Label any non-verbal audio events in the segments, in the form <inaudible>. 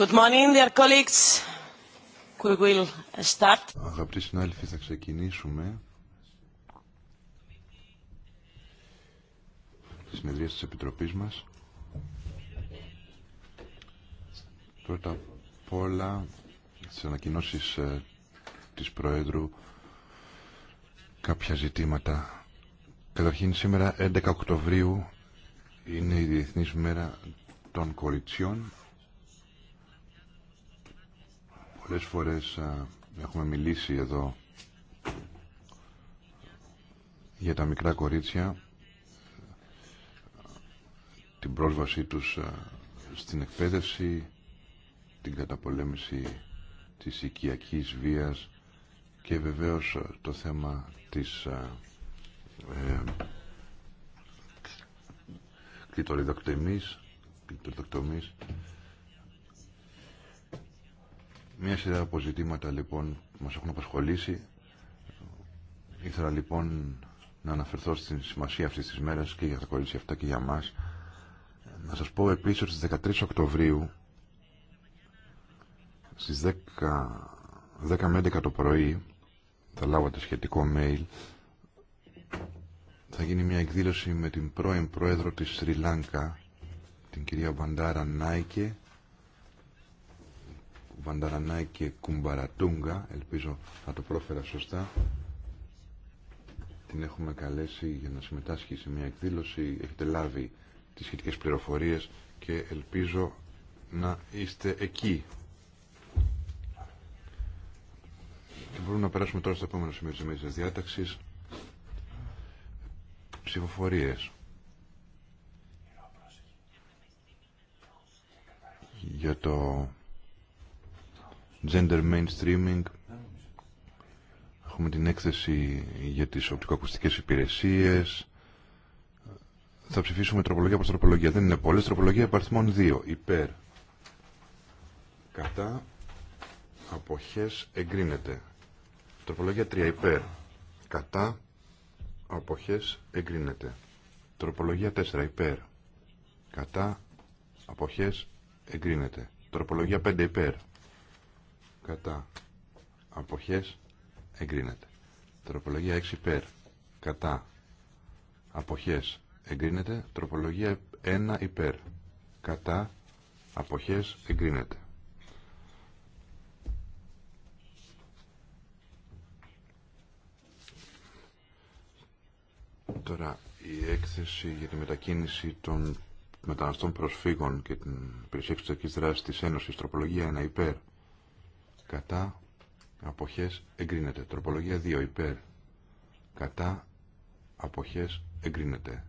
Good morning, Αγαπητοί συνάδελφοι, θα ξεκινήσουμε. Τη συνεδρία τη Επιτροπής μας. Πρώτα απ' όλα, στι ανακοινώσεις ε, της Προέδρου, κάποια ζητήματα. Καταρχήν, σήμερα 11 Οκτωβρίου είναι η Διεθνής Μέρα των Κοριτσιών Πολλές φορές έχουμε μιλήσει εδώ για τα μικρά κορίτσια, την πρόσβασή τους στην εκπαίδευση, την καταπολέμηση της οικιακής βίας και βεβαίως το θέμα της α, ε, μια σειρά αποζητήματα λοιπόν που μας έχουν απασχολήσει. Ήθελα λοιπόν να αναφερθώ στη σημασία αυτής της μέρας και για τα κορίτσια αυτά και για μας. Να σας πω επίσης ότι στις 13 Οκτωβρίου στις 10, 10 με 11 το πρωί θα λάβατε σχετικό mail θα γίνει μια εκδήλωση με την πρώην πρόεδρο της Σρι Λάνκα την κυρία Βαντάρα Νάικε Βανταρανάη και Κουμπαρατούγκα, ελπίζω να το πρόφερα σωστά. Την έχουμε καλέσει για να συμμετάσχει σε μια εκδήλωση. Έχετε λάβει τις σχετικές πληροφορίες και ελπίζω να είστε εκεί. Και μπορούμε να περάσουμε τώρα στο επόμενο σημείο της ημέρας διάταξης. Ψηφοφορίες. για το gender mainstreaming, έχουμε την έκθεση για τις οπτικοακουστικές υπηρεσίες, θα ψηφίσουμε τροπολογία προς τροπολογία. Δεν είναι πολλές, τροπολογία υπαρθμών 2, υπέρ, κατά, αποχές, εγκρίνεται. Τροπολογία 3, υπέρ, κατά, αποχές, εγκρίνεται. Τροπολογία 4, υπέρ, κατά, αποχές, εγκρίνεται. Τροπολογία 5, υπέρ, κατά αποχές εγκρίνεται τροπολογία 6 υπέρ κατά αποχές εγκρίνεται τροπολογία 1 υπέρ κατά αποχές εγκρίνεται Τώρα η έκθεση για τη μετακίνηση των μεταναστών προσφύγων και την υπηρεσία της δράση τη Ένωση, τροπολογία 1 υπέρ, κατά αποχές εγκρίνεται. Τροπολογία 2 υπέρ κατά αποχές εγκρίνεται.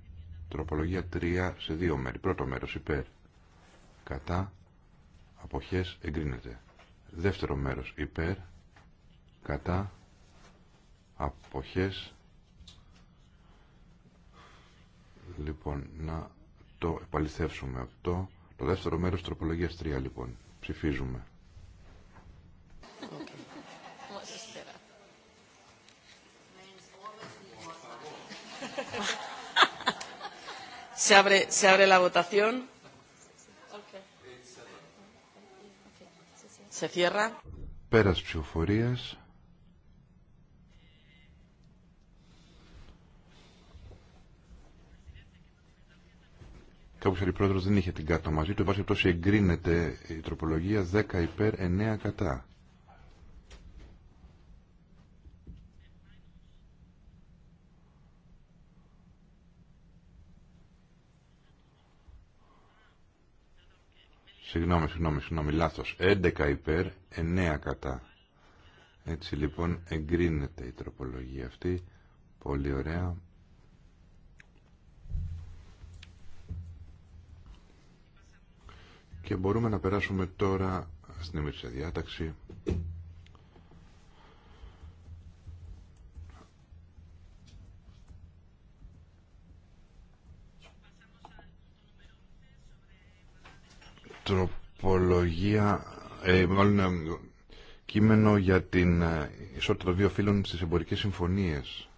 Τροπολογία 3 σε δύο μέρη. Πρώτο μέρος υπέρ κατά αποχές εγκρίνεται. Δεύτερο μέρος υπέρ κατά αποχές λοιπόν να το επαληθεύσουμε αυτό το δεύτερο μέρος τροπολογίας 3 λοιπόν ψηφίζουμε πέρα. <laughs> Se abre, se abre la votación. Se cierra. Peras psiforías. Κάποιος αντιπρόεδρος δεν είχε την κάρτα μαζί του. Εν πάση εγκρίνεται η τροπολογία 10 υπέρ 9 κατά. Συγγνώμη, συγγνώμη, συγγνώμη, λάθος. 11 υπέρ, 9 κατά. Έτσι λοιπόν εγκρίνεται η τροπολογία αυτή. Πολύ ωραία. Και μπορούμε να περάσουμε τώρα στην ημερήσια διάταξη. τροπολογία, ε, μάλλον ε, κείμενο για την ε, ισότητα των δύο φύλων στις εμπορικές συμφωνίες.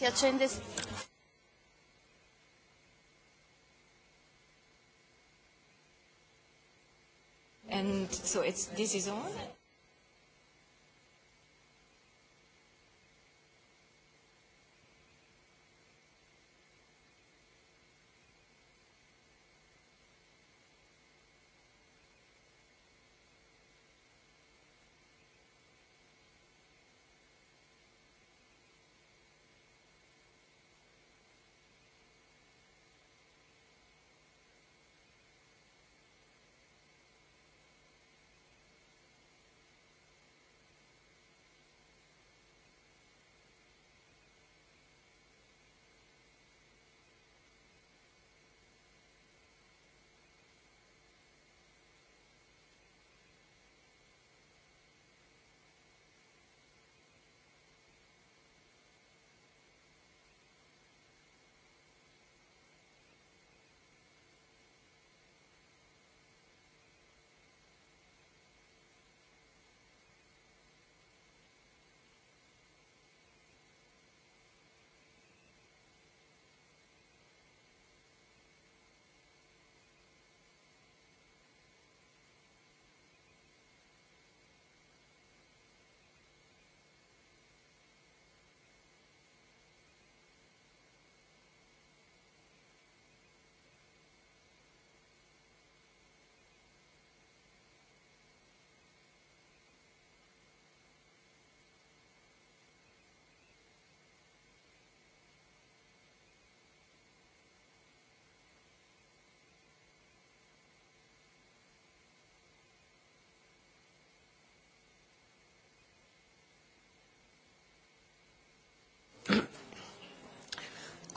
Si accende And so it's this is on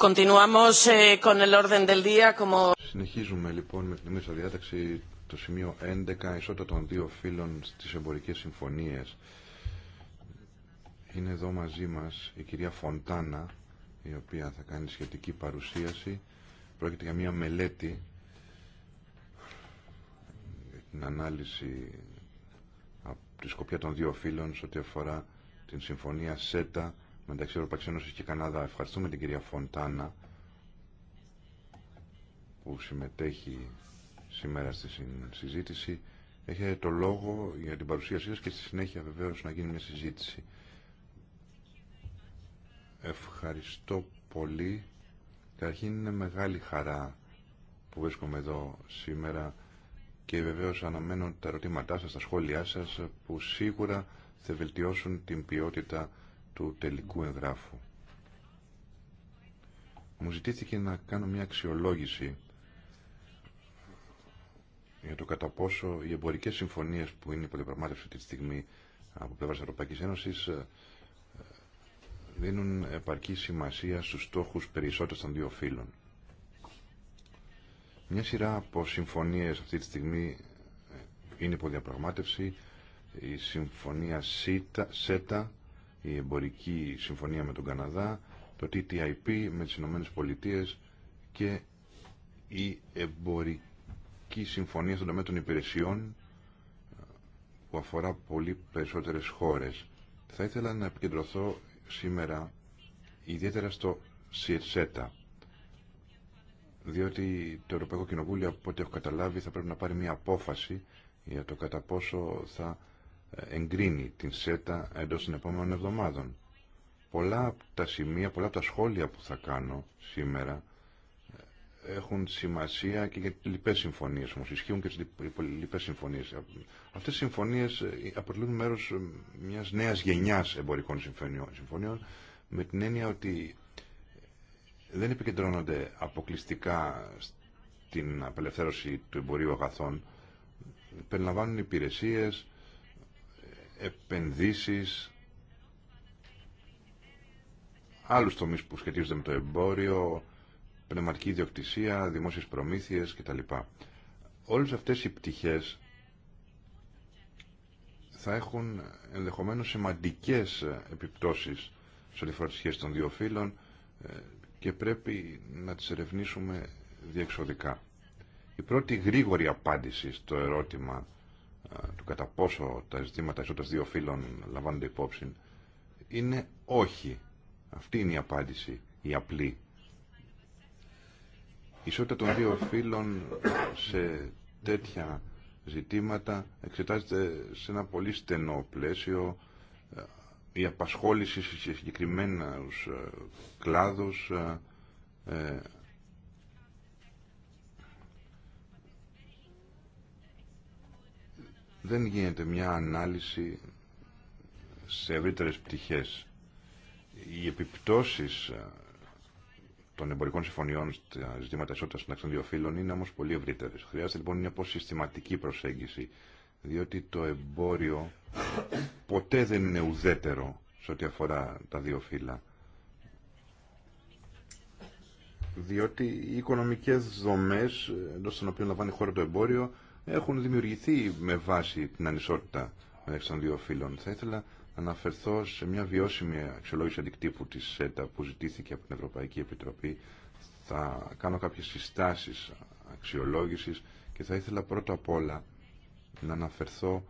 Eh, Συνεχίζουμε λοιπόν με την εμείς διάταξη το σημείο 11 ισότητα των δύο φίλων στις εμπορικές συμφωνίες. Είναι εδώ μαζί μας η κυρία Φοντάνα η οποία θα κάνει σχετική παρουσίαση. Πρόκειται για μια μελέτη την ανάλυση από τη σκοπιά των δύο φίλων σε ό,τι αφορά την συμφωνία ΣΕΤΑ μεταξύ Ευρωπαϊκής Ένωσης και Καναδά. Ευχαριστούμε την κυρία Φοντάνα που συμμετέχει σήμερα στη συζήτηση. Έχετε το λόγο για την παρουσίασή σας και στη συνέχεια βεβαίως να γίνει μια συζήτηση. Ευχαριστώ πολύ. Καταρχήν είναι μεγάλη χαρά που βρίσκομαι εδώ σήμερα και βεβαίως αναμένω τα ερωτήματά σας, τα σχόλιά σας που σίγουρα θα βελτιώσουν την ποιότητα του τελικού εγγράφου. Μου ζητήθηκε να κάνω μια αξιολόγηση για το κατά πόσο οι εμπορικέ συμφωνίε που είναι υποδιαπραγμάτευση αυτή τη στιγμή από πλευρά Ευρωπαϊκή Ένωση ε, δίνουν επαρκή σημασία στου στόχου περισσότερων των δύο φύλων. Μια σειρά από συμφωνίε αυτή τη στιγμή ε, είναι υποδιαπραγμάτευση. Η συμφωνία ΣΕΤΑ, η εμπορική συμφωνία με τον Καναδά, το TTIP με τις Ηνωμένες Πολιτείες και η εμπορική συμφωνία στον τομέα των υπηρεσιών που αφορά πολύ περισσότερες χώρες. Θα ήθελα να επικεντρωθώ σήμερα ιδιαίτερα στο ΣΥΕΤΣΕΤΑ διότι το Ευρωπαϊκό Κοινοβούλιο από ό,τι έχω καταλάβει θα πρέπει να πάρει μια απόφαση για το κατά πόσο θα εγκρίνει την ΣΕΤΑ εντό των επόμενων εβδομάδων. Πολλά από τα σημεία, πολλά από τα σχόλια που θα κάνω σήμερα ε, έχουν σημασία και για τις λοιπές συμφωνίες όμως, ισχύουν και τις λοιπές συμφωνίες. Αυτές οι συμφωνίες ε, αποτελούν μέρος ε, μιας νέας γενιάς εμπορικών συμφωνιών με την έννοια ότι δεν επικεντρώνονται αποκλειστικά στην απελευθέρωση του εμπορίου αγαθών, περιλαμβάνουν υπηρεσίες, επενδύσεις, άλλους τομείς που σχετίζονται με το εμπόριο, πνευματική ιδιοκτησία, δημόσιες προμήθειες κτλ. Όλες αυτές οι πτυχές θα έχουν ενδεχομένως σημαντικές επιπτώσεις σε τις σχέση των δύο φύλων ε, και πρέπει να τις ερευνήσουμε διεξοδικά. Η πρώτη γρήγορη απάντηση στο ερώτημα ε, του κατά πόσο τα ζητήματα ισότητας δύο φύλων λαμβάνονται υπόψη είναι όχι. Αυτή είναι η απάντηση, η απλή. Η ισότητα των δύο φύλων σε τέτοια ζητήματα εξετάζεται σε ένα πολύ στενό πλαίσιο ε, η απασχόληση σε συγκεκριμένους ε, κλάδους δεν γίνεται μια ανάλυση σε ευρύτερες πτυχές. Οι επιπτώσεις ε, των εμπορικών συμφωνιών στα ζητήματα ισότητας των δύο φύλων είναι όμως πολύ ευρύτερες. Χρειάζεται λοιπόν μια συστηματική προσέγγιση, διότι το εμπόριο ποτέ δεν είναι ουδέτερο σε ό,τι αφορά τα δύο φύλλα. Διότι οι οικονομικές δομές ε, εντός των οποίων λαμβάνει χώρα το εμπόριο έχουν δημιουργηθεί με βάση την ανισότητα μεταξύ των δύο φύλων. Θα ήθελα να αναφερθώ σε μια βιώσιμη αξιολόγηση αντικτύπου της ΣΕΤΑ που ζητήθηκε από την Ευρωπαϊκή Επιτροπή. Θα κάνω κάποιες συστάσεις αξιολόγησης και θα ήθελα πρώτα απ' όλα να αναφερθώ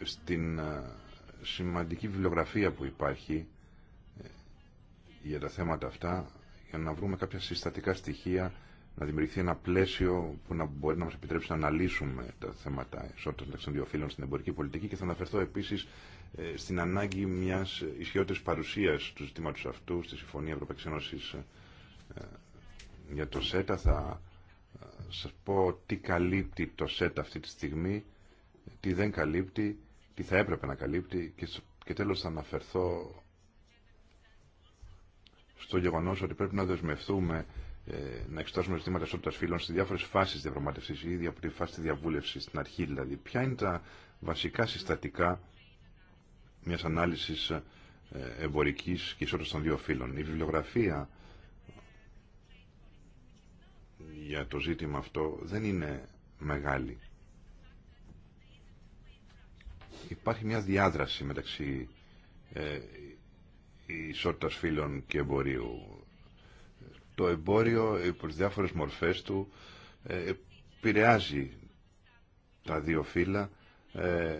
ε, στην ε, σημαντική βιβλιογραφία που υπάρχει ε, για τα θέματα αυτά για να βρούμε κάποια συστατικά στοιχεία να δημιουργηθεί ένα πλαίσιο που να μπορεί να μα επιτρέψει να αναλύσουμε τα θέματα ισότητα μεταξύ των δύο φύλων στην εμπορική πολιτική και θα αναφερθώ επίσης ε, στην ανάγκη μιας ισχυρότερη παρουσίας του ζήτηματο αυτού στη Συμφωνία Ευρωπαϊκής Ένωση ε, για το ΣΕΤΑ. Θα ε, σα πω τι καλύπτει το ΣΕΤΑ αυτή τη στιγμή, τι δεν καλύπτει, τι θα έπρεπε να καλύπτει και τέλο θα αναφερθώ στο γεγονό ότι πρέπει να δεσμευτούμε ε, να εξετάσουμε ζητήματα ισότητα φύλων σε διάφορε φάσει διαπραγμάτευση, ήδη από τη φάση διαβούλευση, στην αρχή δηλαδή. Ποια είναι τα βασικά συστατικά μια ανάλυση ε, εμπορική και ισότητα των δύο φύλων. Η βιβλιογραφία για το ζήτημα αυτό δεν είναι μεγάλη. Υπάρχει μια διάδραση μεταξύ ε, ισότητας φύλων και εμπορίου το εμπόριο υπό τις διάφορες μορφές του ε, επηρεάζει τα δύο φύλλα ε,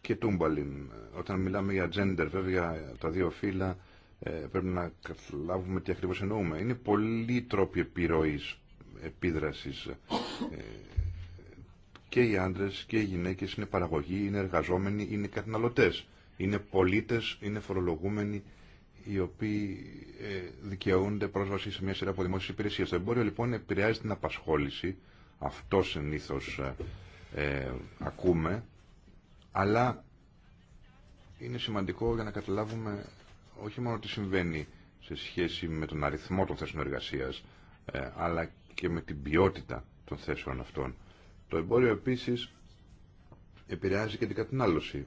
και τούμπαλιν. Όταν μιλάμε για gender, βέβαια, τα δύο φύλλα ε, πρέπει να καταλάβουμε τι ακριβώς εννοούμε. Είναι πολλοί τρόποι επιρροής, επίδρασης. Ε, και οι άντρες και οι γυναίκες είναι παραγωγοί, είναι εργαζόμενοι, είναι καταναλωτές. Είναι πολίτες, είναι φορολογούμενοι, οι οποίοι ε, δικαιούνται πρόσβαση σε μια σειρά από δημόσιε υπηρεσίε. Το εμπόριο λοιπόν επηρεάζει την απασχόληση. Αυτό συνήθω ε, ε, ακούμε. Αλλά είναι σημαντικό για να καταλάβουμε όχι μόνο τι συμβαίνει σε σχέση με τον αριθμό των θέσεων εργασία, αλλά και με την ποιότητα των θέσεων αυτών. Το εμπόριο επίση επηρεάζει και την κατανάλωση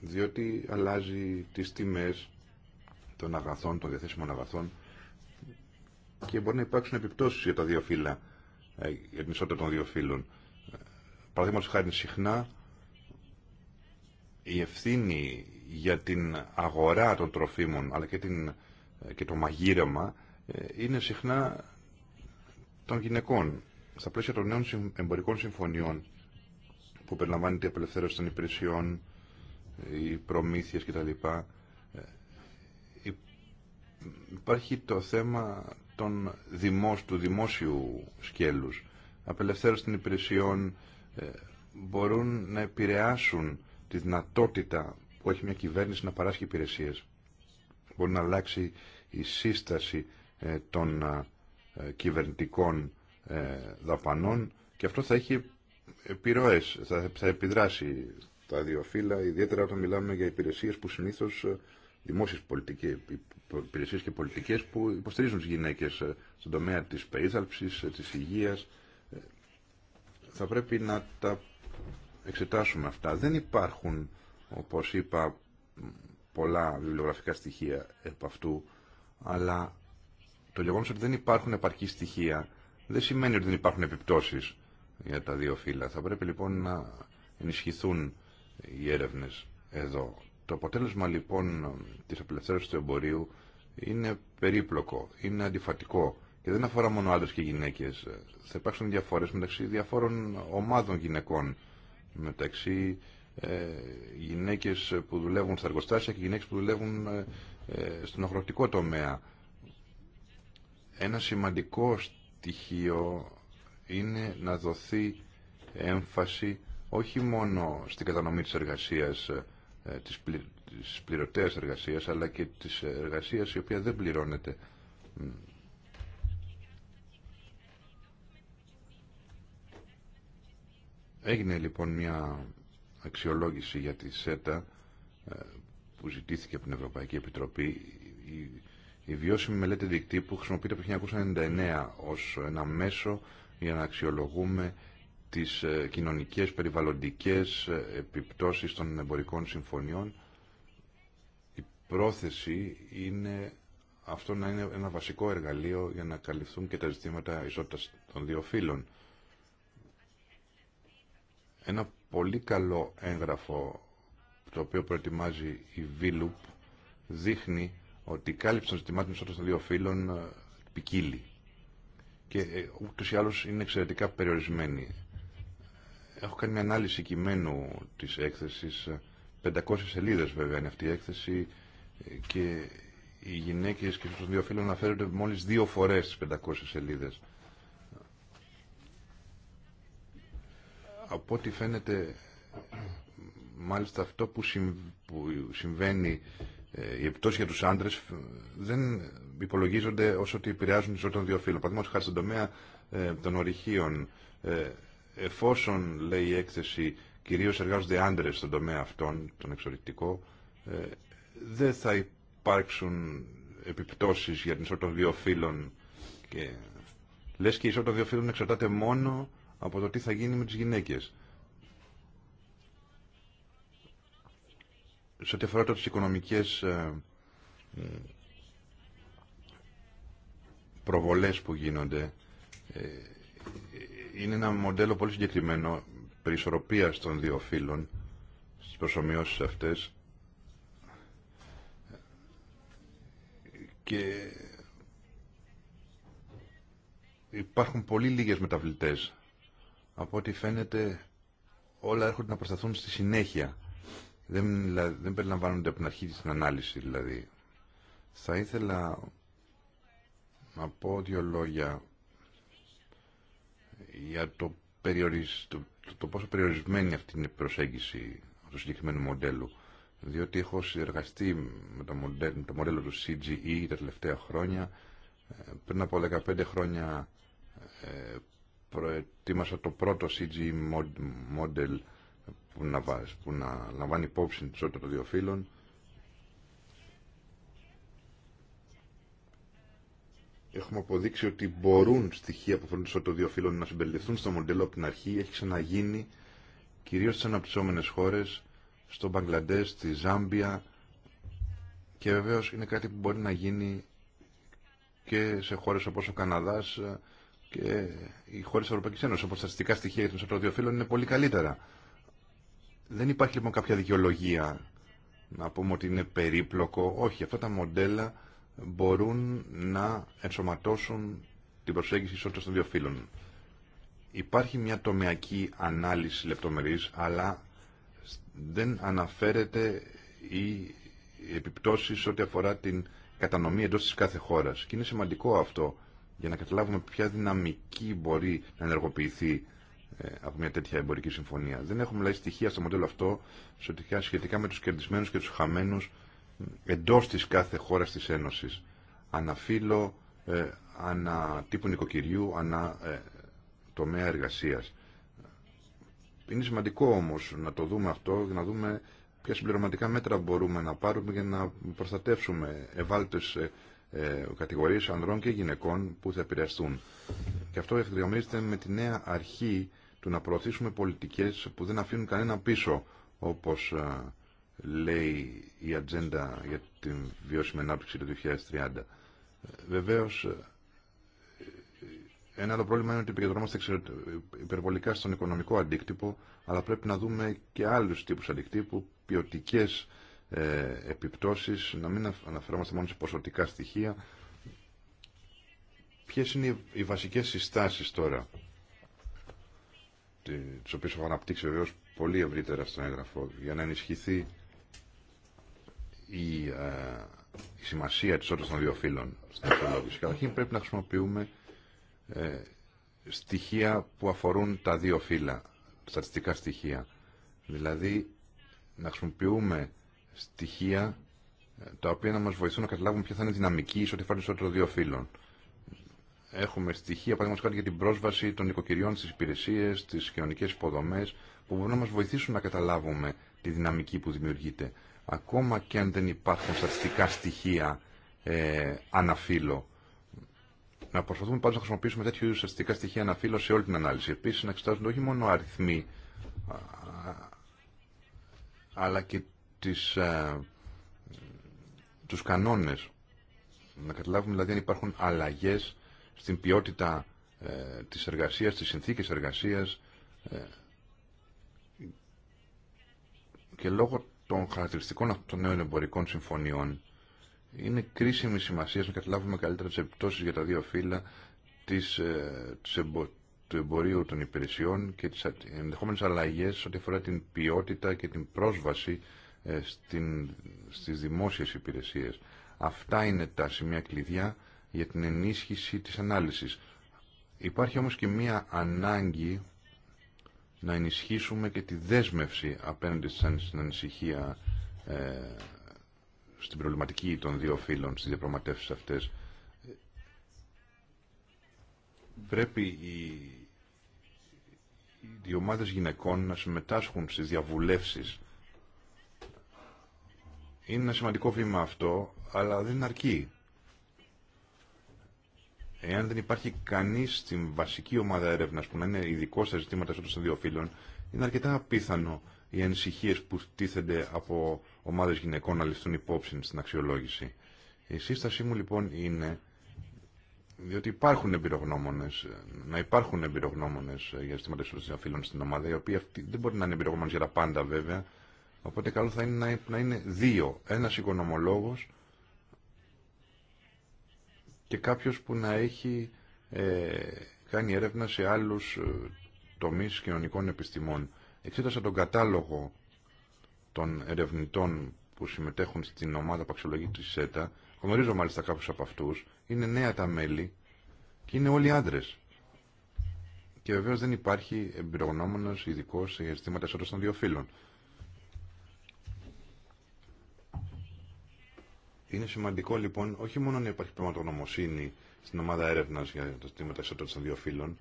διότι αλλάζει τις τιμές των αγαθών, των διαθέσιμων αγαθών και μπορεί να υπάρξουν επιπτώσεις για τα δύο φύλλα, ε, για την ισότητα των δύο φύλων. Παραδείγματος χάρη συχνά η ευθύνη για την αγορά των τροφίμων αλλά και, την, ε, και το μαγείρεμα ε, είναι συχνά των γυναικών. Στα πλαίσια των νέων εμπορικών συμφωνιών που περιλαμβάνεται η απελευθέρωση των υπηρεσιών, οι προμήθειες κτλ. Ε, υπάρχει το θέμα των του δημόσιου σκέλους. Απελευθέρωση των υπηρεσιών ε, μπορούν να επηρεάσουν τη δυνατότητα που έχει μια κυβέρνηση να παράσχει υπηρεσίες. Μπορεί να αλλάξει η σύσταση ε, των κυβερνητικών δαπανών και αυτό θα έχει επιρροές, θα, θα επιδράσει τα δύο φύλλα, ιδιαίτερα όταν μιλάμε για υπηρεσίες που συνήθω ε, δημόσιες πολιτικές, υπηρεσίες και πολιτικές που υποστηρίζουν τι γυναίκε ε, στον τομέα της περίθαλψης, ε, της υγείας. Θα πρέπει να τα εξετάσουμε αυτά. Δεν υπάρχουν, όπως είπα, πολλά βιβλιογραφικά στοιχεία από αυτού, αλλά το γεγονό ότι δεν υπάρχουν επαρκή στοιχεία δεν σημαίνει ότι δεν υπάρχουν επιπτώσει για τα δύο φύλλα. Θα πρέπει λοιπόν να ενισχυθούν οι έρευνες εδώ. Το αποτέλεσμα λοιπόν της απελευθέρωσης του εμπορίου είναι περίπλοκο, είναι αντιφατικό και δεν αφορά μόνο άντρες και γυναίκες. Θα υπάρξουν διαφορές μεταξύ διαφόρων ομάδων γυναικών, μεταξύ ε, γυναίκες που δουλεύουν στα εργοστάσια και γυναίκες που δουλεύουν ε, ε, στον αγροτικό τομέα. Ένα σημαντικό στοιχείο είναι να δοθεί έμφαση όχι μόνο στην κατανομή της εργασίας, ε, της, πλη, της πληρωτέας εργασίας, αλλά και της εργασίας η οποία δεν πληρώνεται. Έγινε λοιπόν μια αξιολόγηση για τη ΣΕΤΑ ε, που ζητήθηκε από την Ευρωπαϊκή Επιτροπή. Η βιώσιμη μελέτη δικτύπου χρησιμοποιείται από το 1999 ως ένα μέσο για να αξιολογούμε τις ε, κοινωνικές, περιβαλλοντικές ε, επιπτώσεις των εμπορικών συμφωνιών. Η πρόθεση είναι αυτό να είναι ένα βασικό εργαλείο για να καλυφθούν και τα ζητήματα ισότητας των δύο φύλων. Ένα πολύ καλό έγγραφο το οποίο προετοιμάζει η Βίλουπ δείχνει ότι η κάλυψη των ζητημάτων ισότητας των δύο φύλων ε, ποικίλει. Και ούτως ή άλλως είναι εξαιρετικά περιορισμένη. Έχω κάνει μια ανάλυση κειμένου της έκθεσης, 500 σελίδες βέβαια είναι αυτή η έκθεση και οι γυναίκες και στους δύο φίλους αναφέρονται μόλις δύο φορές στις 500 σελίδες. Από ό,τι φαίνεται, μάλιστα αυτό που, συμβαίνει, ε, η επιπτώσει για τους άντρες δεν υπολογίζονται όσο ότι επηρεάζουν τις των δύο φίλων. Παραδείγματος χάρη στον τομέα ε, των ορυχείων, ε, εφόσον λέει η έκθεση κυρίως εργάζονται άντρες στον τομέα αυτών, τον εξορυκτικό, ε, δεν θα υπάρξουν επιπτώσεις για την ισότητα των δύο φύλων. Και... Λες και η ισότητα των δύο φύλων εξαρτάται μόνο από το τι θα γίνει με τις γυναίκες. Σε ό,τι αφορά τις οικονομικές ε, προβολές που γίνονται, ε, είναι ένα μοντέλο πολύ συγκεκριμένο περισσορροπίας των δύο φύλων στις προσωμιώσεις αυτές και υπάρχουν πολύ λίγες μεταβλητές. Από ό,τι φαίνεται όλα έρχονται να προσταθούν στη συνέχεια. Δεν, δηλαδή, δεν περιλαμβάνονται από την αρχή της την ανάλυση δηλαδή. Θα ήθελα να πω δύο λόγια για το, περιορισ... το, το, πόσο περιορισμένη αυτή είναι η προσέγγιση του συγκεκριμένου μοντέλου. Διότι έχω συνεργαστεί με το μοντέλο, το μοντέλο του CGE τα τελευταία χρόνια. Ε, πριν από 15 χρόνια ε, προετοίμασα το πρώτο CGE μοντέλο που να, που να λαμβάνει υπόψη την ισότητα των δύο φύλων. έχουμε αποδείξει ότι μπορούν στοιχεία που φέρνουν στο δύο φύλων να συμπεριληφθούν στο μοντέλο από την αρχή. Έχει ξαναγίνει κυρίως στις αναπτυσσόμενες χώρες, στο Μπαγκλαντές, στη Ζάμπια και βεβαίως είναι κάτι που μπορεί να γίνει και σε χώρες όπως ο Καναδάς και οι χώρες της Ευρωπαϊκής Ένωσης, όπως τα στατιστικά στοιχεία για τον δύο είναι πολύ καλύτερα. Δεν υπάρχει λοιπόν κάποια δικαιολογία να πούμε ότι είναι περίπλοκο. Όχι, αυτά τα μοντέλα μπορούν να ενσωματώσουν την προσέγγιση ισότητας των δύο φύλων. Υπάρχει μια τομεακή ανάλυση λεπτομερής, αλλά δεν αναφέρεται η επιπτώσεις ό,τι αφορά την κατανομή εντός της κάθε χώρας. Και είναι σημαντικό αυτό για να καταλάβουμε ποια δυναμική μπορεί να ενεργοποιηθεί ε, από μια τέτοια εμπορική συμφωνία. Δεν έχουμε λάβει δηλαδή στοιχεία στο μοντέλο αυτό σχετικά με τους κερδισμένους και τους χαμένους εντός της κάθε χώρας της Ένωσης. Αναφύλλω, ε, ανα τύπου νοικοκυριού, ανα ε, τομέα εργασίας. Είναι σημαντικό όμως να το δούμε αυτό και να δούμε ποια συμπληρωματικά μέτρα μπορούμε να πάρουμε για να προστατεύσουμε ευάλωτες ε, ε, κατηγορίες ανδρών και γυναικών που θα επηρεαστούν. Και αυτό ευθυγραμμίζεται με τη νέα αρχή του να προωθήσουμε πολιτικές που δεν αφήνουν κανένα πίσω, όπως ε, λέει η ατζέντα για την βιώσιμη ανάπτυξη του 2030. Βεβαίω, ένα άλλο πρόβλημα είναι ότι επικεντρωνόμαστε υπερβολικά στον οικονομικό αντίκτυπο, αλλά πρέπει να δούμε και άλλου τύπου αντικτύπου, ποιοτικέ ε, επιπτώσεις, να μην αναφερόμαστε μόνο σε ποσοτικά στοιχεία. Ποιε είναι οι βασικέ συστάσει τώρα, τι οποίε έχω αναπτύξει βεβαίω πολύ ευρύτερα στον έγγραφο, για να ενισχυθεί η, ε, η σημασία της όρτας των δύο φύλων στην αξιολόγηση. Καταρχήν πρέπει να χρησιμοποιούμε ε, στοιχεία που αφορούν τα δύο φύλλα, στατιστικά στοιχεία. Δηλαδή να χρησιμοποιούμε στοιχεία ε, τα οποία να μας βοηθούν να καταλάβουμε ποια θα είναι η δυναμική σε ό,τι των δύο φύλων. Έχουμε στοιχεία, παραδείγματο χάρη, για την πρόσβαση των οικοκυριών στις υπηρεσίε, στις κοινωνικέ υποδομέ, που μπορούν να μα βοηθήσουν να καταλάβουμε τη δυναμική που δημιουργείται ακόμα και αν δεν υπάρχουν στατιστικά στοιχεία ε, αναφύλω. Να προσπαθούμε πάντως να χρησιμοποιήσουμε τέτοιου είδους στατιστικά στοιχεία αναφύλω σε όλη την ανάλυση. Επίσης να εξετάζονται όχι μόνο αριθμοί, αλλά και τις, ε, τους κανόνες. Να καταλάβουμε δηλαδή αν υπάρχουν αλλαγές στην ποιότητα ε, της εργασίας, στις συνθήκες εργασίας ε, και λόγω των χαρακτηριστικών αυτών των νέων εμπορικών συμφωνιών είναι κρίσιμη σημασία να καταλάβουμε καλύτερα τι επιπτώσει για τα δύο φύλλα της, ε, του εμπορίου των υπηρεσιών και τι ενδεχόμενε αλλαγέ ό,τι αφορά την ποιότητα και την πρόσβαση ε, στην, στις δημόσιες υπηρεσίες. Αυτά είναι τα σημεία κλειδιά για την ενίσχυση της ανάλυσης. Υπάρχει όμως και μία ανάγκη να ενισχύσουμε και τη δέσμευση απέναντι στην ανησυχία ε, στην προβληματική των δύο φύλων, στις διαπραγματεύσεις αυτές. Πρέπει οι, οι ομάδες γυναικών να συμμετάσχουν στις διαβουλεύσεις. Είναι ένα σημαντικό βήμα αυτό, αλλά δεν αρκεί. Εάν δεν υπάρχει κανεί στην βασική ομάδα έρευνα που να είναι ειδικό στα ζητήματα των δύο φύλων, είναι αρκετά απίθανο οι ανησυχίε που τίθενται από ομάδε γυναικών να ληφθούν υπόψη στην αξιολόγηση. Η σύστασή μου λοιπόν είναι, διότι υπάρχουν εμπειρογνώμονε, να υπάρχουν εμπειρογνώμονε για ζητήματα των δύο φύλων στην ομάδα, οι οποίοι δεν μπορεί να είναι εμπειρογνώμονε για τα πάντα βέβαια, οπότε καλό θα είναι να είναι δύο. Ένα οικονομολόγο και κάποιος που να έχει ε, κάνει έρευνα σε άλλους ε, τομείς κοινωνικών επιστημών. Εξέτασα τον κατάλογο των ερευνητών που συμμετέχουν στην ομάδα παξιολογή της τη ΣΕΤΑ. Γνωρίζω μάλιστα κάποιους από αυτούς. Είναι νέα τα μέλη και είναι όλοι άντρες. Και βεβαίω δεν υπάρχει εμπειρογνώμονα ειδικό σε αισθήματα σώτα των δύο φύλων. Είναι σημαντικό λοιπόν όχι μόνο να υπάρχει πραγματογνωμοσύνη στην ομάδα έρευνα για τα στήματα ισότητα των δύο φύλων,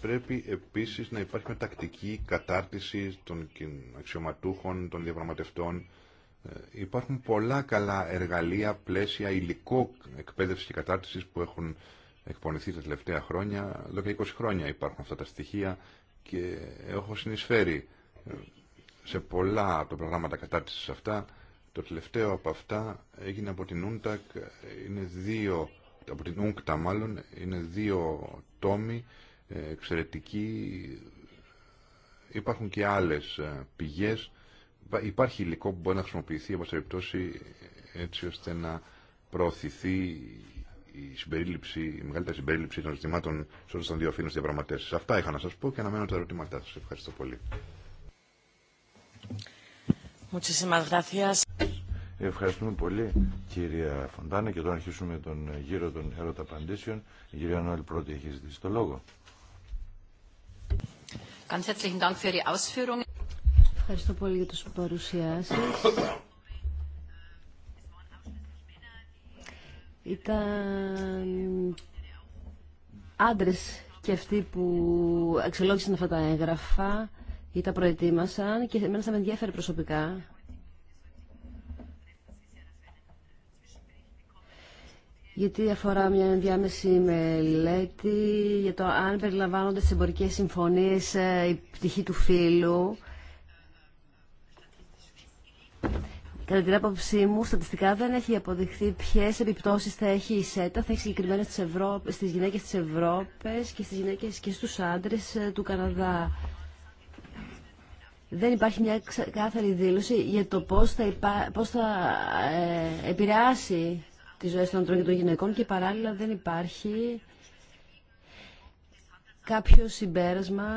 πρέπει επίση να υπάρχει μια τακτική κατάρτιση των αξιωματούχων, των διαπραγματευτών. Ε, υπάρχουν πολλά καλά εργαλεία, πλαίσια, υλικό εκπαίδευση και κατάρτιση που έχουν εκπονηθεί τα τελευταία χρόνια. Εδώ και 20 χρόνια υπάρχουν αυτά τα στοιχεία και έχω συνεισφέρει ε, σε πολλά από τα προγράμματα κατάρτισης αυτά το τελευταίο από αυτά έγινε από την UNTAC, είναι δύο, από την UNCTA μάλλον, είναι δύο τόμοι, ε, εξαιρετικοί. Υπάρχουν και άλλες ε, πηγές. Υπάρχει υλικό που μπορεί να χρησιμοποιηθεί, όπως περιπτώσει, έτσι ώστε να προωθηθεί η συμπερίληψη, η μεγαλύτερη συμπερίληψη των ζητημάτων σε όλους των δύο φίλους διαπραγματεύσεις. Αυτά είχα να σας πω και αναμένω τα ερωτήματά σας. Ευχαριστώ πολύ. Ευχαριστούμε πολύ κυρία Φοντάνα και τώρα αρχίσουμε τον γύρο των ερώτα απαντήσεων. Η κυρία Νόελ πρώτη έχει ζητήσει το λόγο. Ευχαριστώ πολύ για τους παρουσιάσεις. Ήταν άντρες και αυτοί που εξελόγησαν αυτά τα έγγραφα ή τα προετοίμασαν και εμένα θα με ενδιαφέρει προσωπικά. Γιατί αφορά μια ενδιάμεση μελέτη για το αν περιλαμβάνονται σε εμπορικέ συμφωνίε ε, η πτυχή του φύλου. Κατά την άποψή μου, στατιστικά δεν έχει αποδειχθεί ποιε επιπτώσει θα έχει η ΣΕΤΑ. Θα έχει συγκεκριμένα στι γυναίκε τη Ευρώπη και στι γυναίκε και στου άντρε ε, του Καναδά δεν υπάρχει μια ξεκάθαρη δήλωση για το πώς θα, ε, επηρεάσει τις ζωές των ανθρώπων και των γυναικών και παράλληλα δεν υπάρχει κάποιο συμπέρασμα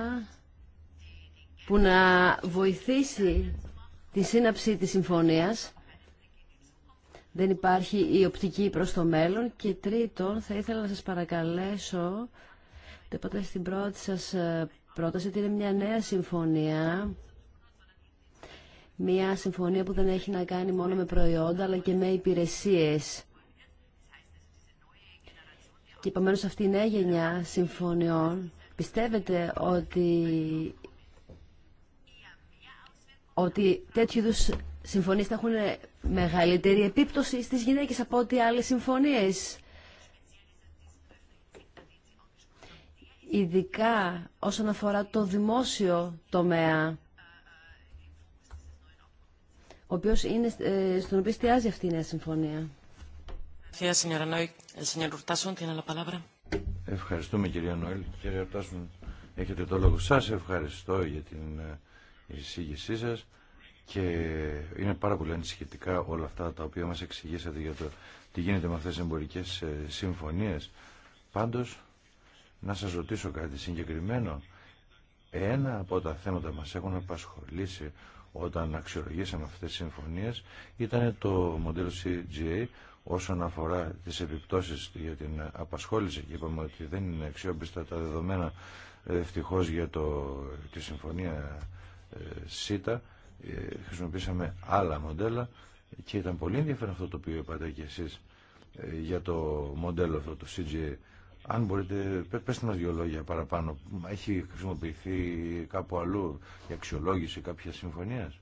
που να βοηθήσει τη σύναψη της συμφωνίας. Δεν υπάρχει η οπτική προς το μέλλον. Και τρίτον, θα ήθελα να σας παρακαλέσω, το είπατε στην πρώτη σας ε, πρόταση, ότι είναι μια νέα συμφωνία μια συμφωνία που δεν έχει να κάνει μόνο με προϊόντα αλλά και με υπηρεσίες. Και επομένω αυτή η νέα γενιά συμφωνιών πιστεύετε ότι, ότι τέτοιου είδου συμφωνίες θα έχουν μεγαλύτερη επίπτωση στις γυναίκες από ό,τι άλλες συμφωνίες. Ειδικά όσον αφορά το δημόσιο τομέα ο οποίος είναι, ε, στον οποίο εστιάζει αυτή η νέα συμφωνία. Ευχαριστούμε κυρία Νόηλ. Κύριε Ρούτασον έχετε το λόγο. Σας ευχαριστώ για την ε, εισήγησή σας και είναι πάρα πολύ ανησυχητικά όλα αυτά τα οποία μας εξηγήσατε για το τι γίνεται με αυτές τις εμπορικές ε, συμφωνίες. Πάντως, να σας ρωτήσω κάτι συγκεκριμένο. Ένα από τα θέματα μας έχουν απασχολήσει όταν αξιολογήσαμε αυτές τις συμφωνίες ήταν το μοντέλο CGA όσον αφορά τις επιπτώσεις για την απασχόληση και είπαμε ότι δεν είναι αξιόπιστα τα δεδομένα ε, ευτυχώς για το, τη συμφωνία ΣΥΤΑ ε, ε, χρησιμοποίησαμε άλλα μοντέλα και ήταν πολύ ενδιαφέρον αυτό το οποίο είπατε και εσείς για το μοντέλο αυτό το CGA αν μπορείτε, πέστε μας δύο λόγια παραπάνω. Έχει χρησιμοποιηθεί κάπου αλλού η αξιολόγηση κάποια συμφωνίας.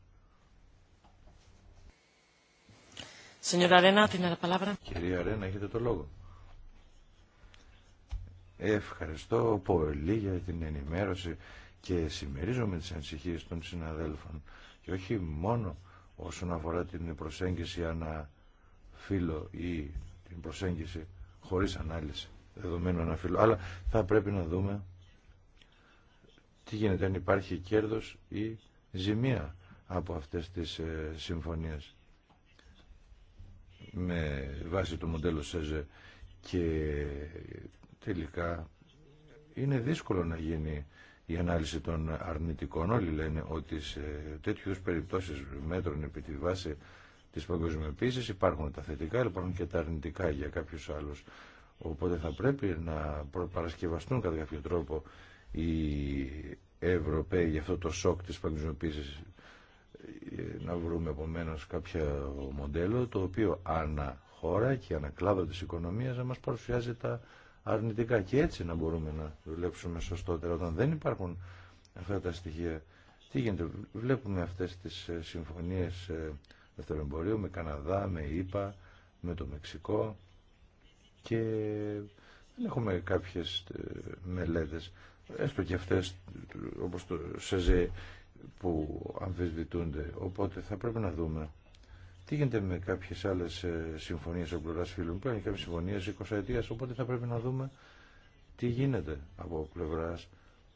Κυρία Αρένα, έχετε το λόγο. Ευχαριστώ πολύ για την ενημέρωση και συμμερίζομαι τις ανησυχίες των συναδέλφων και όχι μόνο όσον αφορά την προσέγγιση ανά φίλο ή την προσέγγιση χωρίς ανάλυση δεδομένου αναφύλου. Αλλά θα πρέπει να δούμε τι γίνεται αν υπάρχει κέρδος ή ζημία από αυτές τις ε, συμφωνίες με βάση το μοντέλο ΣΕΖΕ και τελικά είναι δύσκολο να γίνει η ανάλυση των αρνητικών. Όλοι λένε ότι σε τέτοιου περιπτώσεις μέτρων επί τη βάση της παγκοσμιοποίησης υπάρχουν τα θετικά, αλλά υπάρχουν και τα αρνητικά για κάποιους άλλους. Οπότε θα πρέπει να παρασκευαστούν κατά κάποιο τρόπο οι Ευρωπαίοι για αυτό το σοκ της παγκοσμιοποίησης ε, να βρούμε επομένω κάποιο μοντέλο το οποίο ανά χώρα και ανακλάδο της οικονομίας να μας παρουσιάζει τα αρνητικά και έτσι να μπορούμε να δουλέψουμε σωστότερα όταν δεν υπάρχουν αυτά τα στοιχεία. Τι γίνεται, βλέπουμε αυτές τις ε, συμφωνίες ε, εμπορίο, με Καναδά, με ΙΠΑ, με το Μεξικό και δεν έχουμε κάποιες ε, μελέτες, έστω και αυτές όπως το ΣΕΖΕ που αμφισβητούνται. Οπότε θα πρέπει να δούμε τι γίνεται με κάποιες άλλες ε, συμφωνίες από πλευράς φίλων. έχουν κάποιες συμφωνίες 20 ετίας, οπότε θα πρέπει να δούμε τι γίνεται από πλευράς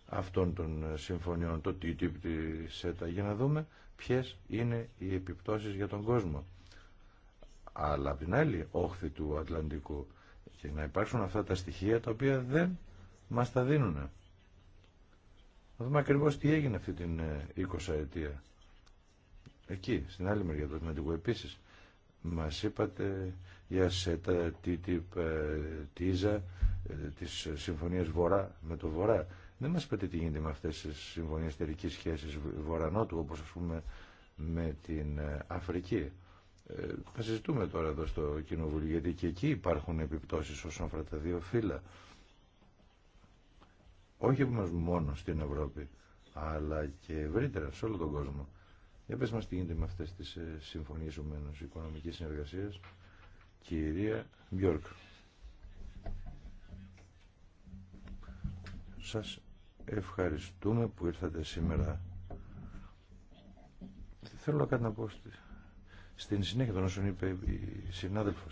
αυτών των συμφωνιών, το TTIP, τη ΣΕΤΑ, για να δούμε ποιες είναι οι επιπτώσεις για τον κόσμο. Αλλά από την άλλη όχθη του Ατλαντικού και να υπάρξουν αυτά τα στοιχεία τα οποία δεν μας τα δίνουν. Να δούμε ακριβώς τι έγινε αυτή την 20 ε, ετία. Εκεί, στην άλλη μεριά του Ατλαντικού επίσης, μας είπατε για ΣΕΤΑ, TTIP, ΤΙΖΑ, ε, ε, τις συμφωνίες Βορρά με το Βορρά. Δεν μας είπατε τι γίνεται με αυτές τις συμφωνίες τερικής σχέσης Βορρανότου, όπως ας πούμε με την Αφρική. Ε, θα συζητούμε τώρα εδώ στο Κοινοβούλιο, γιατί και εκεί υπάρχουν επιπτώσεις όσον αφορά τα δύο φύλλα. Όχι μας μόνο στην Ευρώπη, αλλά και ευρύτερα σε όλο τον κόσμο. Για πες μας τι γίνεται με αυτές τις ε, συμφωνίες ομένως οικονομικής συνεργασίας. Κυρία Μπιόρκ. Σας ευχαριστούμε που ήρθατε σήμερα. Θέλω κάτι να πω στις στην συνέχεια των όσων είπε η συνάδελφο.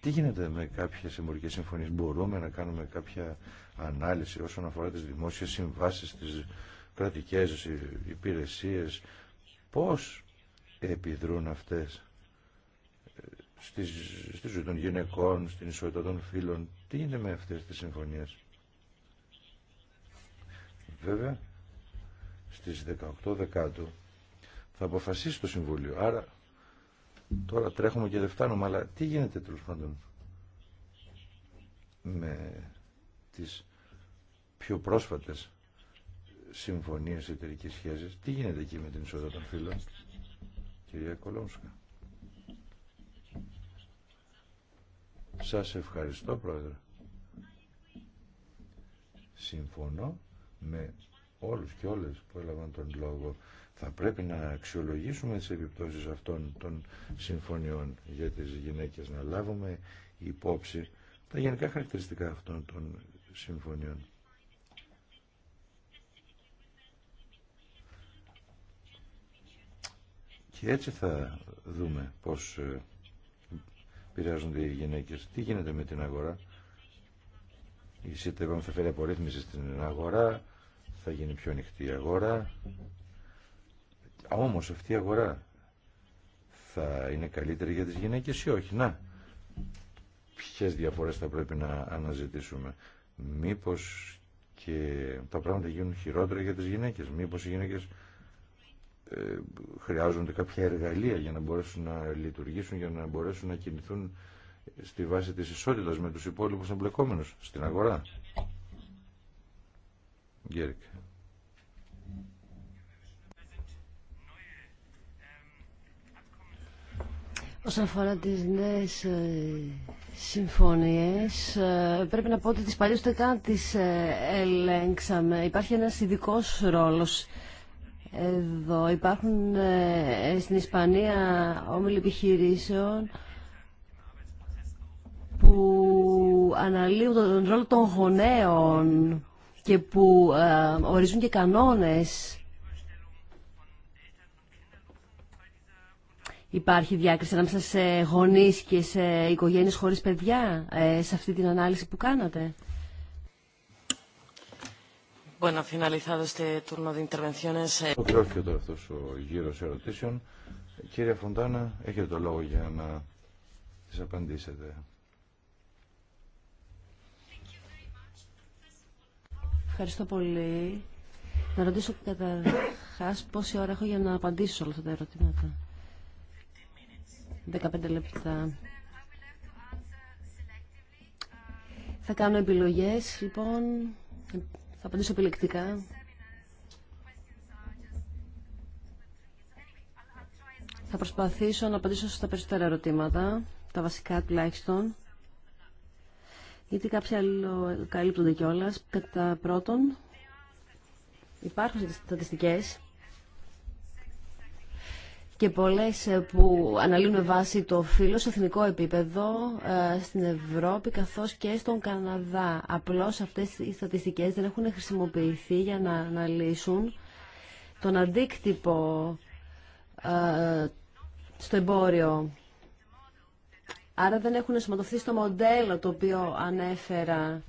Τι γίνεται με κάποιες εμπορικέ συμφωνίες. Μπορούμε να κάνουμε κάποια ανάλυση όσον αφορά τις δημόσιες συμβάσει, τι κρατικέ, υπηρεσίες. Πώς επιδρούν αυτές ε, στις, στη ζωή των γυναικών, στην ισότητα των φίλων. Τι γίνεται με αυτές τις συμφωνίες. Βέβαια, στις 18 Δεκάτου θα αποφασίσει το Συμβούλιο. Άρα Τώρα τρέχουμε και δεν φτάνουμε, αλλά τι γίνεται τέλο πάντων με τις πιο πρόσφατες συμφωνίες εταιρικής σχέσης. Τι γίνεται εκεί με την ισότητα των φίλων, κυρία Κολόμσκα. Σας ευχαριστώ, Πρόεδρε. Συμφωνώ με όλους και όλες που έλαβαν τον λόγο. Θα πρέπει να αξιολογήσουμε τις επιπτώσεις αυτών των συμφωνιών για τις γυναίκες, να λάβουμε υπόψη τα γενικά χαρακτηριστικά αυτών των συμφωνιών. Και έτσι θα δούμε πώς ε, επηρεάζονται οι γυναίκες. Τι γίνεται με την αγορά. Η ΣΥΤΕΠΑΜ θα φέρει απορρίθμιση στην αγορά, θα γίνει πιο ανοιχτή η αγορά. Όμως αυτή η αγορά θα είναι καλύτερη για τις γυναίκες ή όχι. Να, ποιες διαφορές θα πρέπει να αναζητήσουμε. Μήπως και τα πράγματα γίνουν χειρότερα για τις γυναίκες. Μήπως οι γυναίκες ε, χρειάζονται κάποια εργαλεία για να μπορέσουν να λειτουργήσουν, για να μπορέσουν να κινηθούν στη βάση της ισότητας με τους υπόλοιπους εμπλεκόμενους στην αγορά. Γκέρικ. Όσον αφορά τι νέε συμφωνίε, ε, πρέπει να πω ότι τι παλιές ούτε καν ελέγξαμε. Υπάρχει ένα ειδικό ρόλο εδώ. Υπάρχουν ε, στην Ισπανία όμιλοι επιχειρήσεων που αναλύουν τον ρόλο των γονέων και που ε, ορίζουν και κανόνες. Υπάρχει διάκριση ανάμεσα σε γονείς και σε οικογένειες χωρίς παιδιά ε, σε αυτή την ανάλυση που κάνατε. Bueno, finalizado este turno de intervenciones. Eh. Ολοκληρώθηκε αυτό ο γύρο ερωτήσεων. Κύριε Φοντάνα, έχετε το λόγο για να τι απαντήσετε. Ευχαριστώ πολύ. Να ρωτήσω καταρχά πόση ώρα έχω για να απαντήσω όλα αυτά τα ερωτήματα. 15 λεπτά. Θα κάνω επιλογές, λοιπόν. Θα απαντήσω επιλεκτικά. Θα προσπαθήσω να απαντήσω στα περισσότερα ερωτήματα, τα βασικά τουλάχιστον γιατί κάποιοι άλλο καλύπτονται κιόλα. Κατά πρώτον, υπάρχουν στατιστικές και πολλές ε, που αναλύουν βάση το φύλλο σε εθνικό επίπεδο ε, στην Ευρώπη καθώς και στον Καναδά. Απλώς αυτές οι στατιστικές δεν έχουν χρησιμοποιηθεί για να αναλύσουν τον αντίκτυπο ε, στο εμπόριο άρα δεν έχουν σωματωθεί στο μοντέλο το οποίο ανέφερα.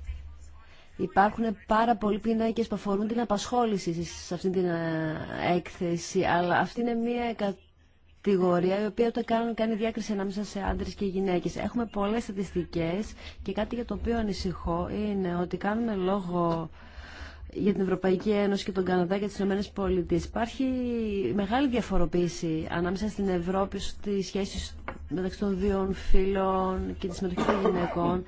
Υπάρχουν πάρα πολλοί πίνακες που αφορούν την απασχόληση σε αυτή την ε, έκθεση, αλλά αυτή είναι μια κατηγορία η οποία όταν κάνουν κάνει διάκριση ανάμεσα σε άντρες και γυναίκες. Έχουμε πολλές στατιστικές και κάτι για το οποίο ανησυχώ είναι ότι κάνουμε λόγο για την Ευρωπαϊκή Ένωση και τον Καναδά και τις Ηνωμένες Πολιτείες. Υπάρχει μεγάλη διαφοροποίηση ανάμεσα στην Ευρώπη στις σχέσεις μεταξύ των δύο φύλων και τη συμμετοχή των γυναικών.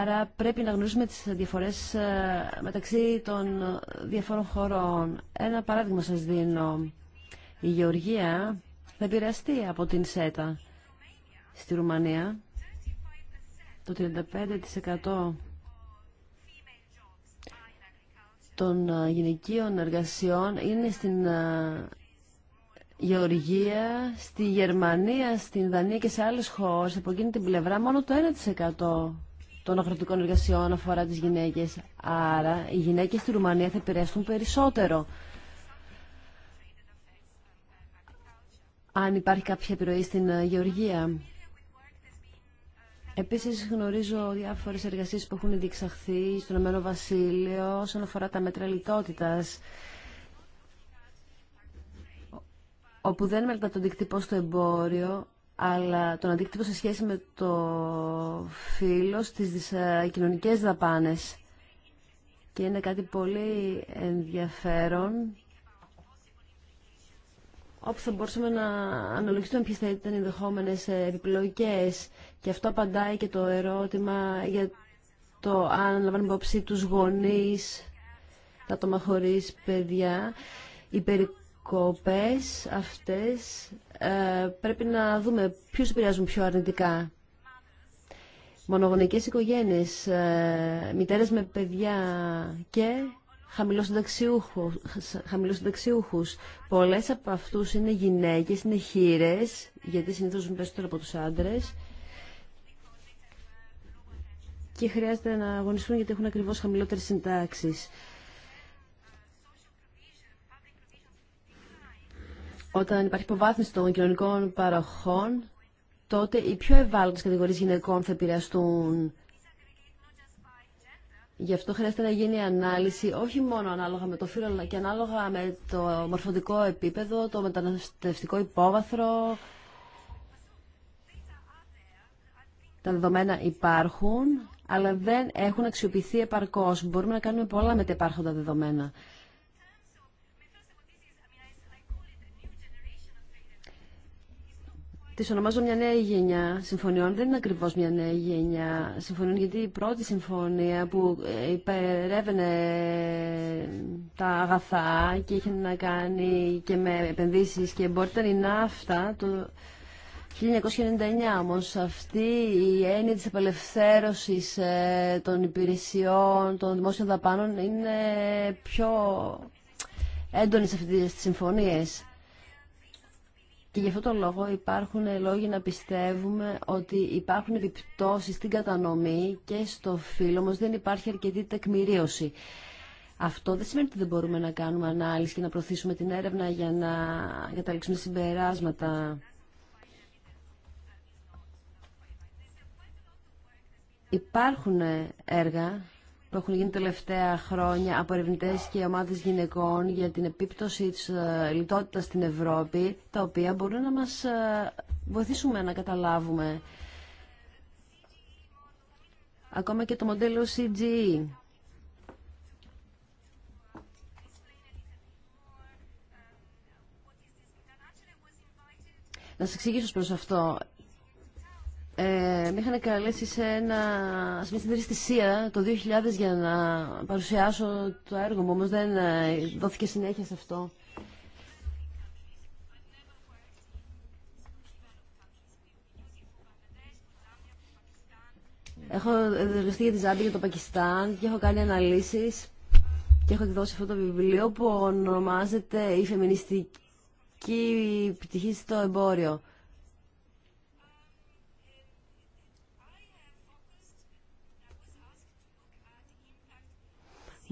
Άρα πρέπει να γνωρίζουμε τις διαφορές ε, μεταξύ των διαφόρων χωρών. Ένα παράδειγμα σας δίνω. Η Γεωργία θα επηρεαστεί από την ΣΕΤΑ στη Ρουμανία. Το 35% των γυναικείων εργασιών είναι στην Γεωργία, στη Γερμανία, στην Δανία και σε άλλες χώρες. Από εκείνη την πλευρά μόνο το 1% των αγροτικών εργασιών αφορά τις γυναίκες. Άρα οι γυναίκες στη Ρουμανία θα επηρεαστούν περισσότερο. Αν υπάρχει κάποια επιρροή στην Γεωργία. Επίσης γνωρίζω διάφορες εργασίες που έχουν διεξαχθεί στο Ηνωμένο Βασίλειο όσον αφορά τα μέτρα λιτότητας όπου δεν μελετά τον αντίκτυπο στο εμπόριο αλλά τον αντίκτυπο σε σχέση με το φύλλο στις ε, κοινωνικές δαπάνες και είναι κάτι πολύ ενδιαφέρον όπου θα μπορούσαμε να αναλογιστούμε ποιες θα ήταν οι ε, Και αυτό απαντάει και το ερώτημα για το αν λαμβάνουμε υπόψη τους γονείς, τα άτομα παιδιά. Οι περικοπές αυτές ε, πρέπει να δούμε ποιους επηρεάζουν πιο αρνητικά. Μονογονικές οικογένειες, ε, μητέρες με παιδιά και χαμηλοσυνταξιούχους. συνταξιούχους. Πολλές από αυτούς είναι γυναίκες, είναι χείρες, γιατί συνήθως ζουν περισσότερο από τους άντρες και χρειάζεται να αγωνιστούν γιατί έχουν ακριβώς χαμηλότερες συντάξεις. Όταν υπάρχει υποβάθμιση των κοινωνικών παροχών, τότε οι πιο ευάλωτες κατηγορίες γυναικών θα επηρεαστούν Γι' αυτό χρειάζεται να γίνει ανάλυση όχι μόνο ανάλογα με το φύλλο αλλά και ανάλογα με το μορφωτικό επίπεδο, το μεταναστευτικό υπόβαθρο. Τα δεδομένα υπάρχουν, αλλά δεν έχουν αξιοποιηθεί επαρκώς. Μπορούμε να κάνουμε πολλά με τα υπάρχοντα δεδομένα. Τη ονομάζω μια νέα γενιά συμφωνιών. Δεν είναι ακριβώς μια νέα γενιά συμφωνιών, γιατί η πρώτη συμφωνία που ε, υπερεύαινε ε, τα αγαθά και είχε να κάνει και με επενδύσεις και εμπόρια ήταν η ναύτα το 1999. Όμως αυτή η έννοια της απελευθέρωσης ε, των υπηρεσιών, των δημόσιων δαπάνων είναι πιο έντονη σε αυτές τις συμφωνίες. Και γι' αυτόν τον λόγο υπάρχουν λόγοι να πιστεύουμε ότι υπάρχουν επιπτώσεις στην κατανομή και στο φύλλο, όμως δεν υπάρχει αρκετή τεκμηρίωση. Αυτό δεν σημαίνει ότι δεν μπορούμε να κάνουμε ανάλυση και να προωθήσουμε την έρευνα για να καταλήξουμε συμπεράσματα. Υπάρχουν έργα που έχουν γίνει τελευταία χρόνια από ερευνητέ και ομάδες γυναικών για την επίπτωση της ε, λιτότητας στην Ευρώπη, τα οποία μπορούν να μας ε, βοηθήσουμε να καταλάβουμε. Ακόμα και το μοντέλο CGE. Να σας εξηγήσω προς αυτό. Ε, με είχαν καλέσει σε, ένα, σε μια συντηρηστησία το 2000 για να παρουσιάσω το έργο μου, όμως δεν ε, δόθηκε συνέχεια σε αυτό. Έχω εργαστεί για τη Ζάμπη, για το Πακιστάν και έχω κάνει αναλύσεις και έχω εκδώσει αυτό το βιβλίο που ονομάζεται «Η φεμινιστική πτυχή στο εμπόριο».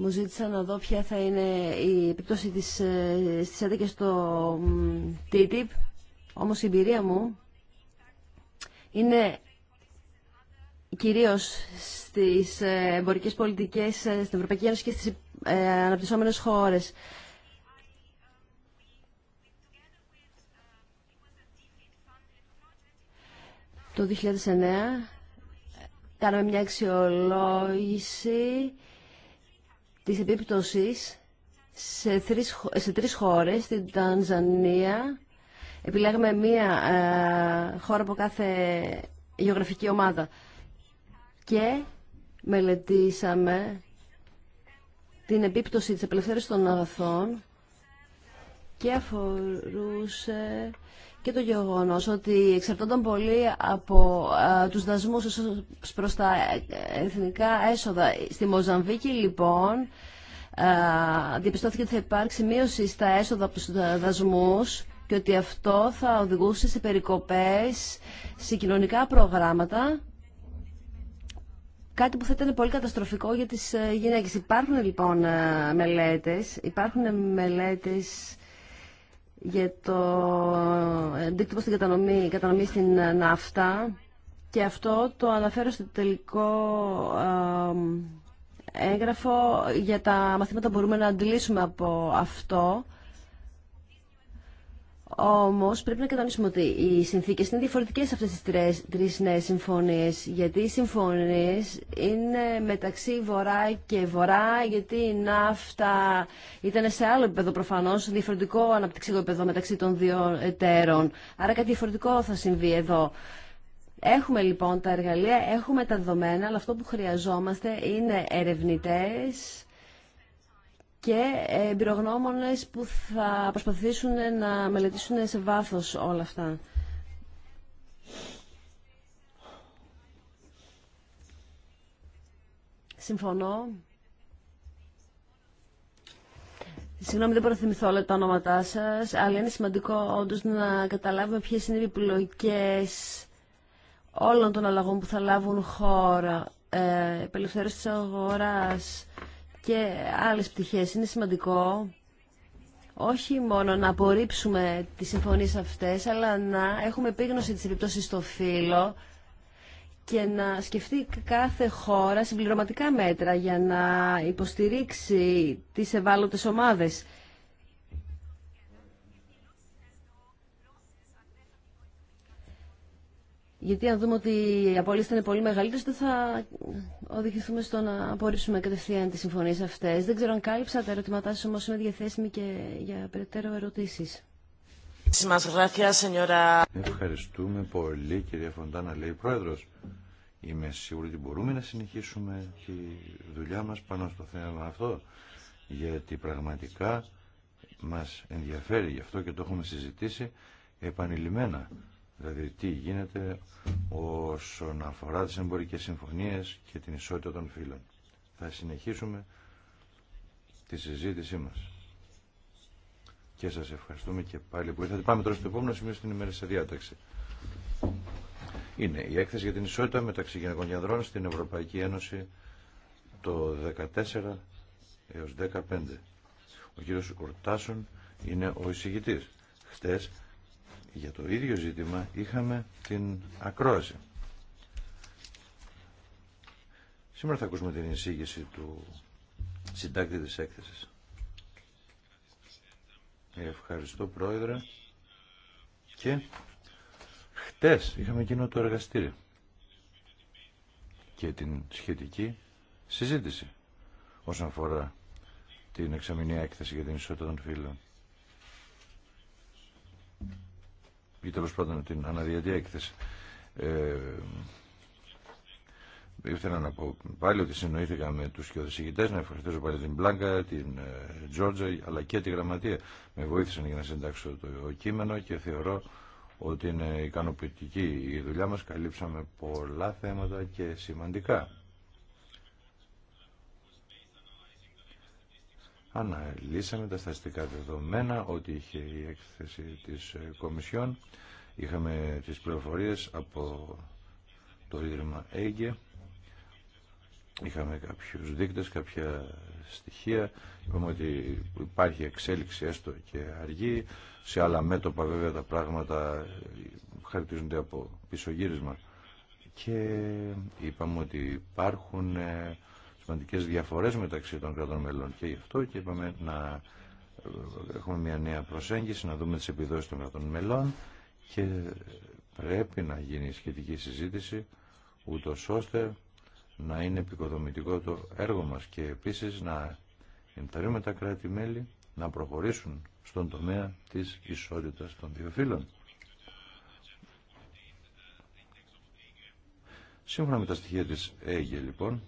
μου ζήτησαν να δω ποια θα είναι η επιπτώση της, ε, στις στο TTIP. Όμως η εμπειρία μου είναι κυρίως στις ε, εμπορικές πολιτικές ε, στην Ευρωπαϊκή Ένωση και στις αναπτυσσόμενες χώρες. Το 2009 κάναμε μια αξιολόγηση της επίπτωσης σε τρεις, σε τρεις χώρες, στην Τανζανία. Επιλέγαμε μία ε, χώρα από κάθε γεωγραφική ομάδα. Και μελετήσαμε την επίπτωση της απελευθέρωσης των αγαθών και αφορούσε και το γεγονός ότι εξαρτώνταν πολύ από του ε, τους προ τα ε, εθνικά έσοδα. Στη Μοζαμβίκη λοιπόν α, ε, διαπιστώθηκε ότι θα υπάρξει μείωση στα έσοδα από τους δασμούς και ότι αυτό θα οδηγούσε σε περικοπές, σε κοινωνικά προγράμματα Κάτι που θα ήταν πολύ καταστροφικό για τις γυναίκες. Υπάρχουν λοιπόν μελέτες, υπάρχουν μελέτες για το αντίκτυπο στην κατανομή, κατανομή στην ναύτα και αυτό το αναφέρω στο τελικό έγγραφο για τα μαθήματα που μπορούμε να αντιλήσουμε από αυτό Όμω πρέπει να κατανοήσουμε ότι οι συνθήκε είναι διαφορετικέ σε αυτέ τι τρει νέε συμφωνίε. Γιατί οι συμφωνίε είναι μεταξύ βορρά και βορρά, γιατί η ναύτα ήταν σε άλλο επίπεδο προφανώ, σε διαφορετικό αναπτυξικό επίπεδο μεταξύ των δύο εταίρων. Άρα κάτι διαφορετικό θα συμβεί εδώ. Έχουμε λοιπόν τα εργαλεία, έχουμε τα δεδομένα, αλλά αυτό που χρειαζόμαστε είναι ερευνητές, και εμπειρογνώμονες που θα προσπαθήσουν να μελετήσουν σε βάθος όλα αυτά. Συμφωνώ. Συγγνώμη, δεν προθυμηθώ όλα τα ονόματά σας, αλλά είναι σημαντικό όντως να καταλάβουμε ποιες είναι οι επιλογέ όλων των αλλαγών που θα λάβουν χώρα. Ε, τη της και άλλες πτυχές. Είναι σημαντικό όχι μόνο να απορρίψουμε τις συμφωνίες αυτές, αλλά να έχουμε επίγνωση της επιπτώσης στο φύλλο και να σκεφτεί κάθε χώρα συμπληρωματικά μέτρα για να υποστηρίξει τις ευάλωτες ομάδες. Γιατί αν δούμε ότι οι θα είναι πολύ μεγαλύτερη, δεν θα οδηγηθούμε στο να απορρίψουμε κατευθείαν τι συμφωνίε αυτέ. Δεν ξέρω αν κάλυψα τα ερωτήματά σα, όμω είμαι διαθέσιμη και για περαιτέρω ερωτήσει. Ευχαριστούμε πολύ, κυρία Φοντάνα, λέει η πρόεδρο. Είμαι σίγουρη ότι μπορούμε να συνεχίσουμε τη δουλειά μα πάνω στο θέμα αυτό, γιατί πραγματικά μα ενδιαφέρει γι' αυτό και το έχουμε συζητήσει επανειλημμένα δηλαδή τι γίνεται όσον αφορά τις εμπορικές συμφωνίες και την ισότητα των φύλων. Θα συνεχίσουμε τη συζήτησή μας. Και σας ευχαριστούμε και πάλι που ήρθατε. Πάμε τώρα στο επόμενο σημείο στην ημέρα σε διάταξη. Είναι η έκθεση για την ισότητα μεταξύ γυναικών και ανδρών στην Ευρωπαϊκή Ένωση το 14 έως 15. Ο κύριος Κορτάσον είναι ο εισηγητής. Χτες για το ίδιο ζήτημα είχαμε την ακρόαση. Σήμερα θα ακούσουμε την εισήγηση του συντάκτη της έκθεσης. Ευχαριστώ Πρόεδρε και χτες είχαμε εκείνο το εργαστήριο και την σχετική συζήτηση όσον αφορά την εξαμηνία έκθεση για την ισότητα των φύλων. ή τέλο πάντων την αναδιατή έκθεση. Ε, να πω πάλι ότι συνοήθηκα με τους κοιοδησηγητές, να ευχαριστήσω πάλι την Μπλάνκα, την ε, Τζόρτζα αλλά και τη Γραμματεία. Με βοήθησαν για να συντάξω το κείμενο και θεωρώ ότι είναι ικανοποιητική η δουλειά μας. Καλύψαμε πολλά θέματα και σημαντικά. αναλύσαμε τα στατιστικά δεδομένα, ό,τι είχε η έκθεση της ε, Κομισιόν. Είχαμε τις πληροφορίες από το Ίδρυμα ΕΓΕ. Είχαμε κάποιους δείκτες, κάποια στοιχεία. Είπαμε ότι υπάρχει εξέλιξη έστω και αργή. Σε άλλα μέτωπα βέβαια τα πράγματα ε, χαρακτηρίζονται από πισωγύρισμα. Και είπαμε ότι υπάρχουν ε, σημαντικές διαφορές μεταξύ των κρατών μελών και γι' αυτό και είπαμε να ε, έχουμε μια νέα προσέγγιση, να δούμε τις επιδόσεις των κρατών μελών και πρέπει να γίνει σχετική συζήτηση ούτω ώστε να είναι επικοδομητικό το έργο μας και επίσης να ενθαρρύνουμε τα κράτη-μέλη να προχωρήσουν στον τομέα της ισότητας των δύο φύλων. Σύμφωνα με τα στοιχεία της ΕΓΕ λοιπόν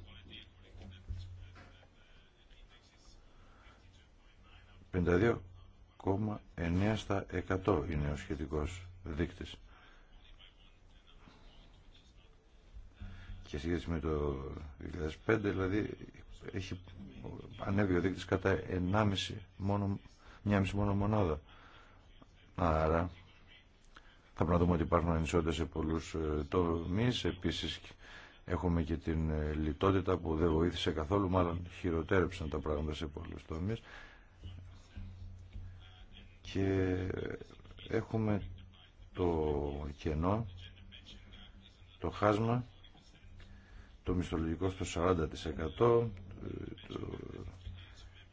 52,9 στα 100 είναι ο σχετικός δείκτης. Και σχέση με το 2005, δηλαδή, έχει ανέβει ο δείκτης κατά 1,5 μόνο, 1,5 μόνο μονάδα. Άρα, θα πρέπει να δούμε ότι υπάρχουν ανισότητες σε πολλούς ε, τομείς. Επίσης, έχουμε και την ε, λιτότητα που δεν βοήθησε καθόλου, μάλλον χειροτέρεψαν τα πράγματα σε πολλούς τομείς και έχουμε το κενό, το χάσμα, το μισθολογικό στο 40%, το,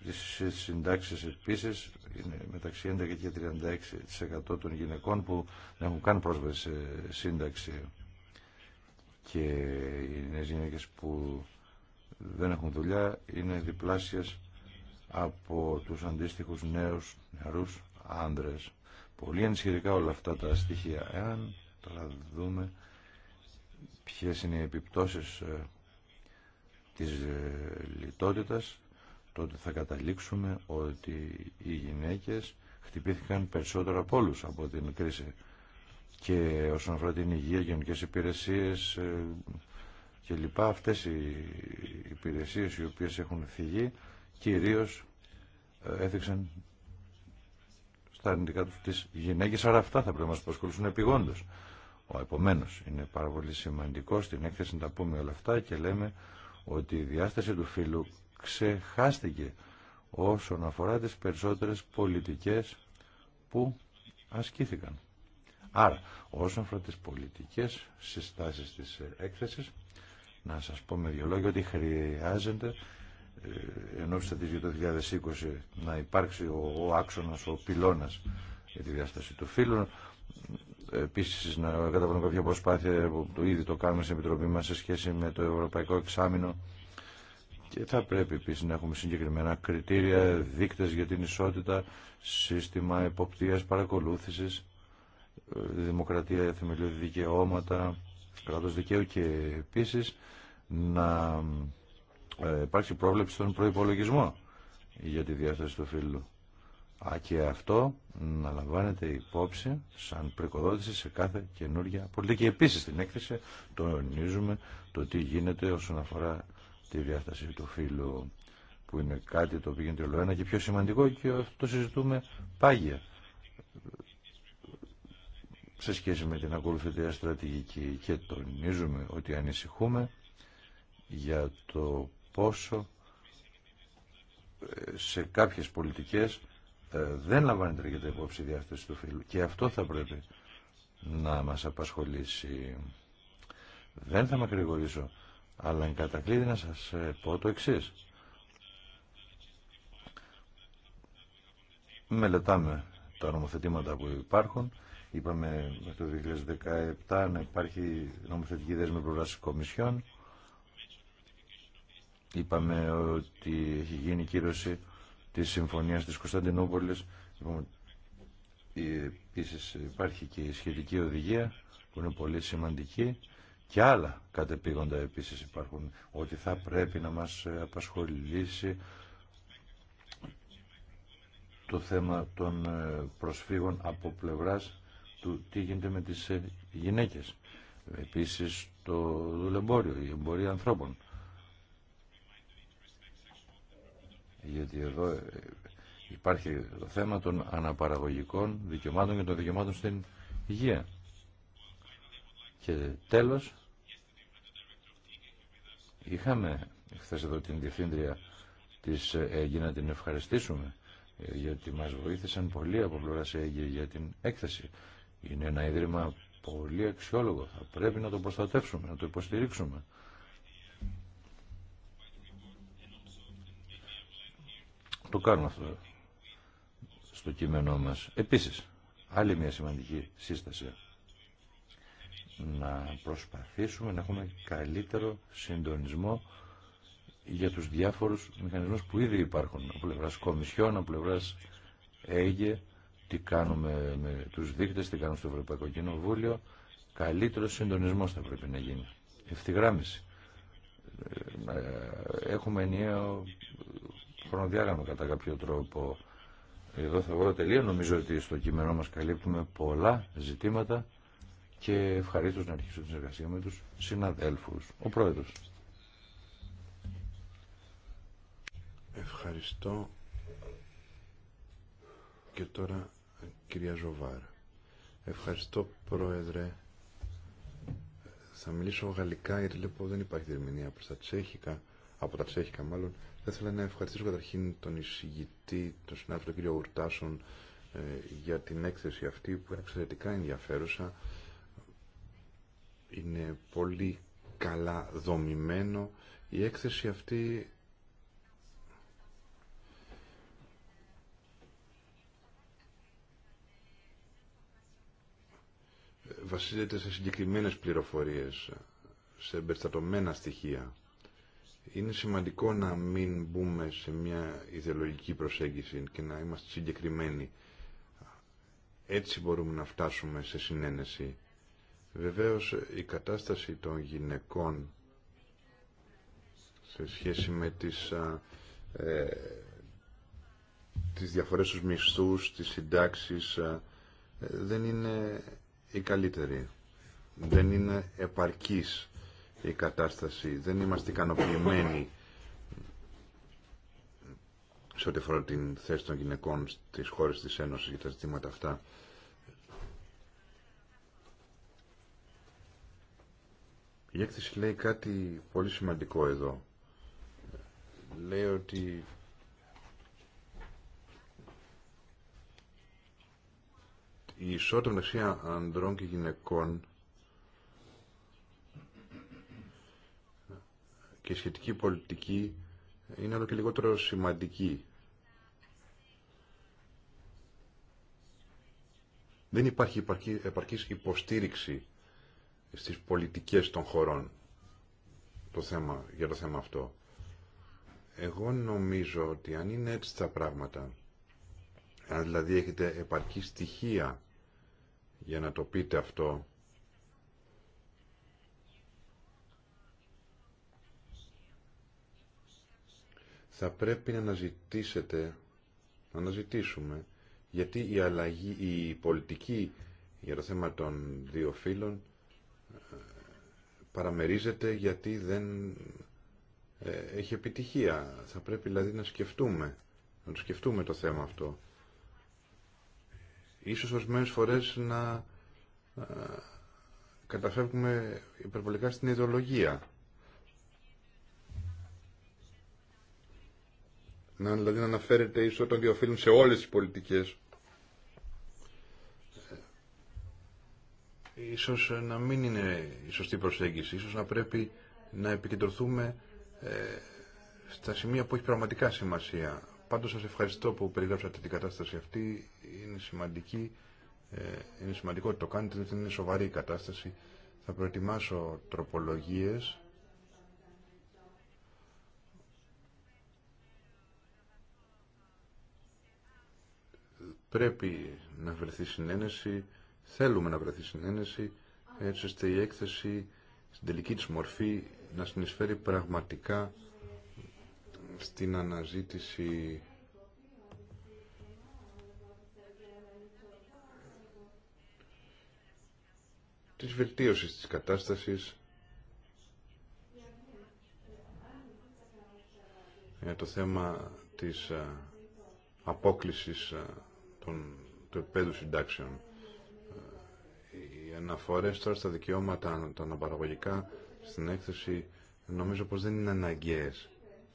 τις συντάξεις επίσης είναι μεταξύ 11 και 36% των γυναικών που δεν έχουν καν πρόσβαση σε σύνταξη και οι νέες γυναίκες που δεν έχουν δουλειά είναι διπλάσιες από τους αντίστοιχους νέους νεαρούς άντρες. Πολύ ενισχυτικά όλα αυτά τα στοιχεία. Εάν τώρα δούμε ποιες είναι οι επιπτώσεις ε, της ε, λιτότητας, τότε θα καταλήξουμε ότι οι γυναίκες χτυπήθηκαν περισσότερο από όλους από την κρίση. Και όσον αφορά την υγεία, γενικές υπηρεσίες ε, και λοιπά, αυτές οι υπηρεσίες οι οποίες έχουν φυγεί κυρίως έδειξαν τα αρνητικά του τις γυναίκε. άρα αυτά θα πρέπει να μα προσκολουθούν επιγόντω. Ο Επομένω. είναι πάρα πολύ σημαντικό στην έκθεση να τα πούμε όλα αυτά και λέμε ότι η διάσταση του φίλου ξεχάστηκε όσον αφορά τις περισσότερες πολιτικές που ασκήθηκαν. Άρα, όσον αφορά τις πολιτικές συστάσεις τη ε, έκθεση να σα πω με δυο λόγια ότι χρειάζεται ε, ενώ για το 2020 να υπάρξει ο, ο άξονας, ο πυλώνας για τη διάσταση του φύλου. Επίσης να καταβάλουμε κάποια προσπάθεια που το ήδη το κάνουμε στην Επιτροπή μας σε σχέση με το Ευρωπαϊκό Εξάμεινο και θα πρέπει επίσης να έχουμε συγκεκριμένα κριτήρια, δείκτες για την ισότητα, σύστημα εποπτείας, παρακολούθησης, ε, δημοκρατία, θεμελιώδη δικαιώματα, κράτος δικαίου και επίσης να ε, υπάρξει πρόβλεψη στον προϋπολογισμό για τη διάσταση του φύλου. Α, και αυτό να λαμβάνεται υπόψη σαν προοικοδότηση σε κάθε καινούργια πολιτική. Επίσης στην έκθεση τονίζουμε το τι γίνεται όσον αφορά τη διάσταση του φύλου που είναι κάτι το οποίο γίνεται ολοένα και πιο σημαντικό και αυτό το συζητούμε πάγια σε σχέση με την ακολουθητία στρατηγική και τονίζουμε ότι ανησυχούμε για το πόσο ε, σε κάποιες πολιτικές ε, δεν λαμβάνεται αρκετά υπόψη η του φίλου και αυτό θα πρέπει να μας απασχολήσει. Δεν θα με αλλά εν κατακλείδη να σας ε, πω το εξή. Μελετάμε τα νομοθετήματα που υπάρχουν. Είπαμε με το 2017 να υπάρχει νομοθετική δέσμη προβλάσης κομισιών. Είπαμε ότι έχει γίνει κύρωση της συμφωνίας της Κωνσταντινούπολης. Λοιπόν, Επίση υπάρχει και η σχετική οδηγία που είναι πολύ σημαντική και άλλα κατεπήγοντα επίσης υπάρχουν ότι θα πρέπει να μας απασχολήσει το θέμα των ε, προσφύγων από πλευράς του τι γίνεται με τις ε, γυναίκες. Επίσης το δουλεμπόριο, η εμπορία ανθρώπων. γιατί εδώ ε, υπάρχει το θέμα των αναπαραγωγικών δικαιωμάτων και των δικαιωμάτων στην υγεία. Και τέλος, είχαμε χθε εδώ την Διευθύντρια της ΕΓΙ να την ευχαριστήσουμε ε, γιατί μας βοήθησαν πολύ από σε ΕΓΙ για την έκθεση. Είναι ένα ίδρυμα πολύ αξιόλογο. Θα πρέπει να το προστατεύσουμε, να το υποστηρίξουμε. Το κάνουμε αυτό στο κείμενό μας. Επίσης, άλλη μια σημαντική σύσταση. Να προσπαθήσουμε να έχουμε καλύτερο συντονισμό για τους διάφορους μηχανισμούς που ήδη υπάρχουν. Από πλευράς Κομισιόν, από πλευράς ΕΓΕ, τι κάνουμε με τους δείκτες, τι κάνουμε στο Ευρωπαϊκό Κοινοβούλιο. Καλύτερο συντονισμός θα πρέπει να γίνει. Ευθυγράμμιση. Ε, έχουμε ενιαίο χρονοδιάγραμμα κατά κάποιο τρόπο. Εδώ θα βγω τελεία. Νομίζω ότι στο κείμενό μας καλύπτουμε πολλά ζητήματα και ευχαριστώ να αρχίσω τη συνεργασία με τους συναδέλφους. Ο Πρόεδρος. Ευχαριστώ. Και τώρα κυρία Ζοβάρα. Ευχαριστώ Πρόεδρε. Θα μιλήσω γαλλικά γιατί λέω δεν υπάρχει διερμηνία από τα τσέχικα, από τα τσέχικα μάλλον. Θα ήθελα να ευχαριστήσω καταρχήν τον εισηγητή, τον συνάδελφο τον κ. Ουρτάσον, ε, για την έκθεση αυτή που είναι εξαιρετικά ενδιαφέρουσα. Είναι πολύ καλά δομημένο. Η έκθεση αυτή βασίζεται σε συγκεκριμένες πληροφορίες, σε εμπεριστατωμένα στοιχεία είναι σημαντικό να μην μπούμε σε μια ιδεολογική προσέγγιση και να είμαστε συγκεκριμένοι. Έτσι μπορούμε να φτάσουμε σε συνένεση. Βεβαίως η κατάσταση των γυναικών σε σχέση με τις, ε, τις διαφορές τους μισθούς, τις συντάξεις, ε, δεν είναι η καλύτερη. Δεν είναι επαρκής η κατάσταση. Δεν είμαστε ικανοποιημένοι σε ό,τι αφορά την θέση των γυναικών στις χώρες της Ένωσης για τα ζητήματα αυτά. Η έκθεση λέει κάτι πολύ σημαντικό εδώ. Λέει ότι η ισότητα μεταξύ ανδρών και γυναικών η σχετική πολιτική είναι όλο και λιγότερο σημαντική. Δεν υπάρχει επαρκής υποστήριξη στις πολιτικές των χωρών το θέμα, για το θέμα αυτό. Εγώ νομίζω ότι αν είναι έτσι τα πράγματα, αν δηλαδή έχετε επαρκή στοιχεία για να το πείτε αυτό, θα πρέπει να αναζητήσετε, να αναζητήσουμε, γιατί η, αλλαγή, η πολιτική για το θέμα των δύο φύλων ε, παραμερίζεται γιατί δεν ε, έχει επιτυχία. Θα πρέπει δηλαδή να σκεφτούμε, να το σκεφτούμε το θέμα αυτό. Ίσως ορισμένε φορές να ε, καταφεύγουμε υπερβολικά στην ιδεολογία. να, δηλαδή να αναφέρεται ίσως όταν διοφύλουν σε όλες τις πολιτικές. Ίσως να μην είναι η σωστή προσέγγιση. Ίσως να πρέπει να επικεντρωθούμε ε, στα σημεία που έχει πραγματικά σημασία. Πάντως σας ευχαριστώ που περιγράψατε την κατάσταση αυτή. Είναι σημαντική. Ε, είναι σημαντικό ότι το κάνετε, είναι σοβαρή η κατάσταση. Θα προετοιμάσω τροπολογίες πρέπει να βρεθεί συνένεση, θέλουμε να βρεθεί συνένεση, έτσι ώστε η έκθεση στην τελική της μορφή να συνεισφέρει πραγματικά στην αναζήτηση της βελτίωσης της κατάστασης για το θέμα της ε, απόκλησης ε, των, του επέδου συντάξεων. Ε, οι αναφορές τώρα στα δικαιώματα τα αναπαραγωγικά στην έκθεση νομίζω πως δεν είναι αναγκαίες.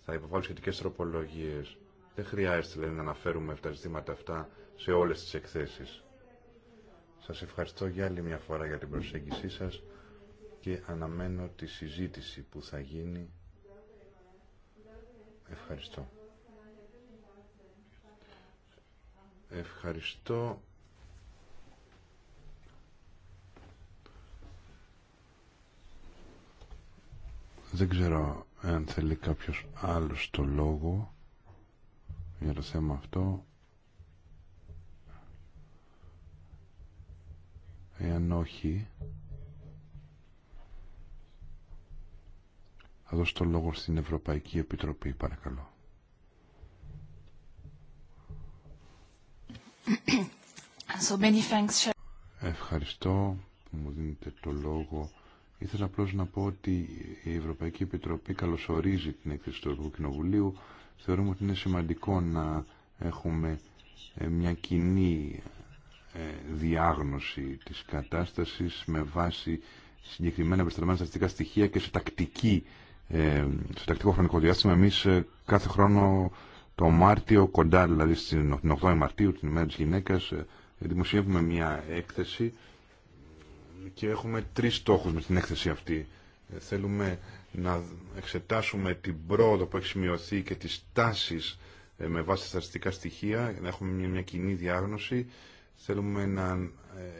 Θα υποβάλω σχετικέ τροπολογίες. Δεν χρειάζεται δηλαδή, να αναφέρουμε αυτά τα ζητήματα αυτά σε όλες τις εκθέσεις. Σας ευχαριστώ για άλλη μια φορά για την προσέγγισή σας και αναμένω τη συζήτηση που θα γίνει. Ευχαριστώ. Ευχαριστώ. Δεν ξέρω αν θέλει κάποιος άλλος το λόγο για το θέμα αυτό. Εάν όχι, θα δώσω το λόγο στην Ευρωπαϊκή Επιτροπή, παρακαλώ. Ευχαριστώ που μου δίνετε το λόγο. Ήθελα απλώ να πω ότι η Ευρωπαϊκή Επιτροπή καλωσορίζει την έκθεση του Ευρωπαϊκού Κοινοβουλίου. Θεωρούμε ότι είναι σημαντικό να έχουμε ε, μια κοινή ε, διάγνωση της κατάστασης με βάση συγκεκριμένα περιστατωμένα στατιστικά στοιχεία και σε τακτική ε, σε τακτικό χρονικό διάστημα. Εμείς κάθε χρόνο το Μάρτιο, κοντά δηλαδή στην 8η Μαρτίου, την ημέρα της γυναίκας, ε, δημοσιεύουμε μια έκθεση και έχουμε τρεις στόχους με την έκθεση αυτή. Ε, θέλουμε να εξετάσουμε την πρόοδο που έχει σημειωθεί και τις τάσεις ε, με βάση τα στατιστικά στοιχεία, να έχουμε μια, μια κοινή διάγνωση. Θέλουμε να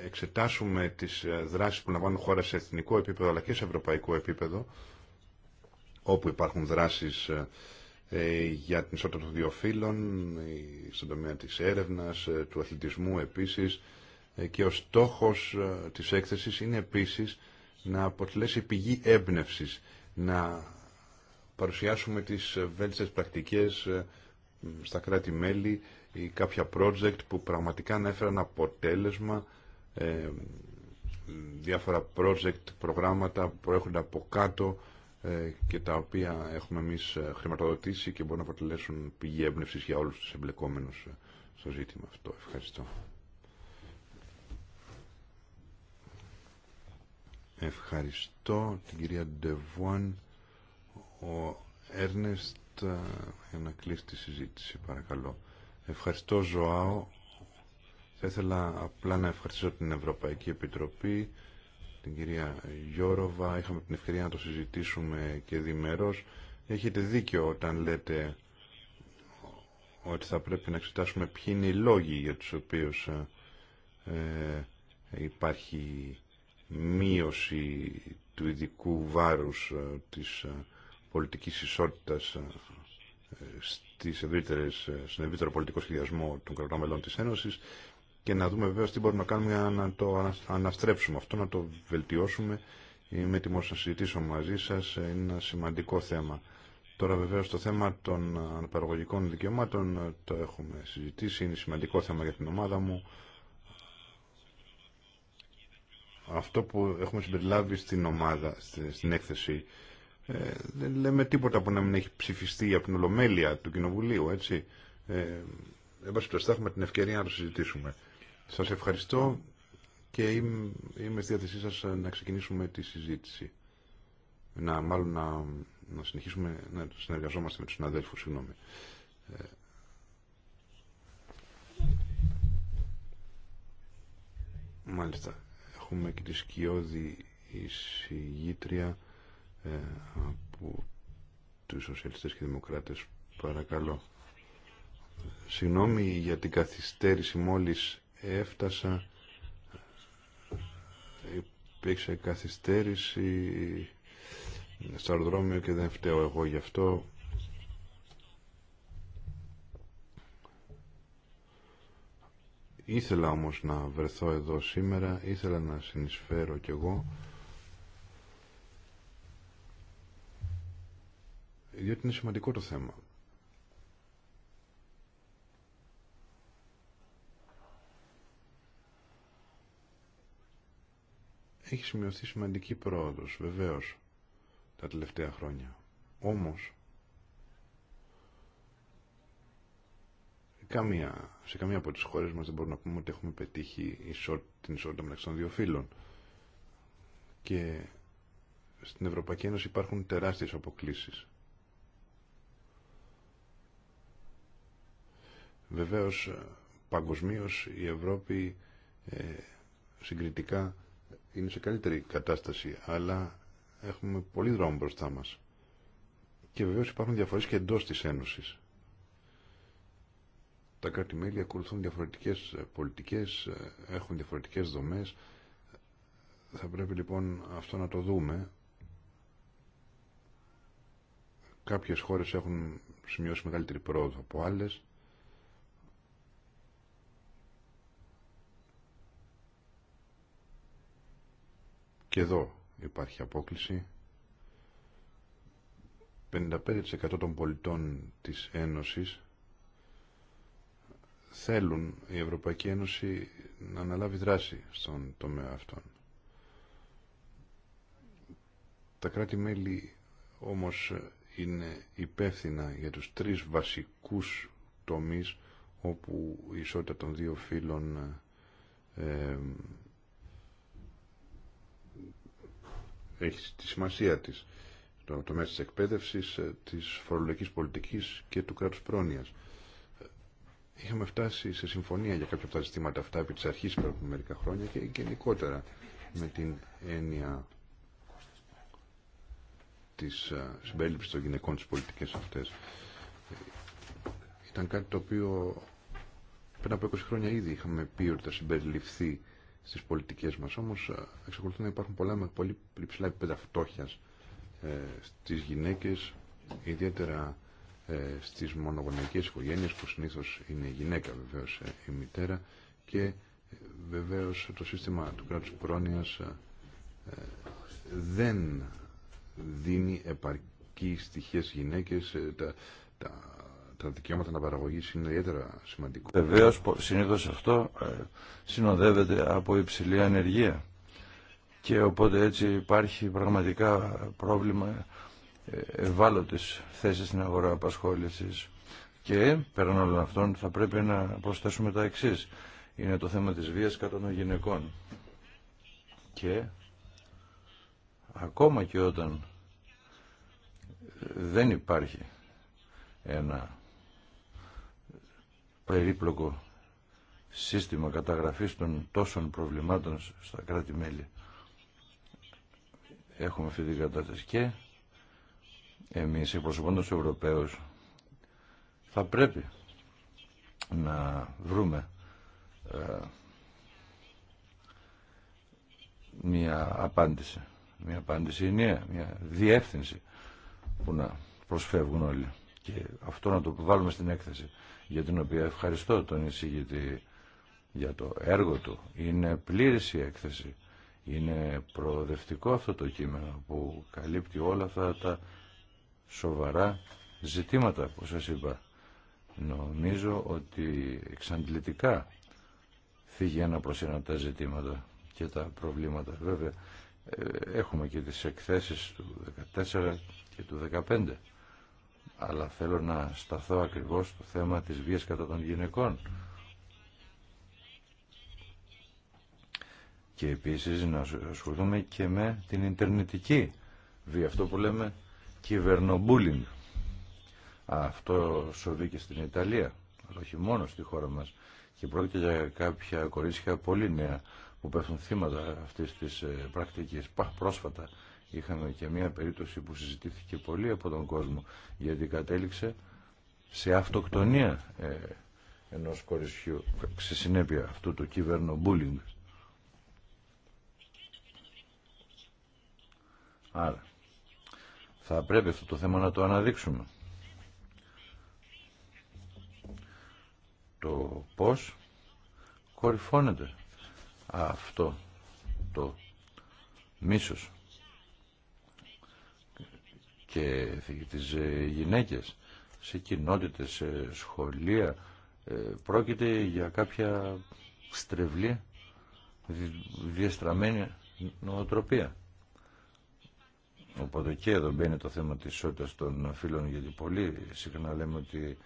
εξετάσουμε τις δράσεις που λαμβάνουν χώρα σε εθνικό επίπεδο αλλά και σε ευρωπαϊκό επίπεδο, όπου υπάρχουν δράσεις ε, για την ισότητα των δύο φύλων, στον τομέα της έρευνας, ε, του αθλητισμού επίσης ε, και ο στόχος της έκθεσης είναι επίσης να αποτελέσει πηγή έμπνευσης, να παρουσιάσουμε τις βέλτιστες πρακτικές στα κράτη-μέλη ή κάποια project που πραγματικά να έφεραν αποτέλεσμα διάφορα project, προγράμματα που προέρχονται από κάτω ε, και τα οποία έχουμε εμείς ε, χρηματοδοτήσει και μπορούν να αποτελέσουν πηγή έμπνευση για όλους τους εμπλεκόμενους ε, στο ζήτημα αυτό. Ευχαριστώ. Ευχαριστώ την κυρία Ντεβουάν. Ο Έρνεστ για να κλείσει τη συζήτηση παρακαλώ. Ευχαριστώ Ζωάο. Θα ήθελα απλά να ευχαριστήσω την Ευρωπαϊκή Επιτροπή την κυρία Γιώροβα. Είχαμε την ευκαιρία να το συζητήσουμε και διμερώς. Έχετε δίκιο όταν λέτε ότι θα πρέπει να εξετάσουμε ποιοι είναι οι λόγοι για τους οποίους ε, υπάρχει μείωση του ειδικού βάρους ε, της ε, πολιτικής ισότητας ε, στις ευρύτερες, στον ευρύτερο πολιτικό σχεδιασμό των κρατών μελών της Ένωσης και να δούμε βέβαια τι μπορούμε να κάνουμε για να το αναστρέψουμε. Αυτό να το βελτιώσουμε. Είμαι έτοιμο να συζητήσω μαζί σα. Ε, είναι ένα σημαντικό θέμα. Τώρα βεβαίω το θέμα των αναπαραγωγικών ε, δικαιωμάτων ε, το έχουμε συζητήσει. Είναι σημαντικό θέμα για την ομάδα μου. Αυτό που έχουμε συμπεριλάβει στην ομάδα, στην έκθεση, ε, δεν λέμε τίποτα που να μην έχει ψηφιστεί από την Ολομέλεια του Κοινοβουλίου, έτσι. Ε, Εν πάση έχουμε την ευκαιρία να το συζητήσουμε. Σας ευχαριστώ και είμαι, στη διάθεσή σας να ξεκινήσουμε τη συζήτηση. Να, μάλλον να, να συνεχίσουμε να συνεργαζόμαστε με τους συναδέλφους, συγγνώμη. Ε, μάλιστα. Έχουμε και τη σκιώδη εισηγήτρια ε, από τους σοσιαλιστές και δημοκράτες. Παρακαλώ. Συγγνώμη για την καθυστέρηση μόλις έφτασα υπήρξε καθυστέρηση στο αεροδρόμιο και δεν φταίω εγώ γι' αυτό ήθελα όμως να βρεθώ εδώ σήμερα ήθελα να συνεισφέρω κι εγώ διότι είναι σημαντικό το θέμα έχει σημειωθεί σημαντική πρόοδος, βεβαίως, τα τελευταία χρόνια. Όμως, καμία, σε καμία από τις χώρες μας δεν μπορούμε να πούμε ότι έχουμε πετύχει την ισότητα μεταξύ των δύο φύλων. Και στην Ευρωπαϊκή Ένωση υπάρχουν τεράστιες αποκλίσεις. Βεβαίως, παγκοσμίως η Ευρώπη ε, συγκριτικά είναι σε καλύτερη κατάσταση, αλλά έχουμε πολύ δρόμο μπροστά μας. Και βεβαίως υπάρχουν διαφορές και εντός της Ένωσης. Τα κράτη-μέλη ακολουθούν διαφορετικές ε, πολιτικές, ε, έχουν διαφορετικές δομές. Θα πρέπει λοιπόν αυτό να το δούμε. Κάποιες χώρες έχουν σημειώσει μεγαλύτερη πρόοδο από άλλες. Και εδώ υπάρχει απόκληση. 55% των πολιτών της Ένωσης θέλουν η Ευρωπαϊκή Ένωση να αναλάβει δράση στον τομέα αυτών. Τα κράτη-μέλη όμως είναι υπεύθυνα για τους τρεις βασικούς τομείς όπου η ισότητα των δύο φύλων ε, έχει τη σημασία της το τομέα της εκπαίδευσης, ε, της φορολογικής πολιτικής και του κράτους πρόνοιας. Ε, είχαμε φτάσει σε συμφωνία για κάποια από τα ζητήματα αυτά επί τη αρχή πριν από μερικά χρόνια και γενικότερα με την έννοια της ε, συμπέριληψης των γυναικών στις πολιτικές αυτές. Ήταν κάτι το οποίο πριν από 20 χρόνια ήδη είχαμε πει ότι θα συμπεριληφθεί στις πολιτικές μας. Όμως ε, εξακολουθούν να υπάρχουν πολλά με πολύ ψηλά επίπεδα φτώχειας ε, στις γυναίκες, ιδιαίτερα ε, στις μονογονεϊκές οικογένειες που συνήθως είναι η γυναίκα βεβαίως ε, η μητέρα και ε, βεβαίως το σύστημα του κράτους πρόνοιας ε, δεν δίνει επαρκή στοιχεία στις γυναίκες τα, τα τα δικαιώματα αναπαραγωγή είναι ιδιαίτερα σημαντικό. Βεβαίω, συνήθω αυτό ε, συνοδεύεται από υψηλή ανεργία. Και οπότε έτσι υπάρχει πραγματικά πρόβλημα ε, ευάλωτη θέση στην αγορά απασχόληση. Και πέραν όλων αυτών θα πρέπει να προσθέσουμε τα εξή. Είναι το θέμα της βίας κατά των γυναικών. Και ακόμα και όταν ε, δεν υπάρχει ένα περίπλοκο σύστημα καταγραφής των τόσων προβλημάτων στα κράτη-μέλη. Έχουμε αυτή την κατάσταση και εμείς εκπροσωπώντας τους Ευρωπαίους θα πρέπει να βρούμε ε, μια απάντηση μια απάντηση ενιαία, μια διεύθυνση που να προσφεύγουν όλοι και αυτό να το βάλουμε στην έκθεση για την οποία ευχαριστώ τον εισηγητή για το έργο του. Είναι πλήρης η έκθεση. Είναι προοδευτικό αυτό το κείμενο που καλύπτει όλα αυτά τα σοβαρά ζητήματα που σας είπα. Νομίζω ότι εξαντλητικά φύγει ένα προς ένα τα ζητήματα και τα προβλήματα. Βέβαια ε, έχουμε και τις εκθέσεις του 14 και του 15 αλλά θέλω να σταθώ ακριβώς στο θέμα της βίας κατά των γυναικών. Και επίσης να ασχοληθούμε και με την Ιντερνετική βία, αυτό που λέμε κυβερνομπούλινγκ. Αυτό σοβεί και στην Ιταλία, αλλά όχι μόνο στη χώρα μας. Και πρόκειται για κάποια κορίτσια πολύ νέα που πέφτουν θύματα αυτής της ε, πρακτικής. πρόσφατα Είχαμε και μια περίπτωση που συζητήθηκε πολύ από τον κόσμο γιατί κατέληξε σε αυτοκτονία ε, ενός κορισιού σε συνέπεια αυτού του κύβερνο bullying. Άρα θα πρέπει αυτό το θέμα να το αναδείξουμε. Το πώς κορυφώνεται αυτό το μίσος και τις ε, γυναίκες σε κοινότητες, σε σχολεία. Ε, πρόκειται για κάποια στρεβλή, διαστραμμένη νοοτροπία. Οπότε και εδώ μπαίνει το θέμα της ισότητας των φίλων, γιατί πολύ συχνά λέμε ότι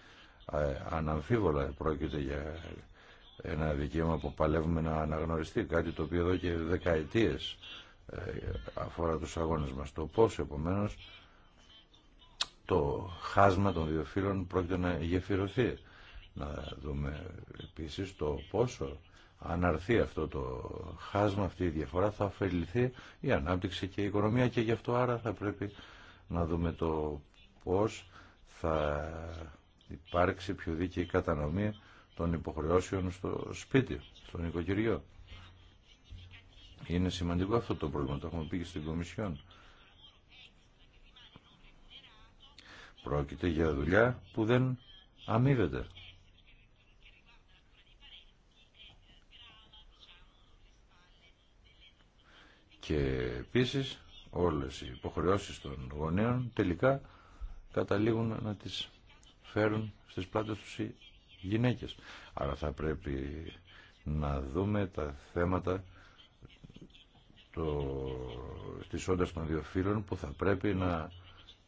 ε, αναμφίβολα πρόκειται για ένα δικαίωμα που παλεύουμε να αναγνωριστεί, κάτι το οποίο εδώ και δεκαετίες αφορά τους αγώνες μας. Το πώς, επομένως, το χάσμα των δύο φύλων πρόκειται να γεφυρωθεί. Να δούμε επίσης το πόσο αν αυτό το χάσμα, αυτή η διαφορά, θα ωφεληθεί η ανάπτυξη και η οικονομία και γι' αυτό άρα θα πρέπει να δούμε το πώς θα υπάρξει πιο δίκαιη κατανομή των υποχρεώσεων στο σπίτι, στον νοικοκυριό. Είναι σημαντικό αυτό το πρόβλημα, το έχουμε πει και στην Κομισιόν. Πρόκειται για δουλειά που δεν αμείβεται. Και επίσης όλες οι υποχρεώσεις των γονέων τελικά καταλήγουν να τις φέρουν στις πλάτες τους οι γυναίκες. Άρα θα πρέπει να δούμε τα θέματα το, της όντας των δύο φύλων που θα πρέπει να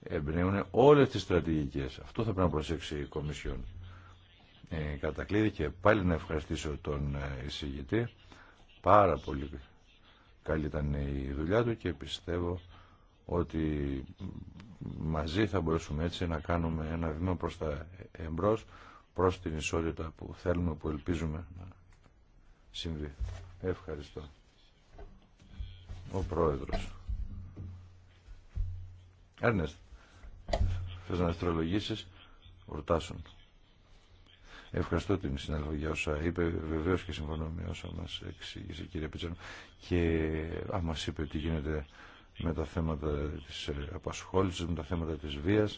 εμπνέουν όλες τις στρατηγικές. Αυτό θα πρέπει να προσέξει η Κομισιόν. Ε, κατακλείδη και πάλι να ευχαριστήσω τον ε, εισηγητή. Πάρα πολύ καλή ήταν η δουλειά του και πιστεύω ότι μαζί θα μπορέσουμε έτσι να κάνουμε ένα βήμα προς τα εμπρός, προς την ισότητα που θέλουμε, που ελπίζουμε να συμβεί. Ευχαριστώ. Ο Πρόεδρος. Έρνεστη. Θες να αστρολογήσεις, ορτάσουν. Ευχαριστώ την συνάδελφο για όσα είπε. Βεβαίω και συμφωνώ με όσα μα εξήγησε η κυρία Πιτσένο. Και αν μα είπε τι γίνεται με τα θέματα τη ε, απασχόληση, με τα θέματα της βία.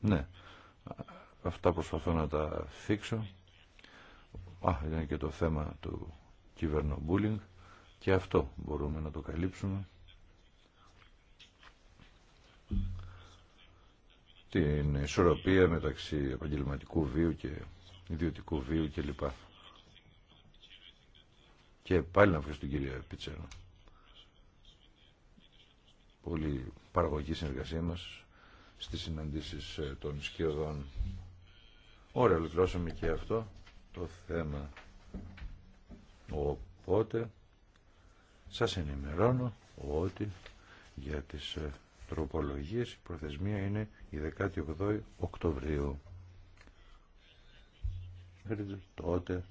Ναι, αυτά προσπαθώ να τα θίξω. Α, είναι και το θέμα του κυβερνομπούλινγκ και αυτό μπορούμε να το καλύψουμε την ισορροπία μεταξύ επαγγελματικού βίου και ιδιωτικού βίου και κλπ. Και πάλι να ευχαριστώ την κυρία Πιτσένα Πολύ παραγωγική συνεργασία μας στις συναντήσεις ε, των σκιωδών. Ωραία, ολοκληρώσαμε και αυτό το θέμα. Οπότε, σας ενημερώνω ότι για τις ε, τροπολογίες. Η προθεσμία είναι η 18η Οκτωβρίου. τότε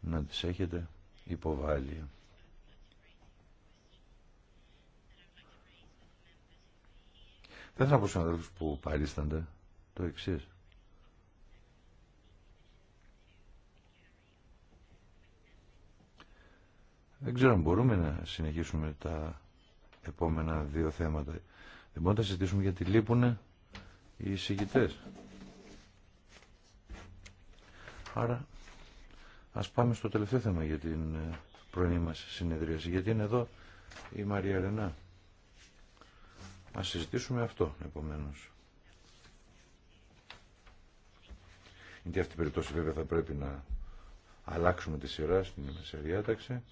να τις έχετε υποβάλει. Δεν θα πω στους που παρίστανται το εξή. Δεν ξέρω αν μπορούμε να συνεχίσουμε τα επόμενα δύο θέματα. Δεν θα συζητήσουμε γιατί λείπουν οι εισηγητέ. Άρα ας πάμε στο τελευταίο θέμα για την ε, πρωινή μας συνεδρίαση. Γιατί είναι εδώ η Μαρία Ρενά. Ας συζητήσουμε αυτό επομένως. Γιατί αυτή η περίπτωση βέβαια θα πρέπει να αλλάξουμε τη σειρά στην ημεσαριάταξη. διάταξη.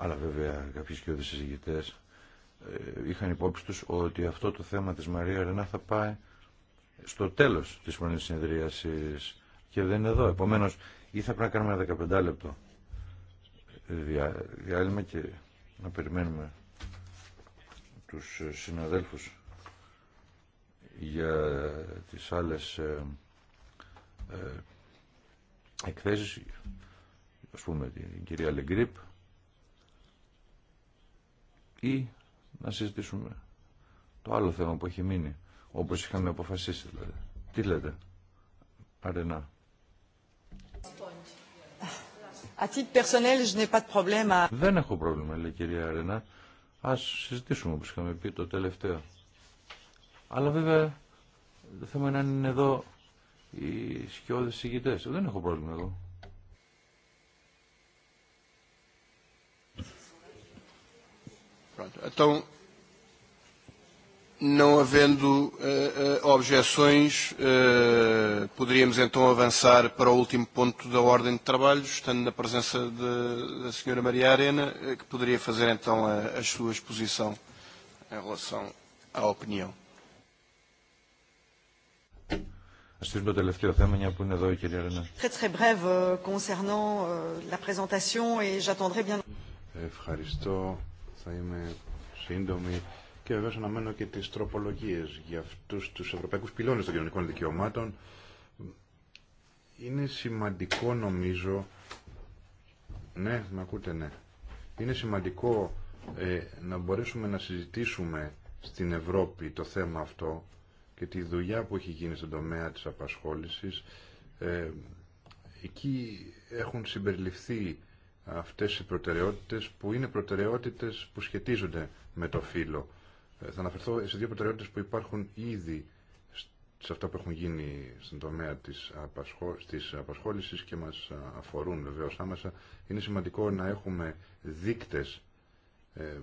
Αλλά βέβαια κάποιοι σκιώδες ε, είχαν υπόψη τους ότι αυτό το θέμα της Μαρία Ρενά θα πάει στο τέλος της σημερινής συνεδρίασης και δεν είναι εδώ. Επομένως, ή θα πρέπει να κάνουμε ένα 15 λεπτό διάλειμμα και να περιμένουμε τους ε, συναδέλφους για τις άλλες ε, ε, εκθέσεις, ας πούμε την κυρία Λεγκρίπ, ή να συζητήσουμε το άλλο θέμα που έχει μείνει, όπως είχαμε αποφασίσει δηλαδή. Τι λέτε, αρενά. Δεν έχω πρόβλημα, λέει η κυρία Αρενά. Ας συζητήσουμε όπως είχαμε πει το τελευταίο. Αλλά βέβαια το θέμα είναι αν είναι εδώ οι σκιώδες συγκητές. Δεν έχω πρόβλημα εδώ. Então, não havendo objeções, poderíamos então avançar para o último ponto da ordem de trabalho, estando na presença da senhora Maria Arena, que poderia fazer então a, a sua exposição em relação à opinião. Très très brève concernant la présentation et j'attendrai bien θα είμαι σύντομη και βεβαίω αναμένω και τις τροπολογίες για αυτούς τους Ευρωπαϊκού πυλώνες των κοινωνικών δικαιωμάτων. Είναι σημαντικό νομίζω, ναι, με ακούτε ναι, είναι σημαντικό ε, να μπορέσουμε να συζητήσουμε στην Ευρώπη το θέμα αυτό και τη δουλειά που έχει γίνει στον τομέα της απασχόλησης. Ε, εκεί έχουν συμπεριληφθεί αυτές οι προτεραιότητες που είναι προτεραιότητες που σχετίζονται με το φύλλο. Ε, θα αναφερθώ σε δύο προτεραιότητες που υπάρχουν ήδη σε αυτά που έχουν γίνει στον τομέα της, απασχό... της απασχόλησης και μας ε, αφορούν βεβαίως άμεσα. Είναι σημαντικό να έχουμε δείκτες ε,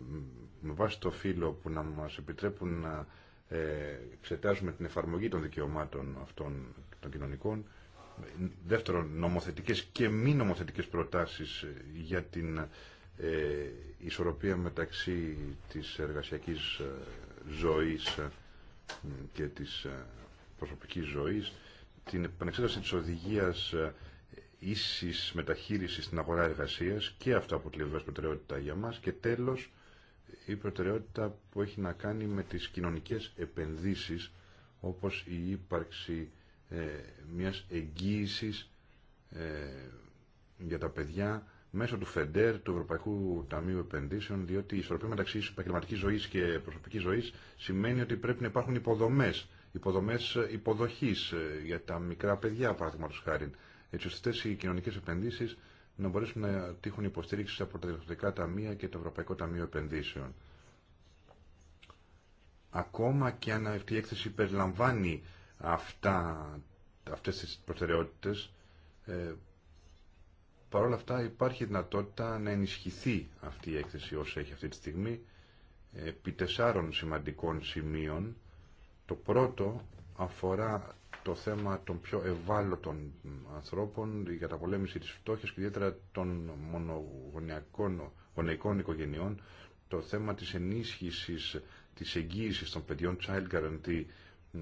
με βάση το φύλλο που να μας επιτρέπουν να εξετάζουμε την εφαρμογή των δικαιωμάτων αυτών των κοινωνικών δεύτερον νομοθετικές και μη νομοθετικές προτάσεις για την ε, ισορροπία μεταξύ της εργασιακής ε, ζωής ε, και της προσωπικής ζωής, την επανεξέταση της οδηγίας ίσης μεταχείρισης στην αγορά εργασίας και αυτά αποτελεί βέβαια προτεραιότητα για μας και τέλος η προτεραιότητα που έχει να κάνει με τις κοινωνικές επενδύσεις όπως η ύπαρξη ε, μιας εγγύησης ε, για τα παιδιά μέσω του ΦΕΝΤΕΡ, του Ευρωπαϊκού Ταμείου Επενδύσεων, διότι η ισορροπία μεταξύ επαγγελματική ζωή και προσωπική ζωή σημαίνει ότι πρέπει να υπάρχουν υποδομέ, υποδομέ υποδοχή ε, για τα μικρά παιδιά, παραδείγματο χάρη, έτσι ώστε οι κοινωνικέ επενδύσει να μπορέσουν να τύχουν υποστήριξη από τα Διευθυντικά Ταμεία και το Ευρωπαϊκό Ταμείο Επενδύσεων. Ακόμα και αν αυτή η έκθεση περιλαμβάνει αυτά, αυτές τις προτεραιότητες, ε, αυτά υπάρχει δυνατότητα να ενισχυθεί αυτή η έκθεση όσο έχει αυτή τη στιγμή επί τεσσάρων σημαντικών σημείων. Το πρώτο αφορά το θέμα των πιο ευάλωτων ανθρώπων, η καταπολέμηση της φτώχειας και ιδιαίτερα των μονογονεϊκών γονεϊκών οικογενειών, το θέμα της ενίσχυσης της εγγύησης των παιδιών Child Guarantee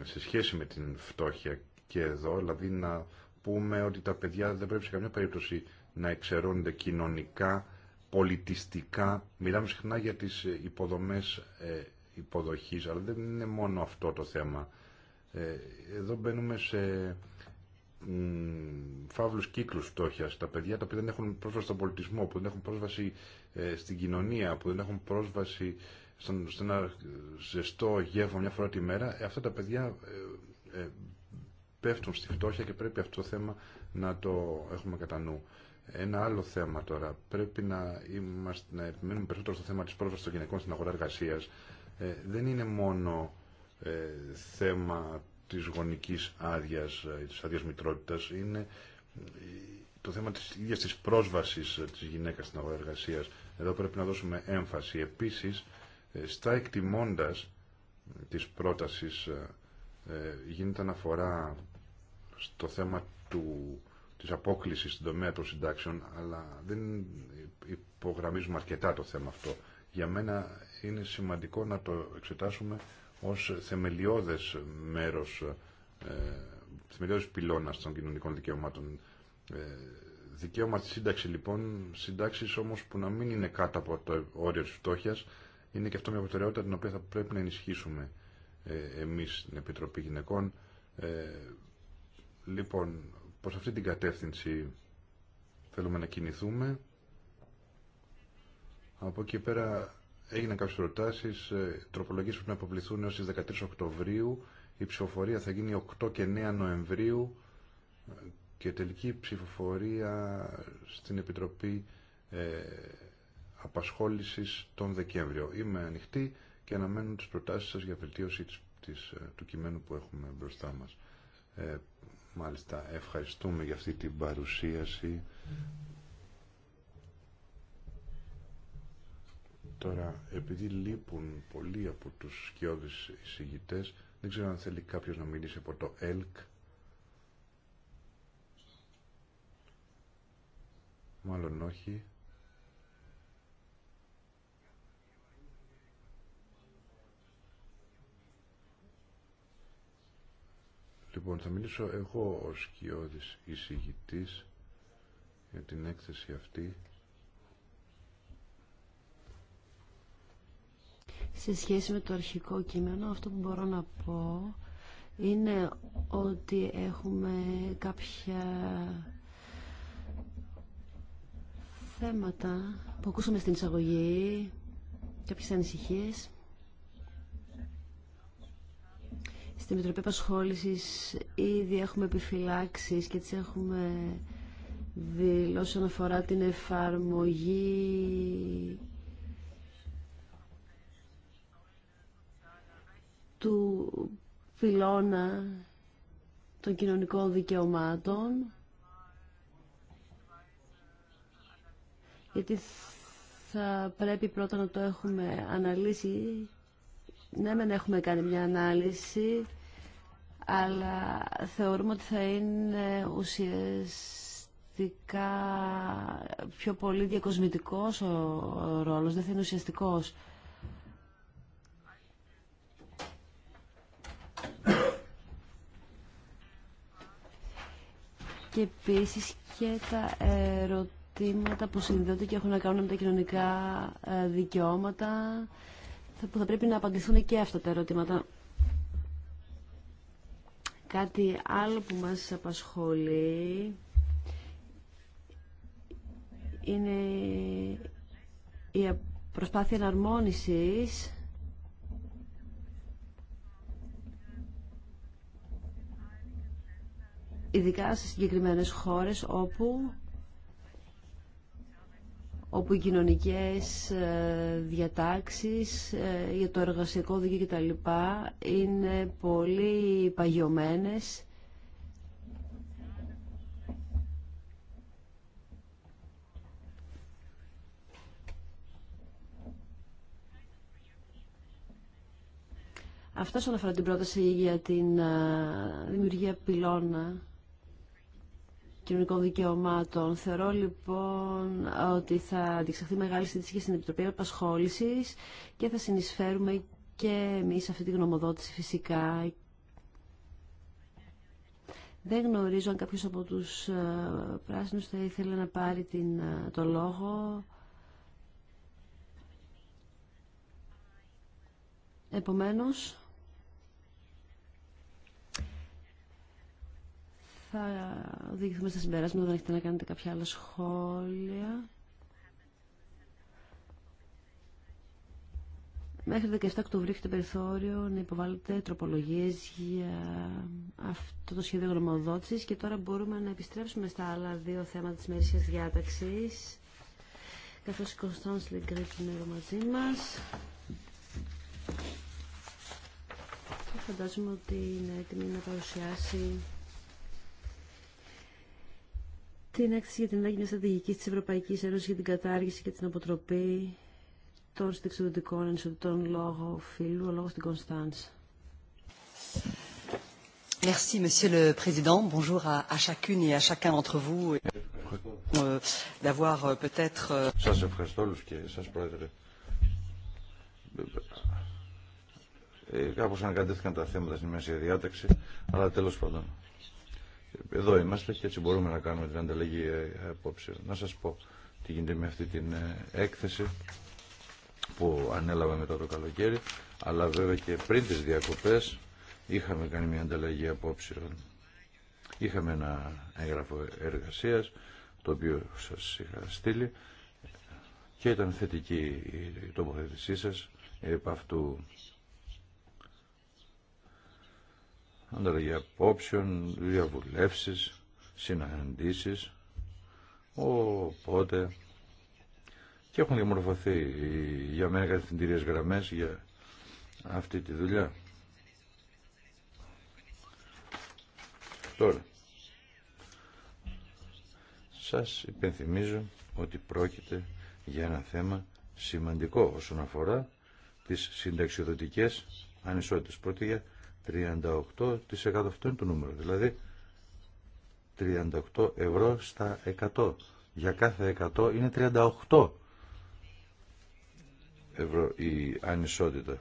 σε σχέση με την φτώχεια και εδώ, δηλαδή να πούμε ότι τα παιδιά δεν πρέπει σε καμιά περίπτωση να εξαιρώνται κοινωνικά, πολιτιστικά. Μιλάμε συχνά για τις ε, υποδομές ε, υποδοχής, αλλά δεν είναι μόνο αυτό το θέμα. Ε, εδώ μπαίνουμε σε φαύλους κύκλους φτώχεια. Τα παιδιά τα οποία δεν έχουν πρόσβαση στον πολιτισμό, που δεν έχουν πρόσβαση ε, στην κοινωνία, που δεν έχουν πρόσβαση στον, ένα ζεστό γεύμα μια φορά τη μέρα, ε, αυτά τα παιδιά ε, ε, πέφτουν στη φτώχεια και πρέπει αυτό το θέμα να το έχουμε κατά νου. Ένα άλλο θέμα τώρα. Πρέπει να, είμαστε, να επιμένουμε περισσότερο στο θέμα της πρόσβασης των γυναικών στην αγορά εργασία. δεν είναι μόνο θέμα της γονικής άδειας, της άδειας μητρότητας, είναι το θέμα της ίδιας της πρόσβασης της γυναίκας στην αγορά εργασίας. Εδώ πρέπει να δώσουμε έμφαση. Επίσης, ε, στα εκτιμώντας της πρότασης ε, ε, γίνεται αναφορά στο θέμα του, της απόκλησης στην τομέα των συντάξεων, αλλά δεν υπογραμμίζουμε αρκετά το θέμα αυτό. Για μένα είναι σημαντικό να το εξετάσουμε ως θεμελιώδες μέρος, ε, θεμελιώδες πυλώνας των κοινωνικών δικαιωμάτων. Ε, δικαίωμα στη σύνταξη λοιπόν, συντάξεις όμως που να μην είναι κάτω από το όριο της φτώχειας, είναι και αυτό μια προτεραιότητα την οποία θα πρέπει να ενισχύσουμε ε, εμείς στην Επιτροπή Γυναικών. Ε, λοιπόν, προς αυτή την κατεύθυνση θέλουμε να κινηθούμε. Από εκεί πέρα έγιναν κάποιες προτάσεις, ε, τροπολογίες που να αποβληθούν έως τις 13 Οκτωβρίου, η ψηφοφορία θα γίνει 8 και 9 Νοεμβρίου ε, και τελική ψηφοφορία στην Επιτροπή ε, απασχόλησης τον Δεκέμβριο. Είμαι ανοιχτή και αναμένω τις προτάσεις σας για βελτίωση της, ε, του κειμένου που έχουμε μπροστά μας. Ε, μάλιστα, ευχαριστούμε για αυτή την παρουσίαση. Τώρα, επειδή λείπουν πολλοί από τους σκιώδεις εισηγητές, δεν ξέρω αν θέλει κάποιος να μιλήσει από το ΕΛΚ. Μάλλον όχι. Λοιπόν, θα μιλήσω εγώ ω κοιόδης εισηγητή για την έκθεση αυτή. Σε σχέση με το αρχικό κείμενο, αυτό που μπορώ να πω είναι ότι έχουμε κάποια θέματα που ακούσαμε στην εισαγωγή, κάποιες ανησυχίες Στην Επιτροπή Απασχόλησης ήδη έχουμε επιφυλάξεις και τις έχουμε δηλώσει αφορά την εφαρμογή του πυλώνα των κοινωνικών δικαιωμάτων γιατί θα πρέπει πρώτα να το έχουμε αναλύσει ναι μεν έχουμε κάνει μια ανάλυση αλλά θεωρούμε ότι θα είναι ουσιαστικά πιο πολύ διακοσμητικός ο ρόλος, δεν θα είναι ουσιαστικός. Και επίσης και τα ερωτήματα που συνδέονται και έχουν να κάνουν με τα κοινωνικά ε, δικαιώματα, που θα πρέπει να απαντηθούν και αυτά τα ερωτήματα. Κάτι άλλο που μας απασχολεί είναι η προσπάθεια εναρμόνισης ειδικά σε συγκεκριμένες χώρες όπου όπου οι κοινωνικές ε, διατάξεις ε, για το εργασιακό δίκαιο κτλ. είναι πολύ παγιωμένες. Αυτό όσον αφορά την πρόταση για την ε, δημιουργία πυλώνα κοινωνικών δικαιωμάτων. Θεωρώ λοιπόν ότι θα αντιξαχθεί μεγάλη συζήτηση στην Επιτροπή Απασχόληση και θα συνεισφέρουμε και εμεί αυτή τη γνωμοδότηση φυσικά. Δεν γνωρίζω αν κάποιο από τους ε, πράσινου θα ήθελε να πάρει την, ε, το λόγο. Επομένως, θα οδηγηθούμε στα συμπεράσματα όταν έχετε να κάνετε κάποια άλλα σχόλια. Μέχρι 17 Οκτωβρίου έχετε περιθώριο να υποβάλλετε τροπολογίες για αυτό το σχέδιο γνωμοδότησης και τώρα μπορούμε να επιστρέψουμε στα άλλα δύο θέματα της μερικής διάταξης καθώς η Κωνσταντς Λεγκρίτ είναι εδώ μαζί μας φαντάζομαι ότι είναι έτοιμη να παρουσιάσει την έκθεση για την ανάγκη μια στρατηγική τη Ευρωπαϊκή Ένωση για την κατάργηση και την αποτροπή των συνταξιδοτικών ενισοτητών λόγω φύλου, λόγω στην Κωνσταντς. Merci, Monsieur le Président. Bonjour à, à chacune et à chacun d'entre vous. Euh, d'avoir euh, peut-être. Euh, σας ευχαριστώ όλους και σας πρόεδρε. Ε, κάπως ανακατεύθηκαν τα θέματα στην μέση διάταξη, αλλά τέλος πάντων. Εδώ είμαστε και έτσι μπορούμε να κάνουμε την ανταλλαγή ε, απόψε. Να σας πω τι γίνεται με αυτή την ε, έκθεση που ανέλαβα μετά το καλοκαίρι, αλλά βέβαια και πριν τις διακοπές είχαμε κάνει μια ανταλλαγή απόψεων. Είχαμε ένα έγγραφο εργασίας, το οποίο σας είχα στείλει και ήταν θετική η τοποθέτησή σας επ' αυτού ανταλλαγή απόψεων, διαβουλεύσεις, συναντήσεις, οπότε και έχουν διαμορφωθεί για μένα κατευθυντηρίες γραμμές για αυτή τη δουλειά. Τώρα, σας υπενθυμίζω ότι πρόκειται για ένα θέμα σημαντικό όσον αφορά τις συνταξιοδοτικές ανισότητες. πρώτη για 38% αυτό είναι το νούμερο. Δηλαδή 38 ευρώ στα 100. Για κάθε 100 είναι 38 ευρώ η ανισότητα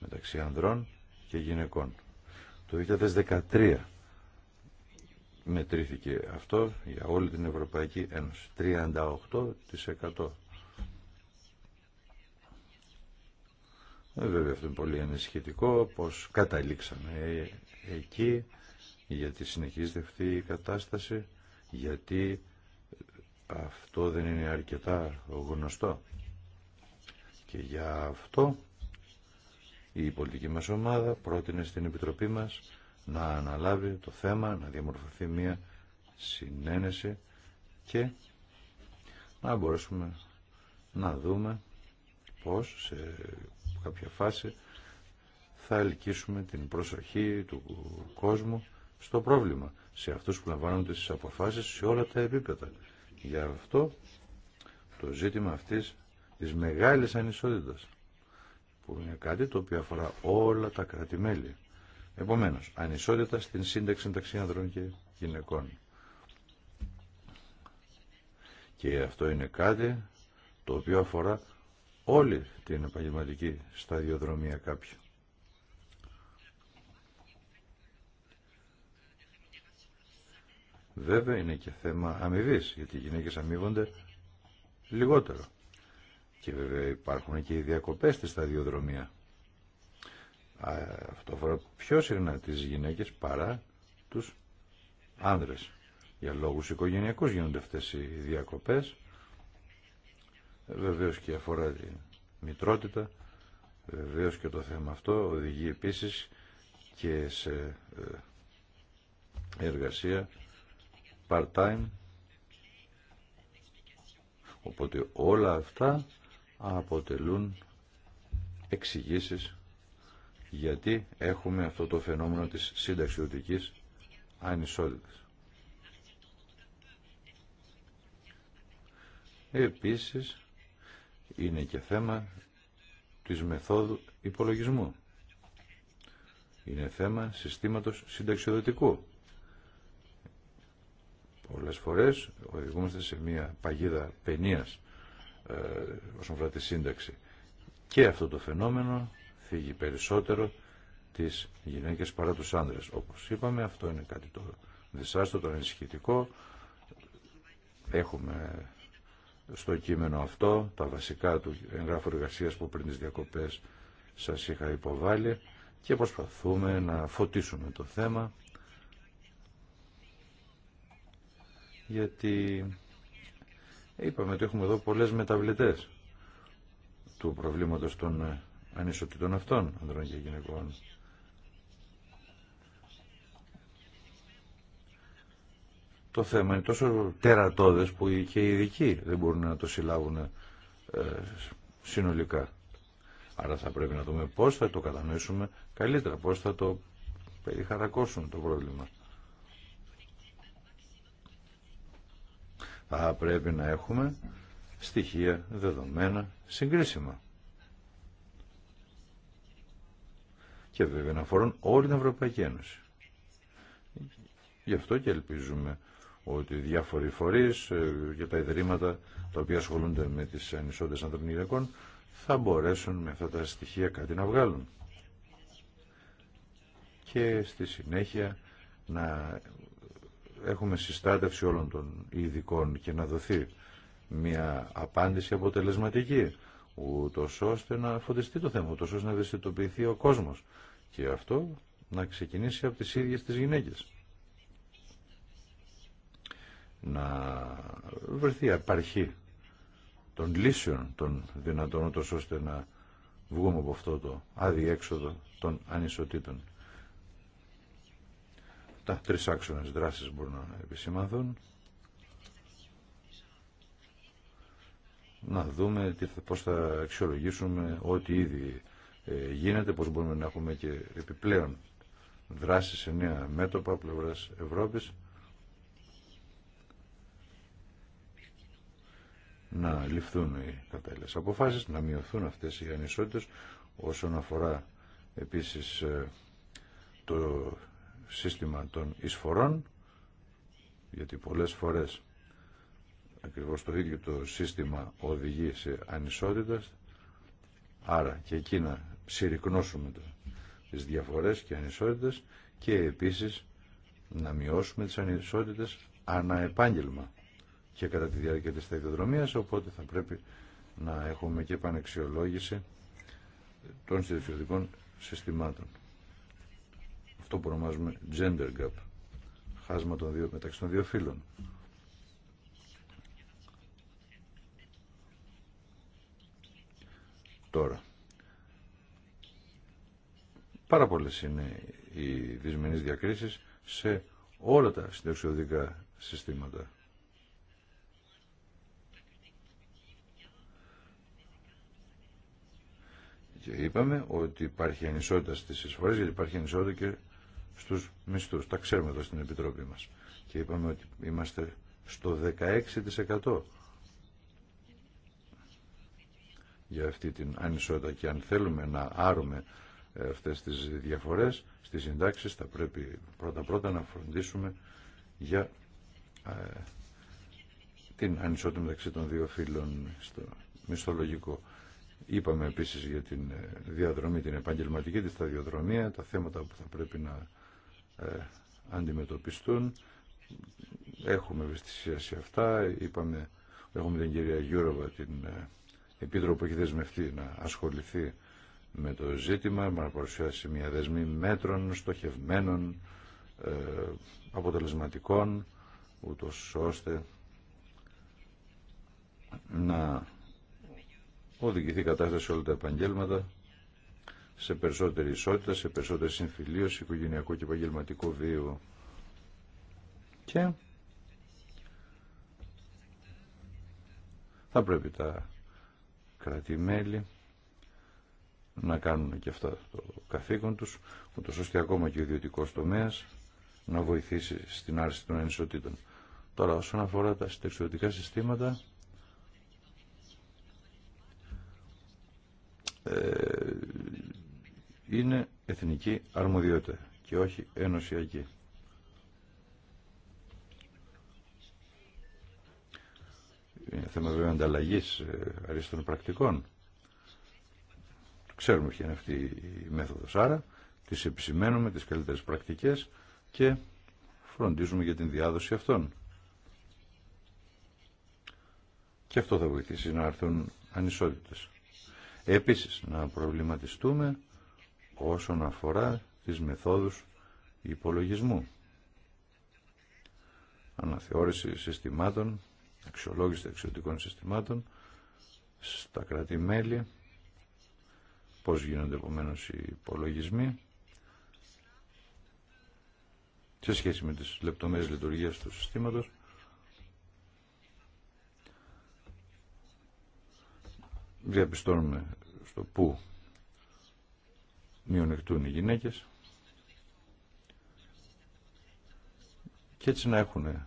μεταξύ ανδρών και γυναικών. Το 2013 μετρήθηκε αυτό για όλη την Ευρωπαϊκή Ένωση. 38% Ε, βέβαια αυτό είναι πολύ ανησυχητικό πως καταλήξαμε εκεί γιατί συνεχίζεται αυτή η κατάσταση γιατί αυτό δεν είναι αρκετά γνωστό και για αυτό η πολιτική μας ομάδα πρότεινε στην Επιτροπή μας να αναλάβει το θέμα, να διαμορφωθεί μια συνένεση και να μπορέσουμε να δούμε πώς σε κάποια φάση θα ελκύσουμε την προσοχή του κόσμου στο πρόβλημα, σε αυτούς που λαμβάνουν τις αποφάσεις σε όλα τα επίπεδα. Γι' αυτό το ζήτημα αυτής της μεγάλης ανισότητας, που είναι κάτι το οποίο αφορά όλα τα κρατη Επομένως, ανισότητα στην σύνταξη μεταξύ ανδρών και γυναικών. Και αυτό είναι κάτι το οποίο αφορά όλη την επαγγελματική σταδιοδρομία κάποιου. Βέβαια είναι και θέμα αμοιβή, γιατί οι γυναίκες αμείβονται λιγότερο. Και βέβαια υπάρχουν και οι διακοπές στη σταδιοδρομία. Αυτό αφορά πιο συχνά τις γυναίκες παρά τους άνδρες. Για λόγους οικογενειακούς γίνονται αυτές οι διακοπές βεβαίως και αφορά τη μητρότητα, βεβαίως και το θέμα αυτό οδηγεί επίσης και σε ε, εργασία part-time, οπότε όλα αυτά αποτελούν εξηγήσεις γιατί έχουμε αυτό το φαινόμενο της συνταξιωτικής ανισότητας. Επίσης, είναι και θέμα της μεθόδου υπολογισμού. Είναι θέμα συστήματος συνταξιοδοτικού. Πολλές φορές οδηγούμαστε σε μια παγίδα παινίας ε, όσον αφορά τη σύνταξη. Και αυτό το φαινόμενο φύγει περισσότερο τις γυναίκες παρά τους άνδρες. Όπως είπαμε, αυτό είναι κάτι το δυσάστοτο, το ενισχυτικό. Έχουμε στο κείμενο αυτό, τα βασικά του εγγράφου εργασίας που πριν τις διακοπές σας είχα υποβάλει και προσπαθούμε να φωτίσουμε το θέμα γιατί είπαμε ότι έχουμε εδώ πολλές μεταβλητές του προβλήματος των ανισοτήτων αυτών ανδρών και γυναικών το θέμα είναι τόσο τερατώδες που και οι ειδικοί δεν μπορούν να το συλλάβουν ε, συνολικά. Άρα θα πρέπει να δούμε πώς θα το κατανοήσουμε καλύτερα, πώς θα το περιχαρακώσουμε το πρόβλημα. Θα πρέπει να έχουμε στοιχεία, δεδομένα, συγκρίσιμα. Και βέβαια να αφορούν όλη την Ευρωπαϊκή Ένωση. Γι' αυτό και ελπίζουμε ότι διάφοροι φορείς ε, και τα ιδρύματα τα οποία ασχολούνται με τις ανισότητες ανδρών θα μπορέσουν με αυτά τα στοιχεία κάτι να βγάλουν. Και στη συνέχεια να έχουμε συστάτευση όλων των ειδικών και να δοθεί μια απάντηση αποτελεσματική ούτω ώστε να φωτιστεί το θέμα, ούτως ώστε να ευαισθητοποιηθεί ο κόσμος και αυτό να ξεκινήσει από τις ίδιες τις γυναίκες να βρεθεί απαρχή των λύσεων των δυνατών ούτως ώστε να βγούμε από αυτό το έξοδο των ανισοτήτων. Τα τρεις άξονες δράσεις μπορούν να επισημανθούν. Να δούμε πώς θα αξιολογήσουμε ό,τι ήδη ε, γίνεται, πώς μπορούμε να έχουμε και επιπλέον δράσεις σε νέα μέτωπα πλευράς Ευρώπης. να ληφθούν οι κατάλληλες αποφάσεις, να μειωθούν αυτές οι ανισότητες όσον αφορά επίσης ε, το σύστημα των εισφορών γιατί πολλές φορές ακριβώς το ίδιο το σύστημα οδηγεί σε ανισότητες άρα και εκεί να συρρυκνώσουμε τις διαφορές και ανισότητες και επίσης να μειώσουμε τις ανισότητες επάγγελμα και κατά τη διάρκεια της ταχυδρομίας οπότε θα πρέπει να έχουμε και επανεξιολόγηση των στρατιωτικών συστημάτων. Αυτό που ονομάζουμε gender gap, χάσμα των δύο, μεταξύ των δύο φύλων. Τώρα, πάρα πολλές είναι οι δυσμενείς διακρίσεις σε όλα τα συνταξιωτικά συστήματα. Και είπαμε ότι υπάρχει ανισότητα στις εισφορές γιατί υπάρχει ανισότητα και στους μισθούς. Τα ξέρουμε εδώ στην Επιτροπή μας. Και είπαμε ότι είμαστε στο 16% για αυτή την ανισότητα και αν θέλουμε να άρουμε ε, αυτές τις διαφορές στις συντάξεις θα πρέπει πρώτα-πρώτα να φροντίσουμε για ε, την ανισότητα μεταξύ των δύο φύλων στο μισθολογικό. Είπαμε επίσης για την ε, διαδρομή, την επαγγελματική, τη σταδιοδρομία, τα θέματα που θα πρέπει να ε, αντιμετωπιστούν. Έχουμε ευαισθησία σε αυτά. Είπαμε, έχουμε την κυρία Γιούροβα, την ε, επίτροπο που έχει δεσμευτεί να ασχοληθεί με το ζήτημα, να παρουσιάσει μια δεσμή μέτρων, στοχευμένων, ε, αποτελεσματικών, ούτως ώστε να οδηγηθεί η κατάσταση σε όλα τα επαγγέλματα, σε περισσότερη ισότητα, σε περισσότερη συμφιλίωση οικογενειακό και επαγγελματικό βίο. Και θα πρέπει τα κρατημέλη να κάνουν και αυτά το καθήκον τους, ούτως ώστε ακόμα και ο ιδιωτικό τομέας να βοηθήσει στην άρση των ανισοτήτων. Τώρα, όσον αφορά τα συντεξιωτικά συστήματα, Ε, είναι εθνική αρμοδιότητα και όχι ενωσιακή. Είναι θέμα βέβαια ανταλλαγή ε, αριστερων πρακτικών. Ξέρουμε ποια είναι αυτή η μέθοδος άρα, τις επισημαίνουμε, τις καλύτερες πρακτικές και φροντίζουμε για την διάδοση αυτών. Και αυτό θα βοηθήσει να έρθουν ανισότητες. Επίσης, να προβληματιστούμε όσον αφορά τις μεθόδους υπολογισμού. Αναθεώρηση συστημάτων, αξιολόγηση ταξιδιωτικών συστημάτων, στα κράτη-μέλη, πώς γίνονται επομένω οι υπολογισμοί, σε σχέση με τις λεπτομέρειες λειτουργίας του συστήματος, διαπιστώνουμε στο πού μειονεκτούν οι γυναίκες και έτσι να έχουν ε,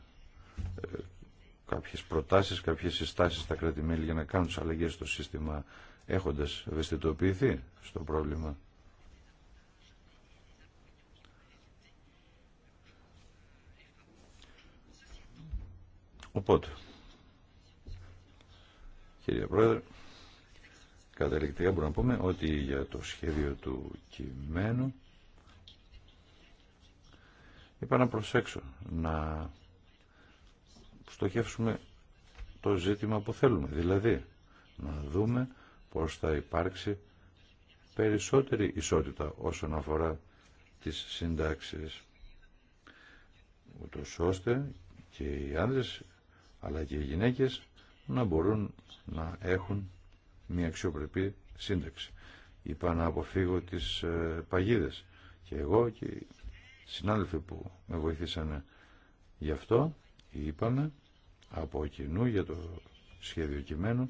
κάποιες προτάσεις, κάποιες συστάσεις στα κράτη-μέλη για να κάνουν τις αλλαγές στο σύστημα έχοντας ευαισθητοποιηθεί στο πρόβλημα. Οπότε, κυρία Πρόεδρε, Καταληκτικά μπορούμε να πούμε ότι για το σχέδιο του κειμένου είπα να προσέξω, να στοχεύσουμε το ζήτημα που θέλουμε. Δηλαδή, να δούμε πώς θα υπάρξει περισσότερη ισότητα όσον αφορά τις συντάξεις. Ούτως ώστε και οι άνδρες αλλά και οι γυναίκες να μπορούν να έχουν μια αξιοπρεπή σύνταξη. Είπα να αποφύγω τις ε, παγίδες και εγώ και οι συνάδελφοι που με βοηθήσανε γι' αυτό είπαμε από κοινού για το σχέδιο κειμένου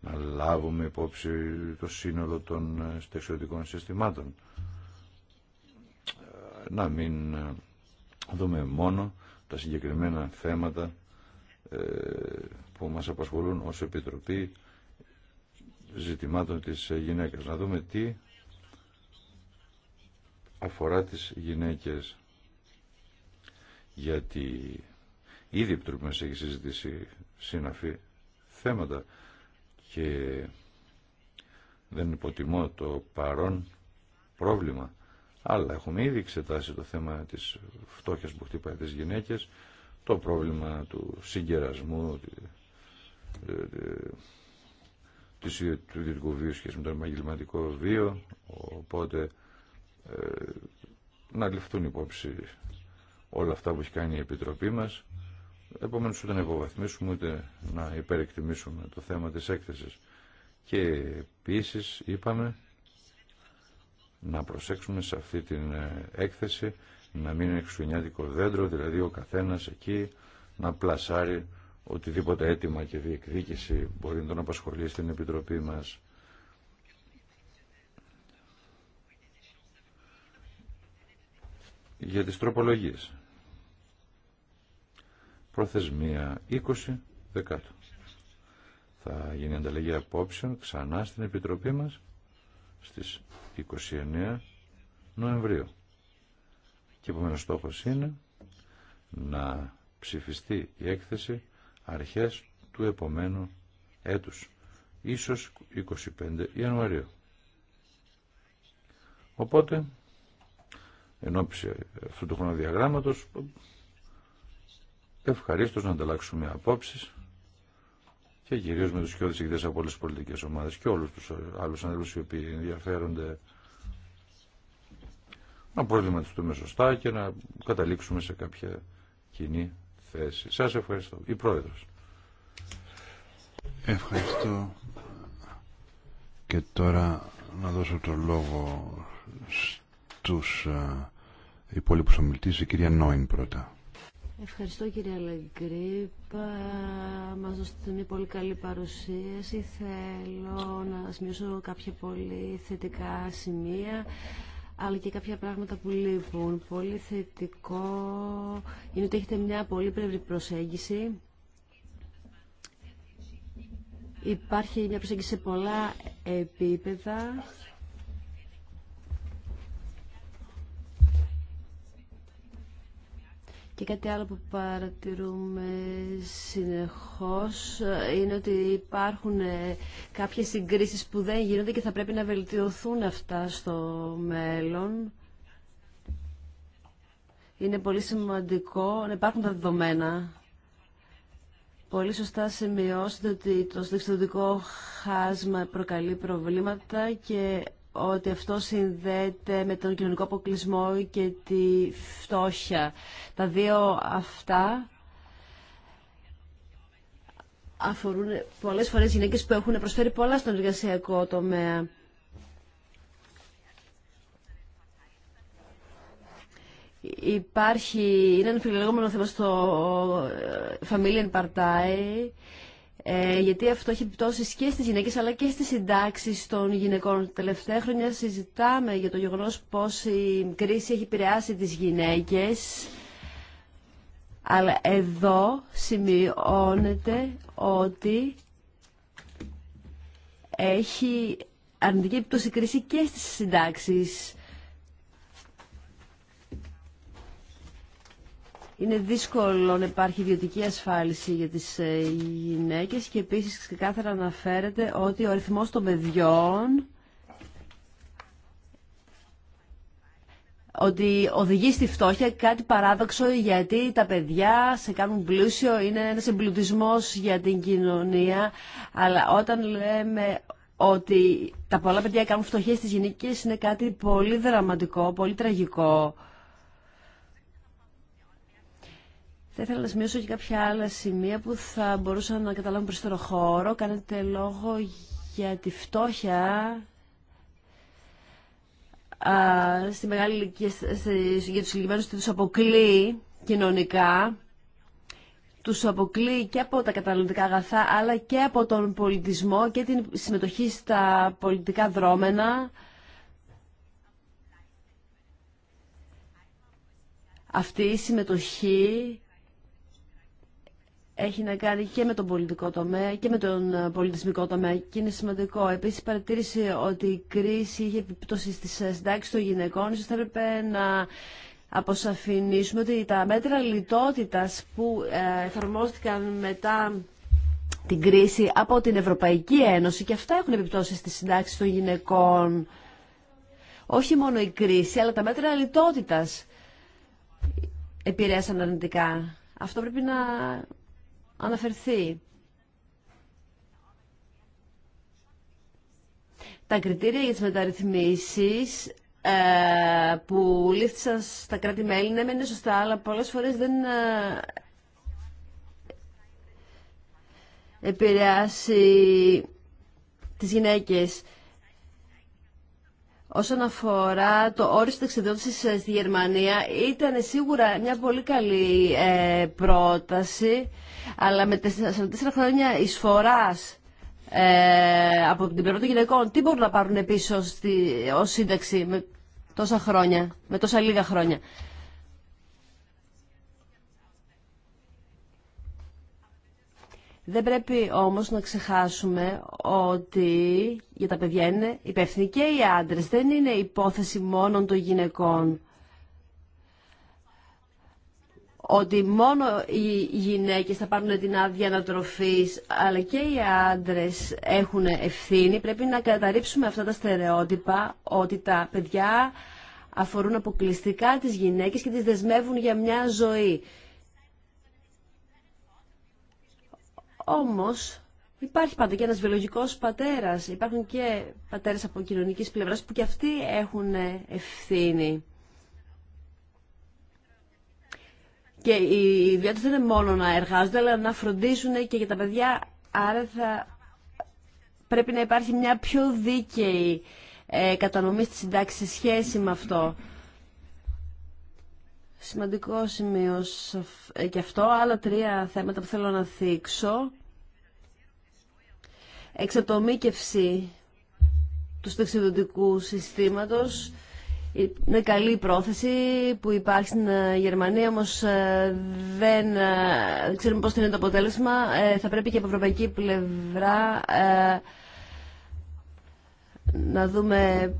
να λάβουμε υπόψη το σύνολο των ε, στεξιωτικών συστημάτων. Ε, να μην δούμε μόνο τα συγκεκριμένα θέματα που μας απασχολούν ως Επιτροπή ζητημάτων της γυναίκας. Να δούμε τι αφορά τις γυναίκες. Γιατί ήδη η Επιτροπή μας έχει συζητήσει συναφή θέματα και δεν υποτιμώ το παρόν πρόβλημα. Αλλά έχουμε ήδη εξετάσει το θέμα της φτώχειας που χτυπάει τις γυναίκες, το πρόβλημα του συγκερασμού, του ιδιωτικού βίου σχέση με τον επαγγελματικό βίο, οπότε ε, να ληφθούν υπόψη όλα αυτά που έχει κάνει η Επιτροπή μας. Επομένως ούτε να υποβαθμίσουμε ούτε να υπερεκτιμήσουμε το θέμα της έκθεσης. Και επίση είπαμε να προσέξουμε σε αυτή την ε, έκθεση να μην είναι δέντρο, δηλαδή ο καθένας εκεί να πλασάρει οτιδήποτε αίτημα και διεκδίκηση μπορεί να τον απασχολεί στην Επιτροπή μας. Για τις τροπολογίες. Προθεσμία 20 δεκάτου. Θα γίνει ανταλλαγή απόψεων ξανά στην Επιτροπή μας στις 29 Νοεμβρίου. Και επομένως στόχος είναι να ψηφιστεί η έκθεση αρχές του επομένου έτους, ίσως 25 Ιανουαρίου. Οπότε, εν όψη αυτού του χρονοδιαγράμματος, ευχαρίστως να ανταλλάξουμε απόψεις και κυρίω με του κοιόδη ηγητέ από όλες τι πολιτικέ ομάδε και όλους τους άλλους ανθρώπους οι οποίοι ενδιαφέρονται να προβληματιστούμε σωστά και να καταλήξουμε σε κάποια κοινή θέση. Σα ευχαριστώ. Η πρόεδρο. Ευχαριστώ. Και τώρα να δώσω το λόγο στου ε, υπόλοιπου ομιλητέ, η κυρία Νόιν πρώτα. Ευχαριστώ κυρία Λαγκρίπα. Μας δώσετε μια πολύ καλή παρουσίαση. Θέλω να σημειώσω κάποια πολύ θετικά σημεία αλλά και κάποια πράγματα που λείπουν. Πολύ θετικό είναι ότι έχετε μια πλευρη προσέγγιση. Υπάρχει μια προσέγγιση σε πολλά επίπεδα Και κάτι άλλο που παρατηρούμε συνεχώς είναι ότι υπάρχουν ε, κάποιες συγκρίσεις που δεν γίνονται και θα πρέπει να βελτιωθούν αυτά στο μέλλον. Είναι πολύ σημαντικό να υπάρχουν τα δεδομένα. Πολύ σωστά σημειώσετε ότι το συνδεξιδοτικό χάσμα προκαλεί προβλήματα και ότι αυτό συνδέεται με τον κοινωνικό αποκλεισμό και τη φτώχεια. Τα δύο αυτά αφορούν πολλές φορές γυναίκες που έχουν προσφέρει πολλά στον εργασιακό τομέα. Υπάρχει, είναι ένα φιλελεγόμενο θέμα στο ε, Familien Partei ε, γιατί αυτό έχει επιπτώσει και στι γυναίκε, αλλά και στι συντάξει των γυναικών. Τα τελευταία χρόνια συζητάμε για το γεγονός πώς η κρίση έχει επηρεάσει τι γυναίκες. Αλλά εδώ σημειώνεται ότι έχει αρνητική επιπτώση κρίση και στις συντάξεις. Είναι δύσκολο να υπάρχει ιδιωτική ασφάλιση για τις ε, γυναίκες και επίσης ξεκάθαρα αναφέρεται ότι ο αριθμός των παιδιών ότι οδηγεί στη φτώχεια κάτι παράδοξο γιατί τα παιδιά σε κάνουν πλούσιο, είναι ένας εμπλουτισμός για την κοινωνία αλλά όταν λέμε ότι τα πολλά παιδιά κάνουν φτωχές στις γυναίκες είναι κάτι πολύ δραματικό, πολύ τραγικό. Θα ήθελα να σημειώσω και κάποια άλλα σημεία που θα μπορούσαν να καταλάβουν περισσότερο χώρο. Κάνετε λόγο για τη φτώχεια α, στη μεγάλη για τους ηλικιμένους ότι τους αποκλεί κοινωνικά. Τους αποκλεί και από τα καταναλωτικά αγαθά αλλά και από τον πολιτισμό και την συμμετοχή στα πολιτικά δρόμενα. Αυτή η συμμετοχή έχει να κάνει και με τον πολιτικό τομέα και με τον ε, πολιτισμικό τομέα και είναι σημαντικό. Επίσης παρατήρησε ότι η κρίση είχε επιπτώσει στις ε, συντάξει των γυναικών, ίσως έπρεπε να αποσαφηνίσουμε ότι τα μέτρα λιτότητα που ε, εφαρμόστηκαν μετά την κρίση από την Ευρωπαϊκή Ένωση και αυτά έχουν επιπτώσει στις συντάξει των γυναικών. Όχι μόνο η κρίση, αλλά τα μέτρα λιτότητα επηρέασαν αρνητικά. Αυτό πρέπει να αναφερθεί. Τα κριτήρια για τις μεταρρυθμίσεις ε, που λήφθησαν στα κράτη-μέλη ναι, είναι σωστά, αλλά πολλές φορές δεν ε, επηρεάσει τις γυναίκες. Όσον αφορά το όριο εξεδότησης ε, στη Γερμανία, ήταν σίγουρα μια πολύ καλή πρόταση αλλά με 44 χρόνια εισφορά ε, από την πλευρά των γυναικών, τι μπορούν να πάρουν πίσω ω ως σύνταξη με τόσα χρόνια, με τόσα λίγα χρόνια. Δεν πρέπει όμως να ξεχάσουμε ότι για τα παιδιά είναι υπεύθυνοι και οι άντρες. Δεν είναι υπόθεση μόνο των γυναικών ότι μόνο οι γυναίκες θα πάρουν την άδεια ανατροφής αλλά και οι άντρες έχουν ευθύνη πρέπει να καταρρύψουμε αυτά τα στερεότυπα ότι τα παιδιά αφορούν αποκλειστικά τις γυναίκες και τις δεσμεύουν για μια ζωή. Όμως υπάρχει πάντα και ένας βιολογικός πατέρας, υπάρχουν και πατέρες από κοινωνικής πλευράς που και αυτοί έχουν ευθύνη. Και οι ιδιώτες δεν είναι μόνο να εργάζονται, αλλά να φροντίσουν και για τα παιδιά. Άρα θα πρέπει να υπάρχει μια πιο δίκαιη ε, κατανομή στη συντάξη σε σχέση με αυτό. Σημαντικό σημείο ε, και αυτό. Άλλα τρία θέματα που θέλω να θίξω. Εξατομήκευση του στεξιδοτικού συστήματος είναι καλή πρόθεση που υπάρχει στην ε, Γερμανία, όμω ε, ε, δεν ξέρουμε πώ θα είναι το αποτέλεσμα. Θα πρέπει και από ευρωπαϊκή πλευρά να δούμε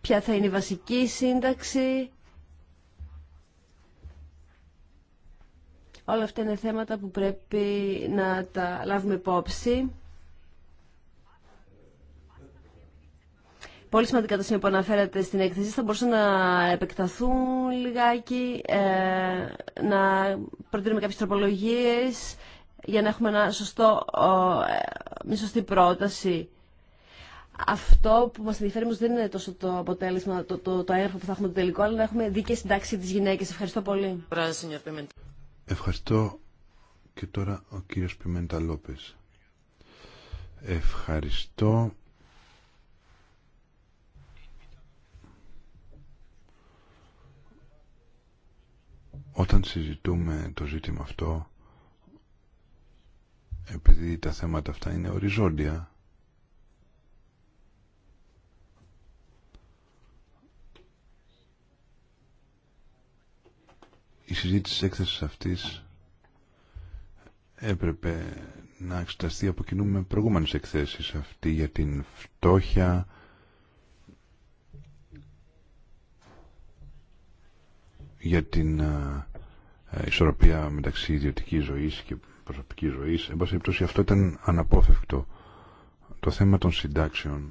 ποια θα είναι η βασική σύνταξη. Όλα αυτά είναι θέματα που πρέπει να τα λάβουμε υπόψη. Πολύ σημαντικά τα σημεία που αναφέρατε στην έκθεση θα μπορούσαν να επεκταθούν λιγάκι, ε, να προτείνουμε κάποιες τροπολογίες για να έχουμε ένα σωστό, ε, μια σωστή πρόταση. Αυτό που μας ενδιαφέρει δεν είναι τόσο το αποτέλεσμα, το, το, το που θα έχουμε το τελικό, αλλά να έχουμε δίκαιη συντάξη της γυναίκες. Ευχαριστώ πολύ. Ευχαριστώ και τώρα ο κύριος Πιμέντα Λόπες. Ευχαριστώ. Όταν συζητούμε το ζήτημα αυτό, επειδή τα θέματα αυτά είναι οριζόντια, η συζήτηση της έκθεσης αυτής έπρεπε να εξεταστεί από κοινού με προηγούμενες εκθέσεις αυτή για την φτώχεια, για την ε, ε, ισορροπία μεταξύ ιδιωτικής ζωής και προσωπικής ζωής. Εν πάση περιπτώσει αυτό ήταν αναπόφευκτο. Το θέμα των συντάξεων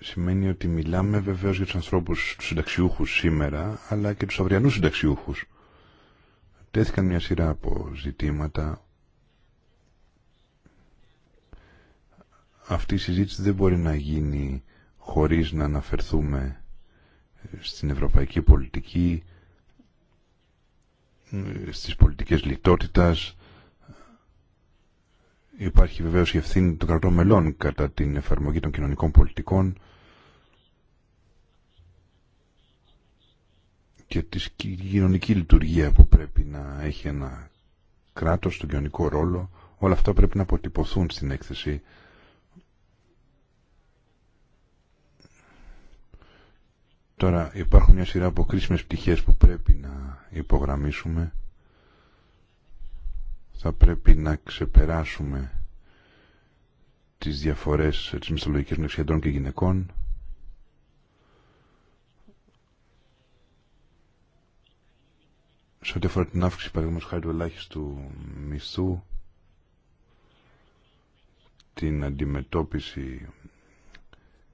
σημαίνει ότι μιλάμε βεβαίως για τους ανθρώπους, τους συνταξιούχους σήμερα, αλλά και τους αυριανούς συνταξιούχους. Τέθηκαν μια σειρά από ζητήματα. Αυτή η συζήτηση δεν μπορεί να γίνει χωρίς να αναφερθούμε στην ευρωπαϊκή πολιτική, ε, στις πολιτικές λιτότητας. Υπάρχει βεβαίως η ευθύνη των κρατών μελών κατά την εφαρμογή των κοινωνικών πολιτικών και τη κοινωνική λειτουργία που πρέπει να έχει ένα κράτος, τον κοινωνικό ρόλο. Όλα αυτά πρέπει να αποτυπωθούν στην έκθεση Τώρα υπάρχουν μια σειρά από κρίσιμες πτυχές που πρέπει να υπογραμμίσουμε. Θα πρέπει να ξεπεράσουμε τις διαφορές της μισθολογική μεταξύ και γυναικών. Σε ό,τι αφορά την αύξηση παραδείγματος χάρη του ελάχιστου μισθού, την αντιμετώπιση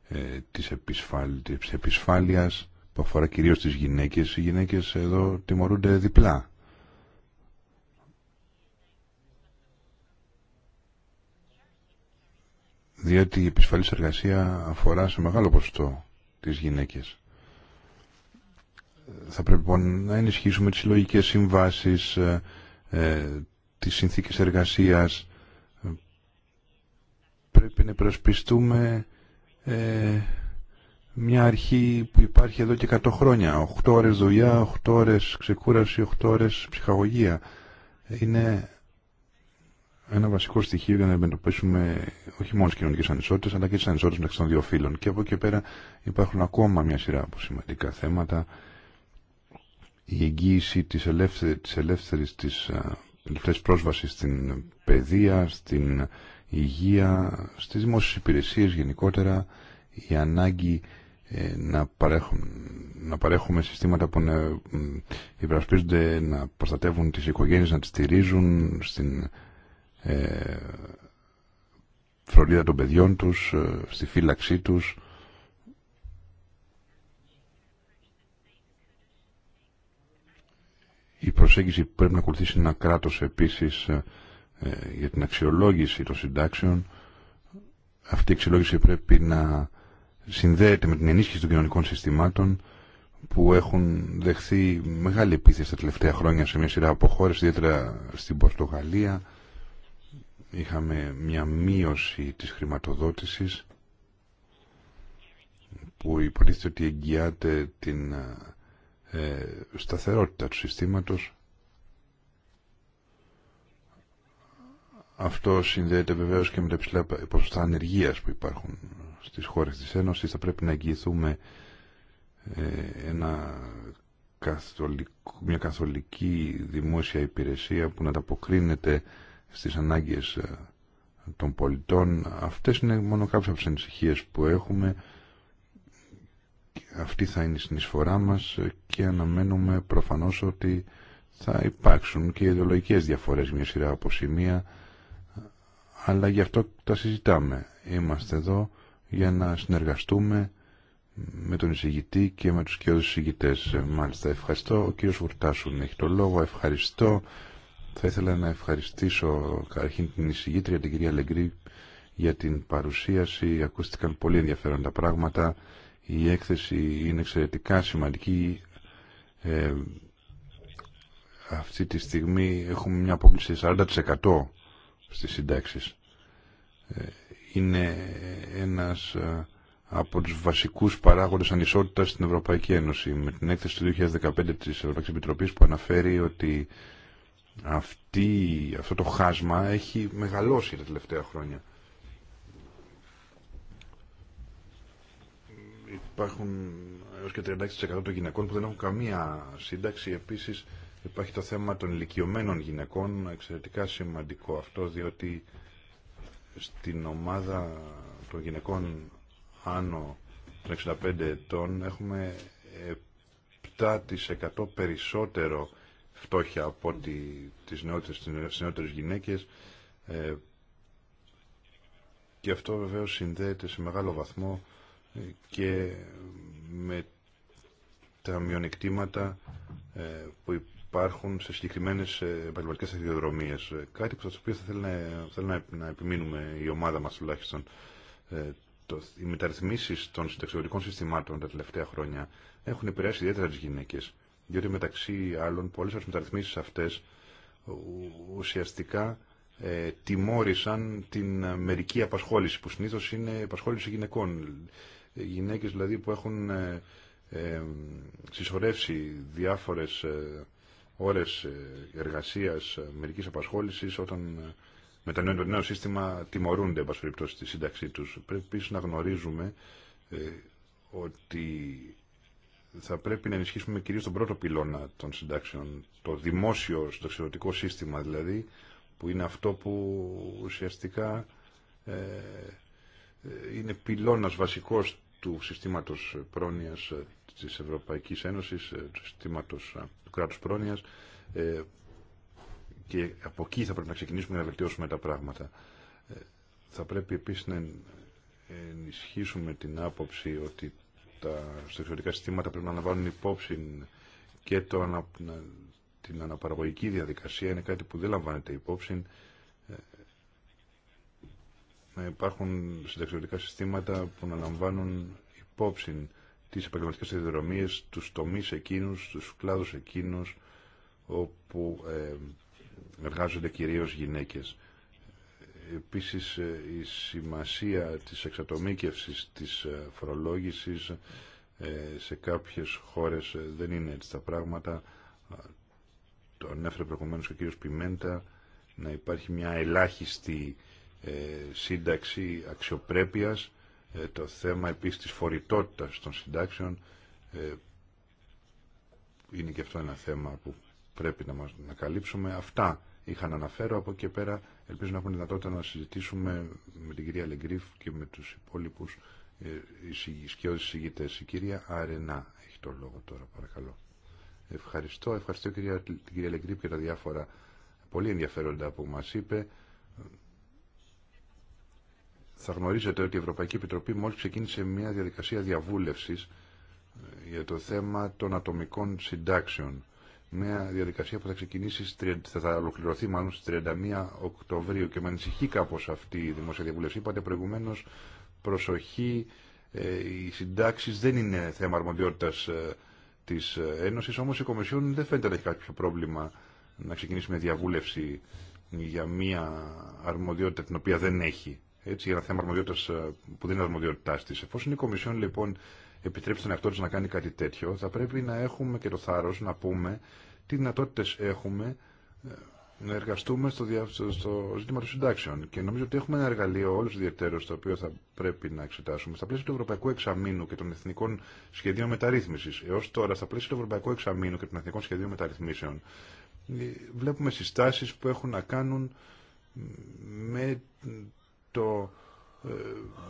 ε, της, επισφάλ, της επισφάλειας που αφορά κυρίως τις γυναίκες. Οι γυναίκες εδώ τιμωρούνται διπλά. Διότι η επισφαλής εργασία αφορά σε μεγάλο ποσοστό τις γυναίκες. Θα πρέπει λοιπόν να ενισχύσουμε τις συλλογικέ συμβάσεις, ε, ε, τις συνθήκες εργασίας. Πρέπει να προσπιστούμε ε, μια αρχή που υπάρχει εδώ και 100 χρόνια. 8 ώρες δουλειά, 8 ώρες ξεκούραση, 8 ώρες ψυχαγωγία. Είναι ένα βασικό στοιχείο για να αντιμετωπίσουμε όχι μόνο τι κοινωνικέ ανισότητε, αλλά και τι ανισότητε μεταξύ των δύο φύλων. Και από εκεί πέρα υπάρχουν ακόμα μια σειρά από σημαντικά θέματα. Η εγγύηση τη ελεύθερη της ελεύθερης, της, ελεύθερης πρόσβαση στην παιδεία, στην η υγεία, στις δημόσιες υπηρεσίες γενικότερα, η ανάγκη ε, να, παρέχουμε, να παρέχουμε συστήματα που να υπερασπίζονται, να προστατεύουν τις οικογένειες, να τις στηρίζουν στην ε, φροντίδα των παιδιών τους, ε, στη φύλαξή τους. Η προσέγγιση που πρέπει να ακολουθήσει ένα κράτος επίσης ε, ε, για την αξιολόγηση των συντάξεων αυτή η αξιολόγηση πρέπει να συνδέεται με την ενίσχυση των κοινωνικών συστημάτων που έχουν δεχθεί μεγάλη επίθεση τα τελευταία χρόνια σε μια σειρά από χώρες, ιδιαίτερα στην Πορτογαλία. Είχαμε μια μείωση της χρηματοδότησης που υποτίθεται ότι εγγυάται την ε, σταθερότητα του συστήματος Αυτό συνδέεται βεβαίω και με τα υψηλά ποσοστά ανεργία που υπάρχουν στι χώρε τη Ένωση. Θα πρέπει να εγγυηθούμε ε, ένα μια καθολική δημόσια υπηρεσία που να τα αποκρίνεται στις ανάγκες ε, των πολιτών. Αυτές είναι μόνο κάποιε από τι ανησυχίε που έχουμε. Αυτή θα είναι η συνεισφορά μας και αναμένουμε προφανώς ότι θα υπάρξουν και ιδεολογικέ διαφορές μια σειρά από σημεία αλλά γι' αυτό τα συζητάμε. Είμαστε εδώ για να συνεργαστούμε με τον εισηγητή και με τους κοιόδους εισηγητές. Ε, μάλιστα, ευχαριστώ. Ο κύριος Βουρτάσουν έχει το λόγο. Ευχαριστώ. Θα ήθελα να ευχαριστήσω καταρχήν την εισηγήτρια, την κυρία Λεγκρή, για την παρουσίαση. Ακούστηκαν πολύ ενδιαφέροντα πράγματα. Η έκθεση είναι εξαιρετικά σημαντική. Ε, αυτή τη στιγμή έχουμε μια απόκληση 40% στις συντάξεις είναι ένας ε, από τους βασικούς παράγοντες ανισότητας στην Ευρωπαϊκή Ένωση. Με την έκθεση του 2015 της Ευρωπαϊκής Επιτροπής που αναφέρει ότι αυτή, αυτό το χάσμα έχει μεγαλώσει τα τελευταία χρόνια. Υπάρχουν έως και 36% των γυναικών που δεν έχουν καμία σύνταξη. Επίσης υπάρχει το θέμα των ηλικιωμένων γυναικών, εξαιρετικά σημαντικό αυτό, διότι στην ομάδα των γυναικών άνω των 65 ετών έχουμε 7% περισσότερο φτώχεια από ό,τι τις νεότερες, νεότερες γυναίκες ε, και αυτό βεβαίως συνδέεται σε μεγάλο βαθμό ε, και με τα μειονεκτήματα ε, που υπάρχουν σε συγκεκριμένε επαγγελματικέ αδειοδρομίε. Ε, κάτι που το οποίο θα θέλει να, θέλει να, επιμείνουμε η ομάδα μα τουλάχιστον. Ε, το, οι μεταρρυθμίσει των συνταξιδοτικών συστημάτων τα τελευταία χρόνια έχουν επηρεάσει ιδιαίτερα τι γυναίκε. Διότι μεταξύ άλλων, πολλέ από τι μεταρρυθμίσει αυτέ ουσιαστικά ε, τιμώρησαν την μερική απασχόληση, που συνήθω είναι απασχόληση γυναικών. Ε, γυναίκε δηλαδή που έχουν. Ε, ε συσσωρεύσει διάφορες ώρες ε, εργασίας ε, μερικής απασχόλησης όταν ε, με το νέο σύστημα τιμωρούνται εν περιπτώσει στη σύνταξή τους. Πρέπει να γνωρίζουμε ότι θα πρέπει να ενισχύσουμε κυρίως τον πρώτο πυλώνα των συντάξεων, το δημόσιο συνταξιδοτικό σύστημα δηλαδή, που είναι αυτό που ουσιαστικά είναι πυλώνας βασικός του συστήματος πρόνοιας της Ευρωπαϊκής Ένωση, ε, του συστήματο ε, του κράτους πρόνοιας ε, και από εκεί θα πρέπει να ξεκινήσουμε να βελτιώσουμε τα πράγματα. Θα πρέπει επίση να ενισχύσουμε την άποψη ότι τα συνταξιωτικά συστήματα πρέπει να λαμβάνουν υπόψη και το, την αναπαραγωγική διαδικασία είναι κάτι που δεν λαμβάνεται υπόψη να υπάρχουν συνταξιωτικά συστήματα που να λαμβάνουν υπόψη τις επαγγελματικές διαδρομίες, τους τομείς εκείνους, τους κλάδους εκείνους όπου ε, εργάζονται κυρίως γυναίκες. Επίσης ε, η σημασία της εξατομίκευσης της ε, φορολόγησης σε κάποιες χώρες δεν είναι έτσι τα πράγματα. Το ανέφερε προηγουμένως και ο κύριος Πιμέντα να υπάρχει μια ελάχιστη σύνταξη αξιοπρέπειας ε, το θέμα επίσης της φορητότητας των συντάξεων ε, είναι και αυτό ένα θέμα που πρέπει να μας να καλύψουμε. Αυτά είχα να αναφέρω από εκεί πέρα. Ελπίζω να έχουμε δυνατότητα να συζητήσουμε με την κυρία Λεγκρίφ και με τους υπόλοιπους σκιώδεις ε, συγγητές. Η κυρία Αρενά έχει το λόγο τώρα παρακαλώ. Ευχαριστώ. Ευχαριστώ κυρία, την κυρία Λεγκρίφ και τα διάφορα πολύ ενδιαφέροντα που μας είπε θα γνωρίζετε ότι η Ευρωπαϊκή Επιτροπή μόλις ξεκίνησε μια διαδικασία διαβούλευσης ε, για το θέμα των ατομικών συντάξεων. Μια διαδικασία που θα ξεκινήσει, θα ολοκληρωθεί μάλλον στις 31 Οκτωβρίου και με ανησυχεί κάπως αυτή η δημόσια διαβούλευση. Είπατε προηγουμένως προσοχή, ε, οι συντάξει δεν είναι θέμα αρμοδιότητας ε, της Ένωσης, όμως η Κομισιόν δεν φαίνεται να έχει κάποιο πρόβλημα να ξεκινήσει με διαβούλευση για μια αρμοδιότητα την οποία δεν έχει έτσι για ένα θέμα αρμοδιότητας ε, που δεν είναι αρμοδιότητά τη. Εφόσον η Κομισιόν λοιπόν επιτρέψει τον εαυτό τη να κάνει κάτι τέτοιο, θα πρέπει να έχουμε και το θάρρο να πούμε τι δυνατότητε έχουμε ε, να εργαστούμε στο, δια... στο ζήτημα των συντάξεων. Και νομίζω ότι έχουμε ένα εργαλείο όλου ιδιαίτερω το οποίο θα πρέπει να εξετάσουμε. Στα πλαίσια του Ευρωπαϊκού Εξαμήνου και των Εθνικών Σχεδίων Μεταρρύθμιση, έω τώρα, στα πλαίσια του Ευρωπαϊκού Εξαμήνου και των Εθνικών Σχεδίων Μεταρρυθμίσεων, ε, βλέπουμε συστάσει που έχουν να κάνουν με το, ε,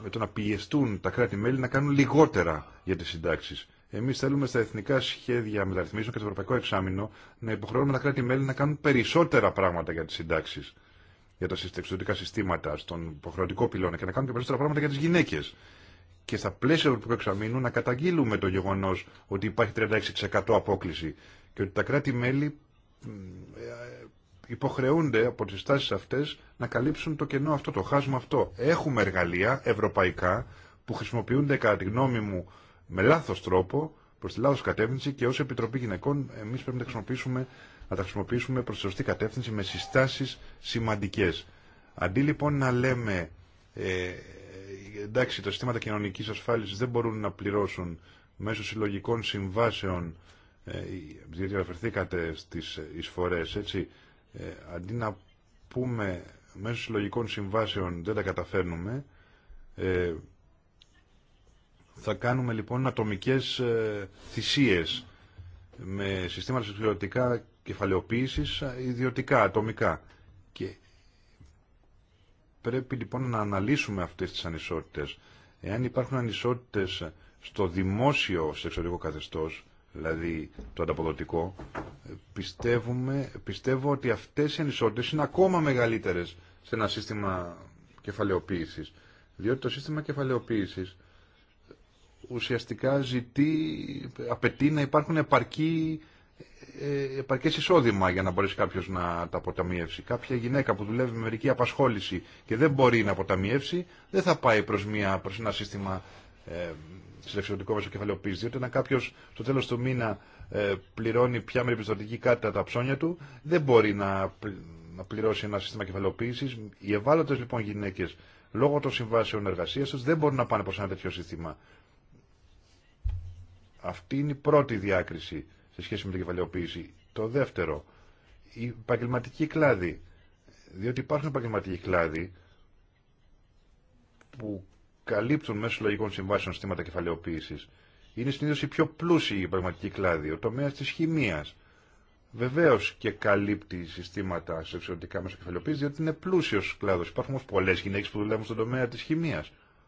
με το να πιεστούν τα κράτη-μέλη να κάνουν λιγότερα για τις συντάξεις. Εμεί θέλουμε στα εθνικά σχέδια μεταρρυθμίσεων και στο Ευρωπαϊκό Εξάμεινο να υποχρεώνουμε τα κράτη-μέλη να κάνουν περισσότερα πράγματα για τι συντάξει, για τα εξωτερικά συστήματα, στον υποχρεωτικό πυλώνα και να κάνουν και περισσότερα πράγματα για τι γυναίκε. Και στα πλαίσια του Ευρωπαϊκού Εξαμήνου να καταγγείλουμε το γεγονό ότι υπάρχει 36% απόκληση και ότι τα κράτη-μέλη ε, υποχρεούνται από τις τάσεις αυτές να καλύψουν το κενό αυτό, το χάσμα αυτό. Έχουμε εργαλεία ευρωπαϊκά που χρησιμοποιούνται κατά τη γνώμη μου με λάθος τρόπο προς τη λάθος κατεύθυνση και ως Επιτροπή Γυναικών εμείς πρέπει να, χρησιμοποιήσουμε, να τα χρησιμοποιήσουμε προς τη σωστή κατεύθυνση με συστάσεις σημαντικές. Αντί λοιπόν να λέμε ε, εντάξει τα συστήματα κοινωνικής ασφάλισης δεν μπορούν να πληρώσουν μέσω συλλογικών συμβάσεων ε, διότι αναφερθήκατε στις εισφορές, έτσι, ε, αντί να πούμε μέσω συλλογικών συμβάσεων δεν τα καταφέρνουμε, ε, θα κάνουμε λοιπόν ατομικές ε, θυσίες με συστήματα συλλογικά κεφαλαιοποίησης ιδιωτικά, ατομικά. Και πρέπει λοιπόν να αναλύσουμε αυτές τις ανισότητες. Εάν υπάρχουν ανισότητες στο δημόσιο σεξουαλικό καθεστώς, δηλαδή το ανταποδοτικό, πιστεύουμε, πιστεύω ότι αυτές οι ανισότητες είναι ακόμα μεγαλύτερες σε ένα σύστημα κεφαλαιοποίησης. Διότι το σύστημα κεφαλαιοποίησης ουσιαστικά ζητεί, απαιτεί να υπάρχουν επαρκή, ε, επαρκές εισόδημα για να μπορέσει κάποιος να τα αποταμιεύσει. Κάποια γυναίκα που δουλεύει με μερική απασχόληση και δεν μπορεί να αποταμιεύσει, δεν θα πάει προς, μια, προς ένα σύστημα ε, εξωτερικό μέσο κεφαλαίο Διότι όταν κάποιο στο τέλο του μήνα ε, πληρώνει πια με επιστοτική κάρτα τα ψώνια του, δεν μπορεί να, να πληρώσει ένα σύστημα κεφαλαιοποίηση. Οι ευάλωτε λοιπόν γυναίκε, λόγω των συμβάσεων εργασία του, δεν μπορούν να πάνε προ ένα τέτοιο σύστημα. Αυτή είναι η πρώτη διάκριση σε σχέση με την κεφαλαιοποίηση. Το δεύτερο, η επαγγελματική κλάδη. Διότι υπάρχουν επαγγελματικοί κλάδοι που καλύπτουν μέσω λογικών συμβάσεων στήματα κεφαλαιοποίηση. Είναι συνήθω η πιο πλούσιοι πραγματική πραγματική κλάδη, ο τομέα τη χημία. Βεβαίω και καλύπτει συστήματα σε εξωτικά μέσω κεφαλαιοποίηση, διότι είναι πλούσιος κλάδο. Υπάρχουν όμω πολλέ γυναίκε που δουλεύουν στον τομέα τη χημία.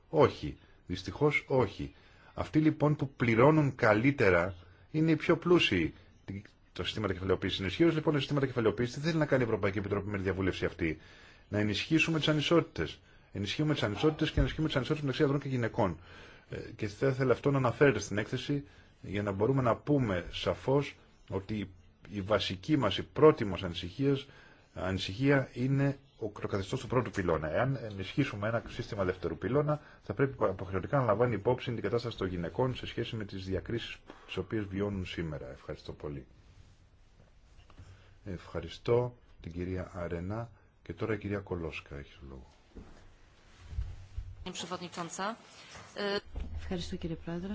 Όχι. Δυστυχώ όχι. Αυτοί λοιπόν που πληρώνουν καλύτερα είναι οι πιο πλούσιοι. Το σύστημα κεφαλαιοποίηση λοιπόν το σύστημα κεφαλαιοποίηση τι θέλει να κάνει η Ευρωπαϊκή Επιτροπή με διαβούλευση αυτή. Να ενισχύσουμε τι ανισότητε. Ενισχύουμε τι ανισότητε και ενισχύουμε τι ανισότητε μεταξύ ανδρών και γυναικών. Ε, και θα ήθελα αυτό να αναφέρεται στην έκθεση για να μπορούμε να πούμε σαφώ ότι η βασική μα, η πρώτη μα ανησυχία, είναι ο καθεστώ του πρώτου πυλώνα. Εάν ενισχύσουμε ένα σύστημα δεύτερου πυλώνα, θα πρέπει αποχρεωτικά να λαμβάνει υπόψη την κατάσταση των γυναικών σε σχέση με τι διακρίσει τι οποίε βιώνουν σήμερα. Ευχαριστώ πολύ. Ευχαριστώ την κυρία Αρενά και τώρα η κυρία Κολόσκα έχει λόγο. Ευχαριστώ κύριε Πρόεδρε.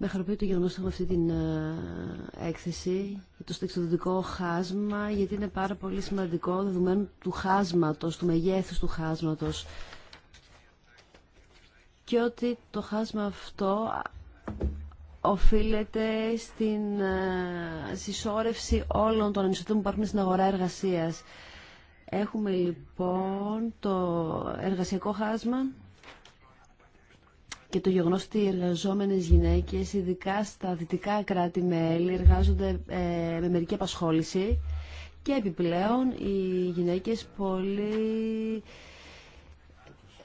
Με χαροποιεί το γεγονό ότι έχουμε αυτή την ε, έκθεση για το στεξιδοτικό χάσμα, γιατί είναι πάρα πολύ σημαντικό δεδομένου του χάσματος, του μεγέθους του χάσματος. Και ότι το χάσμα αυτό οφείλεται στην ε, συσσόρευση όλων των ανισοτήτων που υπάρχουν στην αγορά εργασίας. Έχουμε λοιπόν το εργασιακό χάσμα και το γεγονός ότι οι εργαζόμενες γυναίκες, ειδικά στα δυτικά κράτη-μέλη, εργάζονται ε, με μερική απασχόληση και επιπλέον οι γυναίκες πολύ,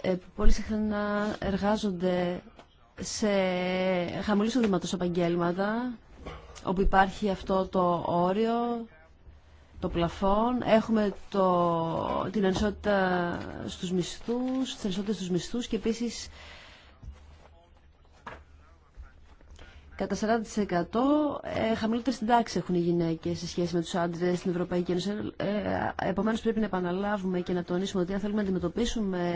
ε, πολύ συχνά εργάζονται σε χαμηλού εισοδήματος επαγγέλματα, όπου υπάρχει αυτό το όριο, το πλαφόν, έχουμε το, την ανισότητα στους μισθούς, τις ανισότητες στους μισθούς και επίσης Κατά 40% ε, χαμηλότερη έχουν οι γυναίκε σε σχέση με του άντρε στην Ευρωπαϊκή Ένωση. Ε, ε, επομένως, Επομένω, πρέπει να επαναλάβουμε και να τονίσουμε ότι αν θέλουμε να αντιμετωπίσουμε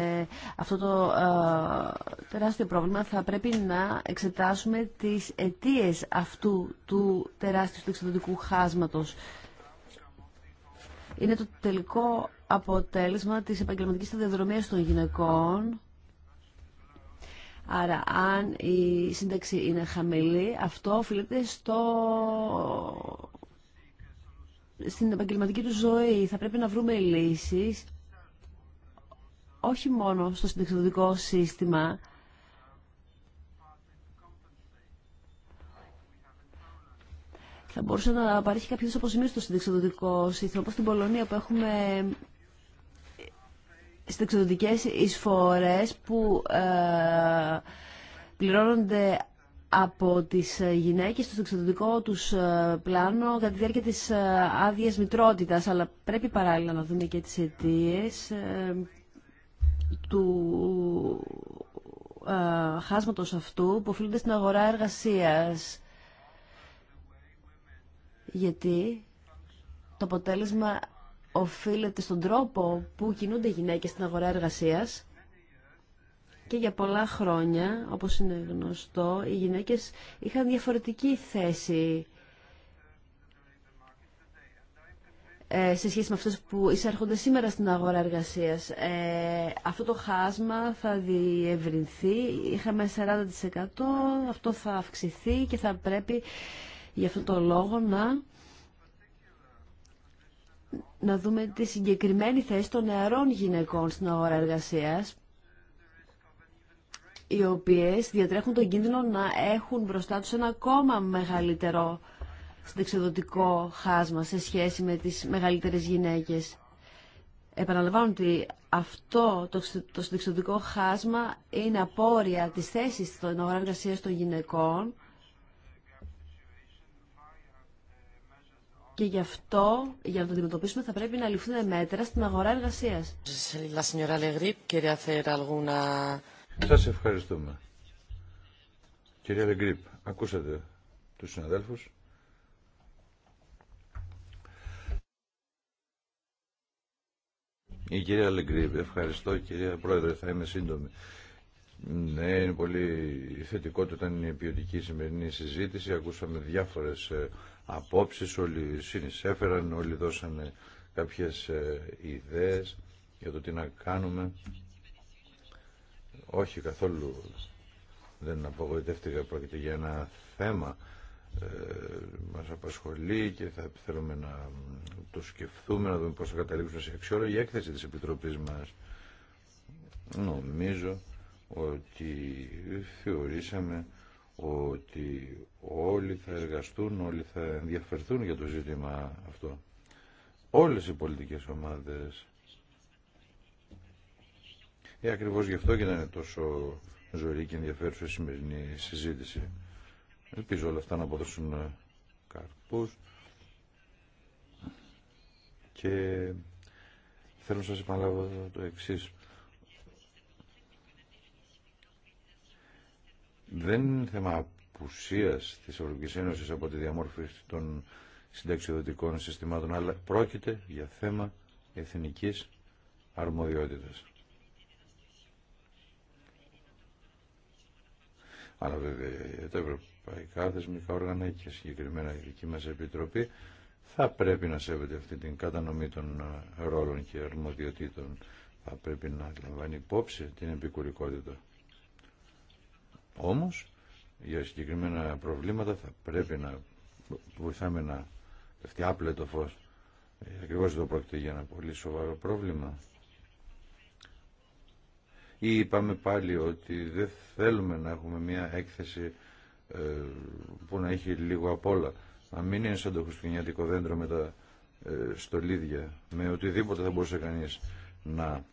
αυτό το ε, τεράστιο πρόβλημα, θα πρέπει να εξετάσουμε τι αιτίε αυτού του τεράστιου εξωτερικού χάσματο. Είναι το τελικό αποτέλεσμα τη επαγγελματική σταδιοδρομία των γυναικών Άρα αν η σύνταξη είναι χαμηλή, αυτό οφείλεται στο... στην επαγγελματική του ζωή. Θα πρέπει να βρούμε λύσεις όχι μόνο στο συνταξιδοτικό σύστημα, θα μπορούσε να παρέχει κάποιο αποζημίωση στο συνταξιδοτικό σύστημα, όπω στην Πολωνία που έχουμε εξοδοτικές εισφορές που ε, πληρώνονται από τις ε, γυναίκες στο εξωτερικό τους ε, πλάνο κατά τη διάρκεια της ε, άδειας μητρότητας, αλλά πρέπει παράλληλα να δούμε και τις αιτίε του χάσματος αυτού που οφείλονται στην αγορά εργασίας. Γιατί το αποτέλεσμα οφείλεται στον τρόπο που κινούνται οι γυναίκες στην αγορά εργασίας και για πολλά χρόνια, όπως είναι γνωστό, οι γυναίκες είχαν διαφορετική θέση ε, σε σχέση με αυτές που εισέρχονται σήμερα στην αγορά εργασίας. Ε, αυτό το χάσμα θα διευρυνθεί, είχαμε 40%, αυτό θα αυξηθεί και θα πρέπει γι' αυτό το λόγο να να δούμε τη συγκεκριμένη θέση των νεαρών γυναικών στην αγορά εργασίας οι οποίες διατρέχουν τον κίνδυνο να έχουν μπροστά τους ένα ακόμα μεγαλύτερο συντεξιδοτικό χάσμα σε σχέση με τις μεγαλύτερες γυναίκες. Επαναλαμβάνω ότι αυτό το συντεξιδοτικό χάσμα είναι απόρρια της θέσης στην αγορά εργασίας των γυναικών Και γι' αυτό, για να το αντιμετωπίσουμε, θα πρέπει να ληφθούν μέτρα στην αγορά εργασία. Σα ευχαριστούμε. Κυρία Λεγκρίπ, ακούσατε του συναδέλφου. Η κυρία Λεγκρίπ, ευχαριστώ κυρία Πρόεδρε, θα είμαι σύντομη. Ναι, είναι πολύ θετικό το ήταν η ποιοτική σημερινή συζήτηση. Ακούσαμε διάφορες ε, απόψεις, όλοι συνεισέφεραν, όλοι δώσανε κάποιες ε, ιδέες για το τι να κάνουμε. Όχι καθόλου δεν απογοητεύτηκα, πρόκειται για ένα θέμα ε, μας απασχολεί και θα θέλουμε να το σκεφτούμε, να δούμε πώς θα καταλήξουμε σε αξιόλογη έκθεση της Επιτροπής μας. Νομίζω ότι θεωρήσαμε ότι όλοι θα εργαστούν, όλοι θα ενδιαφερθούν για το ζήτημα αυτό. Όλες οι πολιτικές ομάδες. Ε, ακριβώς γι' αυτό και ήταν τόσο αποδοσούν καρπούς. και ενδιαφέρουσα η σημερινή συζήτηση. Ελπίζω όλα αυτά να αποδώσουν ε, καρπούς. Και θέλω να σας επαναλάβω το εξής. Δεν είναι θέμα απουσίας της Ευρωπαϊκής Ένωσης από τη διαμόρφωση των συνταξιδοτικών συστημάτων, αλλά πρόκειται για θέμα εθνικής αρμοδιότητας. Αλλά βέβαια τα ευρωπαϊκά θεσμικά όργανα και συγκεκριμένα η δική μας Επιτροπή θα πρέπει να σέβεται αυτή την κατανομή των ρόλων και αρμοδιοτήτων. Θα πρέπει να λαμβάνει υπόψη την επικουρικότητα. Όμως, για συγκεκριμένα προβλήματα θα πρέπει να βοηθάμε να πέφτει το φως. Ε, ακριβώς εδώ πρόκειται για ένα πολύ σοβαρό πρόβλημα. Ή είπαμε πάλι ότι δεν θέλουμε να έχουμε μια έκθεση ε, που να έχει λίγο απ' όλα. Να μην είναι σαν το χριστουγεννιάτικο δέντρο με τα ε, στολίδια, με οτιδήποτε θα μπορούσε κανείς να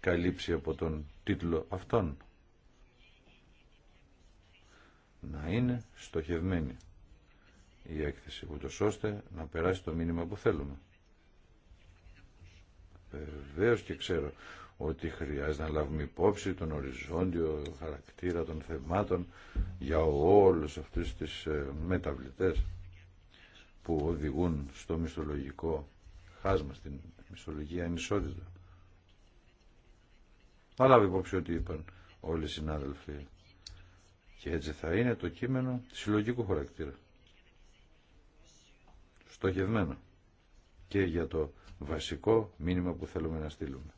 καλύψει από τον τίτλο αυτόν να είναι στοχευμένη η έκθεση, ούτως ώστε να περάσει το μήνυμα που θέλουμε. Βεβαίω και ξέρω ότι χρειάζεται να λάβουμε υπόψη τον οριζόντιο χαρακτήρα των θεμάτων για όλους αυτούς τις ε, μεταβλητές που οδηγούν στο μισθολογικό χάσμα, στην μισθολογική ανισότητα. Αλλά λάβει υπόψη ότι είπαν όλοι οι συνάδελφοι. Και έτσι θα είναι το κείμενο συλλογικού χαρακτήρα. Στοχευμένο. Και για το βασικό μήνυμα που θέλουμε να στείλουμε.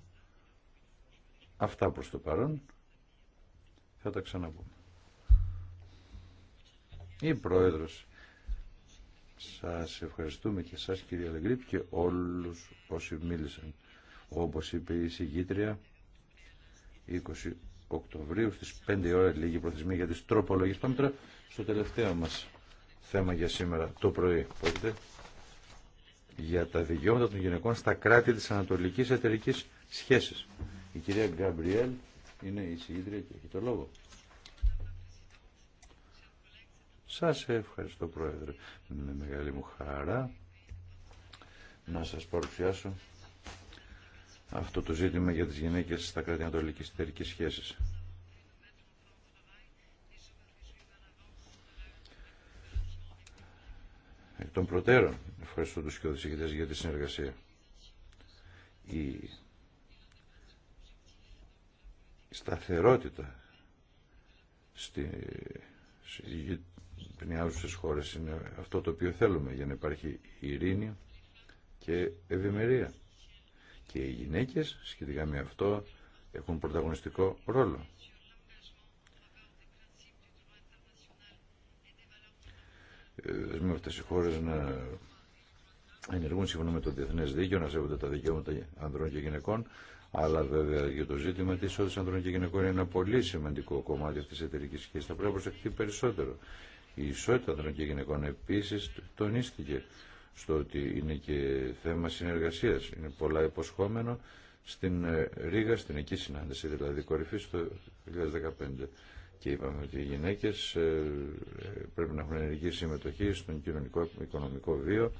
Αυτά προς το παρόν. Θα τα ξαναπούμε. Η Πρόεδρος. Σας ευχαριστούμε και σας κύριε Αλεγκρίπ και όλους όσοι μίλησαν. Όπως είπε η συγκήτρια, 20 Οκτωβρίου στις 5 η ώρα λίγη προθεσμία για τις τροπολογίες. Πάμε τώρα στο τελευταίο μας θέμα για σήμερα το πρωί. για τα δικαιώματα των γυναικών στα κράτη της Ανατολικής Εταιρικής Σχέσης. Η κυρία Γκαμπριέλ είναι η συγγύτρια και έχει το λόγο. Σας ευχαριστώ Πρόεδρε. Με μεγάλη μου χαρά να σας παρουσιάσω αυτό το ζήτημα για τις γυναίκες στα κράτη ανατολικής εταιρικής σχέσης. Εκ των προτέρων, ευχαριστώ τους και οδησυχητές για τη συνεργασία. Η σταθερότητα στη πνιάζουσες χώρες είναι αυτό το οποίο θέλουμε για να υπάρχει ειρήνη και ευημερία και οι γυναίκες σχετικά με αυτό έχουν πρωταγωνιστικό ρόλο. Ε, αυτές οι χώρε να ενεργούν σύμφωνα με το διεθνέ δίκαιο, να σέβονται τα δικαιώματα ανδρών και γυναικών, αλλά βέβαια για το ζήτημα τη ισότητα ανδρών και γυναικών είναι ένα πολύ σημαντικό κομμάτι αυτής τη εταιρική σχέση. Θα πρέπει να προσεχθεί περισσότερο. Η ισότητα ανδρών και γυναικών επίση τονίστηκε στο ότι είναι και θέμα συνεργασίας. Είναι πολλά υποσχόμενο στην ε, Ρήγα, στην εκεί συνάντηση, δηλαδή κορυφή το 2015. Και είπαμε ότι οι γυναίκες ε, ε, πρέπει να έχουν ενεργή συμμετοχή στον κοινωνικό οικονομικό βίο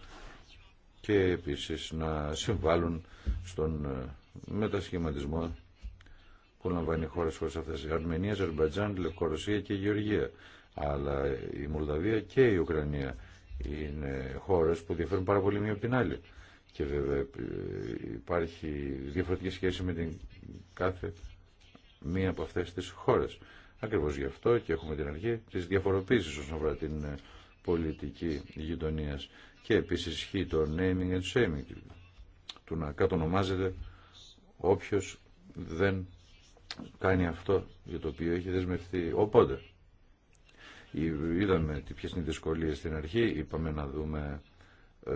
και επίσης να συμβάλλουν στον μετασχηματισμό που λαμβάνει χωρί χώρες όπως αυτές. Η Αρμενία, Ζερμπατζάν, Λευκορωσία και Γεωργία. Αλλά η Μολδαβία και η Ουκρανία είναι χώρες που διαφέρουν πάρα πολύ μία από την άλλη. Και βέβαια ε, υπάρχει διαφορετική σχέση με την κάθε μία από αυτές τις χώρες. Ακριβώς γι' αυτό και έχουμε την αρχή της διαφοροποίησης όσον αφορά την ε, πολιτική γειτονία. Και επίσης ισχύει το naming and shaming, του να κατονομάζεται όποιος δεν κάνει αυτό για το οποίο έχει δεσμευτεί. Οπότε, ε, είδαμε ποιες είναι οι δυσκολίες στην αρχή, είπαμε να δούμε ε,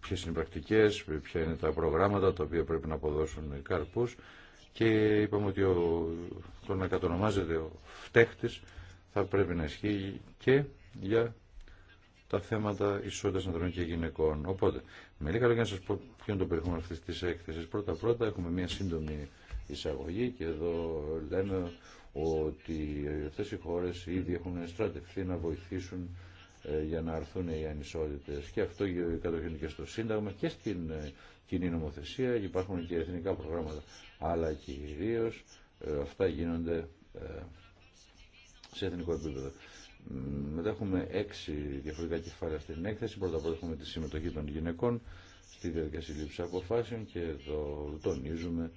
ποιες είναι οι πρακτικές, ποια είναι τα προγράμματα τα οποία πρέπει να αποδώσουν οι καρπούς και είπαμε ότι ο, το να κατονομάζεται ο φταίχτης θα πρέπει να ισχύει και για τα θέματα ισότητας ανδρών και γυναικών. Οπότε, με λίγα λόγια να σας πω ποιο είναι το περιεχόμενο αυτής της έκθεσης. Πρώτα-πρώτα έχουμε μια σύντομη εισαγωγή και εδώ λέμε ότι αυτές οι χώρες ήδη έχουν στρατευθεί να βοηθήσουν ε, για να αρθούν οι ανισότητες και αυτό κατοχύνει και στο Σύνταγμα και στην ε, κοινή νομοθεσία υπάρχουν και εθνικά προγράμματα αλλά κυρίω ε, αυτά γίνονται σε εθνικό επίπεδο. Μετά έχουμε έξι διαφορετικά κεφάλαια στην έκθεση. Πρώτα απ' όλα έχουμε τη συμμετοχή των γυναικών στη διαδικασία λήψη αποφάσεων και εδώ τονίζουμε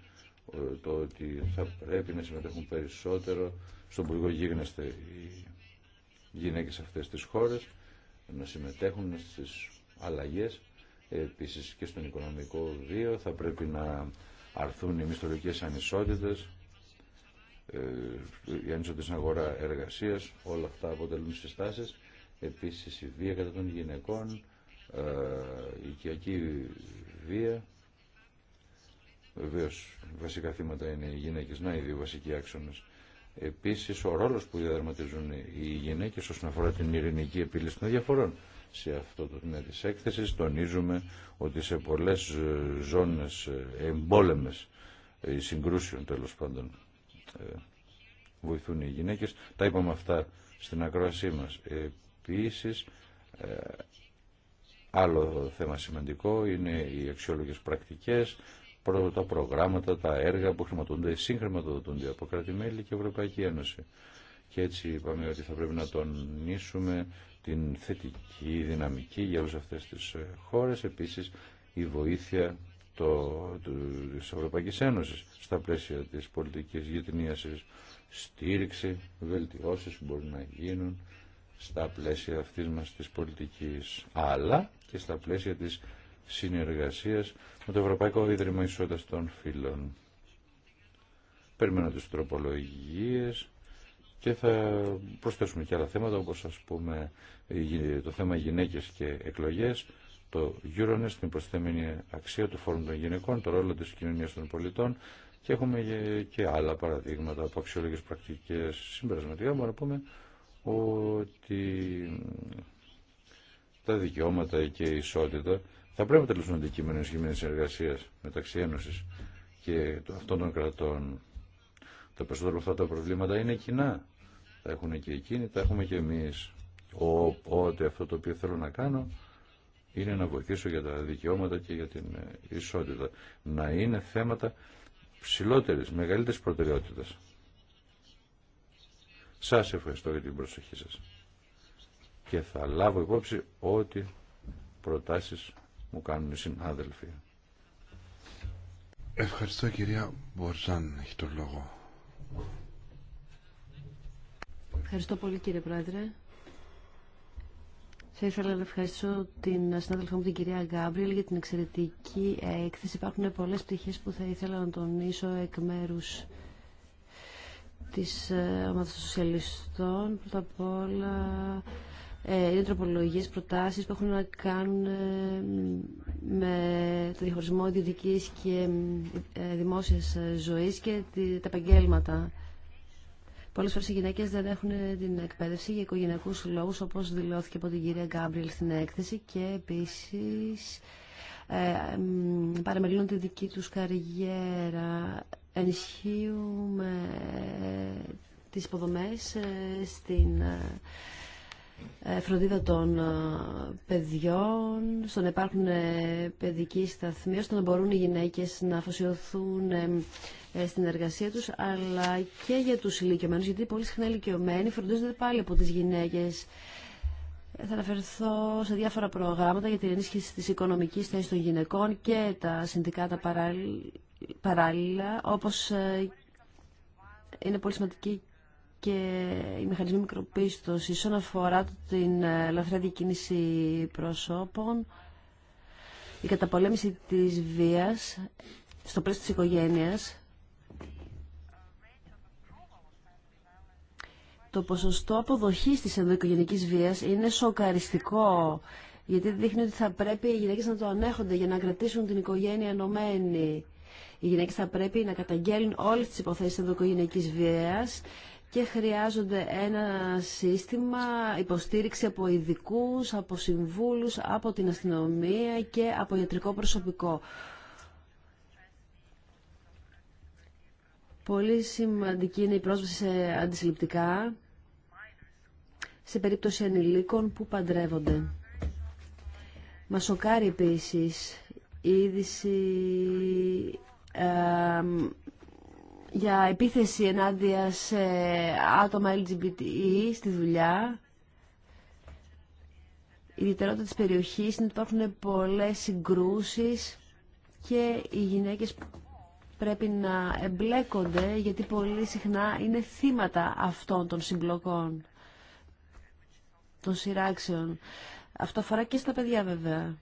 το ότι θα πρέπει να συμμετέχουν περισσότερο στον πουργό Γίγνεσθε οι γυναίκες αυτές τις χώρες, να συμμετέχουν στις αλλαγές, επίσης και στον οικονομικό βίο θα πρέπει να αρθούν οι μισθολογικές ανισότητες, ε, οι ανισότητες στην αγορά εργασίας, όλα αυτά αποτελούν συστάσεις, επίσης η βία κατά των γυναικών, ε, η οικιακή βία, Βεβαίω, βασικά θύματα είναι οι γυναίκε. Να οι δύο βασικοί άξονε. Επίση, ο ρόλο που διαδραματίζουν οι γυναίκε όσον αφορά την ειρηνική επίλυση των διαφορών. Σε αυτό το τμήμα τη έκθεση τονίζουμε ότι σε πολλέ ζώνε εμπόλεμε ε, συγκρούσεων τέλο πάντων ε, βοηθούν οι γυναίκε. Τα είπαμε αυτά στην ακρόασή μα. Επίση, ε, άλλο θέμα σημαντικό είναι οι αξιόλογες πρακτικές πρώτα τα προγράμματα, τα έργα που χρηματοδοτούνται, συγχρηματοδοτούνται από κράτη-μέλη και Ευρωπαϊκή Ένωση. Και έτσι είπαμε ότι θα πρέπει να τονίσουμε την θετική δυναμική για όλες αυτές τις ε, χώρες. Επίσης, η βοήθεια το, Ευρωπαϊκή της Ευρωπαϊκής Ένωσης στα πλαίσια της πολιτικής γειτονίασης, στήριξη, βελτιώσεις που μπορούν να γίνουν στα πλαίσια αυτής μας της πολιτικής, αλλά και στα πλαίσια της συνεργασίας με το Ευρωπαϊκό Ίδρυμα Ισότητας των Φύλων. Περιμένω τις τροπολογίες και θα προσθέσουμε και άλλα θέματα όπως ας πούμε το θέμα γυναίκες και εκλογές, το Euronest, την προσθέμενη αξία του φόρουμ των γυναικών, το ρόλο της κοινωνίας των πολιτών και έχουμε και άλλα παραδείγματα από αξιόλογες πρακτικές συμπερασματικά μπορούμε να πούμε ότι τα δικαιώματα και η ισότητα θα πρέπει να τελειώσουν αντικείμενο ενισχυμένη συνεργασία μεταξύ Ένωση και αυτών των κρατών. Τα περισσότερα αυτά τα προβλήματα είναι κοινά. Τα έχουν και εκείνοι, τα έχουμε και εμεί. Οπότε αυτό το οποίο θέλω να κάνω είναι να βοηθήσω για τα δικαιώματα και για την ε, ισότητα. Να είναι θέματα ψηλότερης, μεγαλύτερη προτεραιότητα. Σα ευχαριστώ για την προσοχή σα. Και θα λάβω υπόψη ό,τι προτάσεις μου κάνουν οι συνάδελφοι. Ευχαριστώ κυρία Μπορζάν, έχει το λόγο. Ευχαριστώ πολύ κύριε Πρόεδρε. Θα ήθελα να ευχαριστήσω την συνάδελφό μου την κυρία Γκάμπριελ για την εξαιρετική έκθεση. Υπάρχουν πολλές πτυχές που θα ήθελα να τονίσω εκ μέρους της ε, ομάδας των σοσιαλιστών. Πρώτα απ' όλα ε, είναι τροπολογίες, προτάσεις που έχουν να κάνουν ε, με το διαχωρισμό ιδιωτική και ε, δημόσια ζωής και τα επαγγέλματα. Πολλέ φορέ οι γυναίκε δεν έχουν την εκπαίδευση για οικογενειακούς λόγους όπως δηλώθηκε από την κυρία Γκάμπριελ στην έκθεση και επίσης παραμελούν τη δική τους καριέρα. Ενισχύουμε τις υποδομές στην ε, φροντίδα των ε, παιδιών, στο να υπάρχουν ε, παιδικοί σταθμοί, ώστε να μπορούν οι γυναίκες να αφοσιωθούν στην εργασία τους, αλλά και για τους ηλικιωμένους, γιατί πολύ συχνά ηλικιωμένοι φροντίζονται πάλι από τις γυναίκες. Θα αναφερθώ σε διάφορα προγράμματα για την ενίσχυση της οικονομικής θέσης των γυναικών και τα συνδικάτα παράλληλα, όπως είναι πολύ σημαντική και οι μηχανισμοί μικροπίστωση όσον αφορά την ε, ελευθερία διακίνηση προσώπων, η καταπολέμηση της βίας στο πλαίσιο της οικογένειας, το ποσοστό αποδοχής της ενδοοικογενικής βίας είναι σοκαριστικό, γιατί δείχνει ότι θα πρέπει οι γυναίκες να το ανέχονται για να κρατήσουν την οικογένεια ενωμένη. Οι γυναίκες θα πρέπει να καταγγέλουν όλες τις υποθέσεις ενδοοικογενειακής βίας και χρειάζονται ένα σύστημα υποστήριξη από ειδικού, από συμβούλους, από την αστυνομία και από ιατρικό προσωπικό. Πολύ σημαντική είναι η πρόσβαση σε αντισυλληπτικά σε περίπτωση ανηλίκων που παντρεύονται. Μα σοκάρει επίση η είδηση ε, για επίθεση ενάντια σε άτομα LGBT e στη δουλειά. Η ιδιαιτερότητα της περιοχής είναι ότι υπάρχουν πολλές συγκρούσεις και οι γυναίκες πρέπει να εμπλέκονται γιατί πολύ συχνά είναι θύματα αυτών των συμπλοκών, των σειράξεων. Αυτό αφορά και στα παιδιά βέβαια.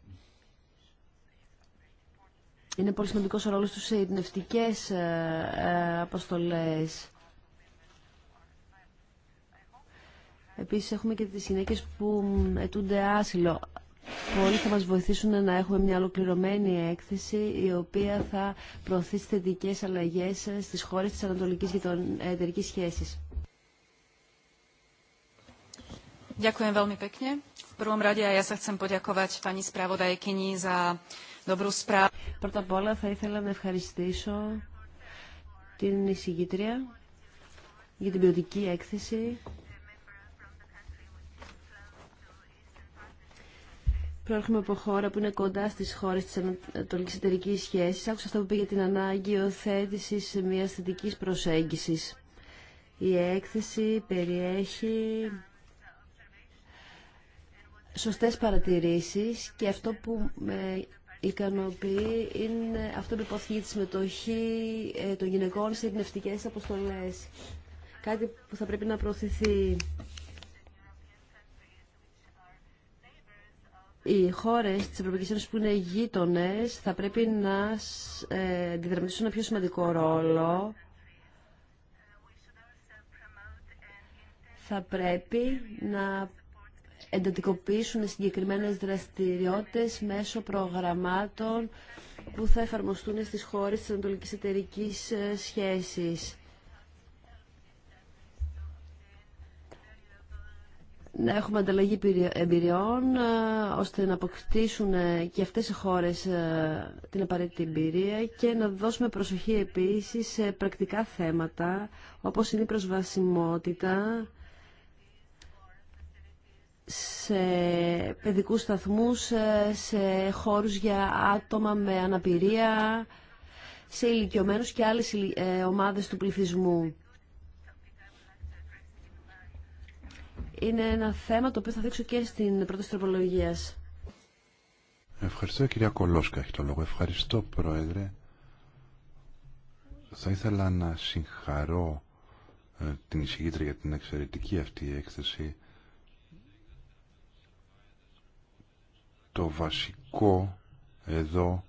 Είναι πολύ σημαντικό ο ρόλο του σε ειρηνευτικέ ε, ε, αποστολέ. Επίση, έχουμε και τι γυναίκε που ετούνται άσυλο. Πολλοί θα μα βοηθήσουν να έχουμε μια ολοκληρωμένη έκθεση η οποία θα προωθεί θετικέ αλλαγέ ε, στι χώρε τη Ανατολική και των εταιρικής σχέσης. Πρώτα απ' όλα θα ήθελα να ευχαριστήσω την εισηγήτρια για την ποιοτική έκθεση. Προέρχομαι από χώρα που είναι κοντά στις χώρες της ανατολικής εταιρικής σχέσης. Άκουσα αυτό που για την ανάγκη οθέτηση μια θετική προσέγγισης. Η έκθεση περιέχει σωστές παρατηρήσεις και αυτό που με ικανοποιεί είναι αυτό που υπόθηκε τη συμμετοχή ε, των γυναικών σε εμπνευστικέ αποστολέ. Κάτι που θα πρέπει να προωθηθεί. Οι χώρε τη Ευρωπαϊκή Ένωση που είναι γείτονε θα πρέπει να διδραματίσουν ε, ένα πιο σημαντικό ρόλο. Θα πρέπει να εντατικοποιήσουν συγκεκριμένες δραστηριότητες μέσω προγραμμάτων που θα εφαρμοστούν στις χώρες της Ανατολικής Εταιρικής ε, Σχέσης. να έχουμε ανταλλαγή εμπειριών ε, ώστε να αποκτήσουν ε, και αυτές οι χώρες την απαραίτητη εμπειρία και να δώσουμε προσοχή επίσης σε πρακτικά θέματα όπως είναι η προσβασιμότητα σε παιδικούς σταθμούς, σε χώρους για άτομα με αναπηρία, σε ηλικιωμένους και άλλες ε, ομάδες του πληθυσμού. Είναι ένα θέμα το οποίο θα δείξω και στην πρώτη τροπολογία. Ευχαριστώ κυρία Κολόσκα, έχει το λόγο. Ευχαριστώ πρόεδρε. Θα ήθελα να συγχαρώ ε, την εισηγήτρια για την εξαιρετική αυτή έκθεση. το βασικό εδώ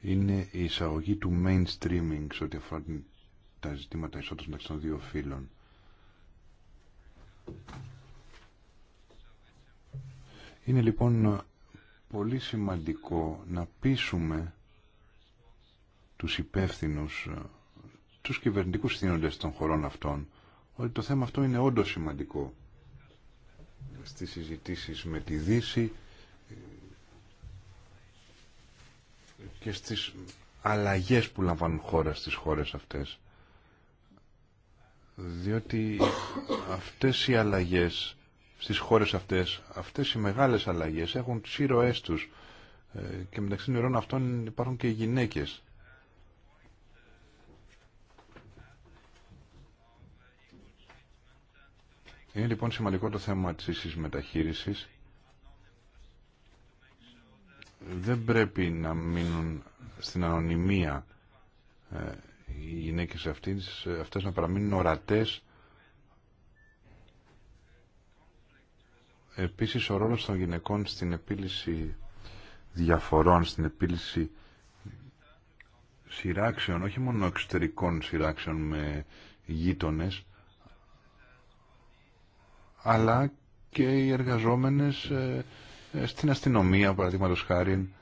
είναι η εισαγωγή του mainstreaming σε ό,τι αφορά τα ζητήματα ισότητας μεταξύ των δύο φύλων. Είναι λοιπόν πολύ σημαντικό να πείσουμε τους υπεύθυνους, τους κυβερνητικούς θύνοντες των χωρών αυτών, ότι το θέμα αυτό είναι όντως σημαντικό. Στις συζητήσεις με τη Δύση και στις αλλαγές που λαμβάνουν χώρα στις χώρες αυτές. Διότι αυτές οι αλλαγές στις χώρες αυτές, αυτές οι μεγάλες αλλαγές έχουν τις ήρωές τους ε, και μεταξύ των αυτών υπάρχουν και οι γυναίκες. Είναι λοιπόν σημαντικό το θέμα της ίσης μεταχείρισης δεν πρέπει να μείνουν στην ανωνυμία ε, οι γυναίκες αυτές, αυτές να παραμείνουν ορατές επίσης ο ρόλος των γυναικών στην επίλυση διαφορών, στην επίλυση σειράξεων, όχι μόνο εξωτερικών σειράξεων με γείτονες, αλλά και οι εργαζόμενες ε, στην αστυνομία παραδείγματο χάρη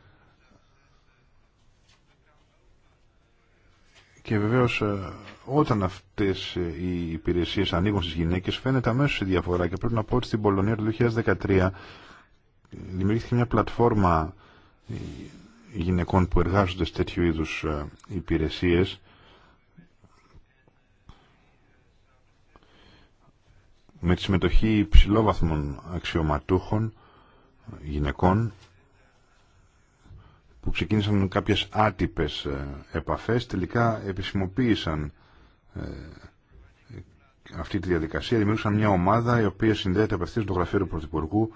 και βεβαίω, ε, όταν αυτές οι υπηρεσίες ανοίγουν στι γυναίκες φαίνεται αμέσως η διαφορά και πρέπει να πω ότι στην Πολωνία το 2013 ε, δημιουργήθηκε μια πλατφόρμα ε, γυναικών που εργάζονται σε τέτοιου είδου υπηρεσίες με τη συμμετοχή υψηλόβαθμων αξιωματούχων γυναικών που ξεκίνησαν κάποιες άτυπες ε, επαφές τελικά επισημοποίησαν ε, αυτή τη διαδικασία δημιούργησαν μια ομάδα η οποία συνδέεται απευθείας στο γραφείο του Πρωθυπουργού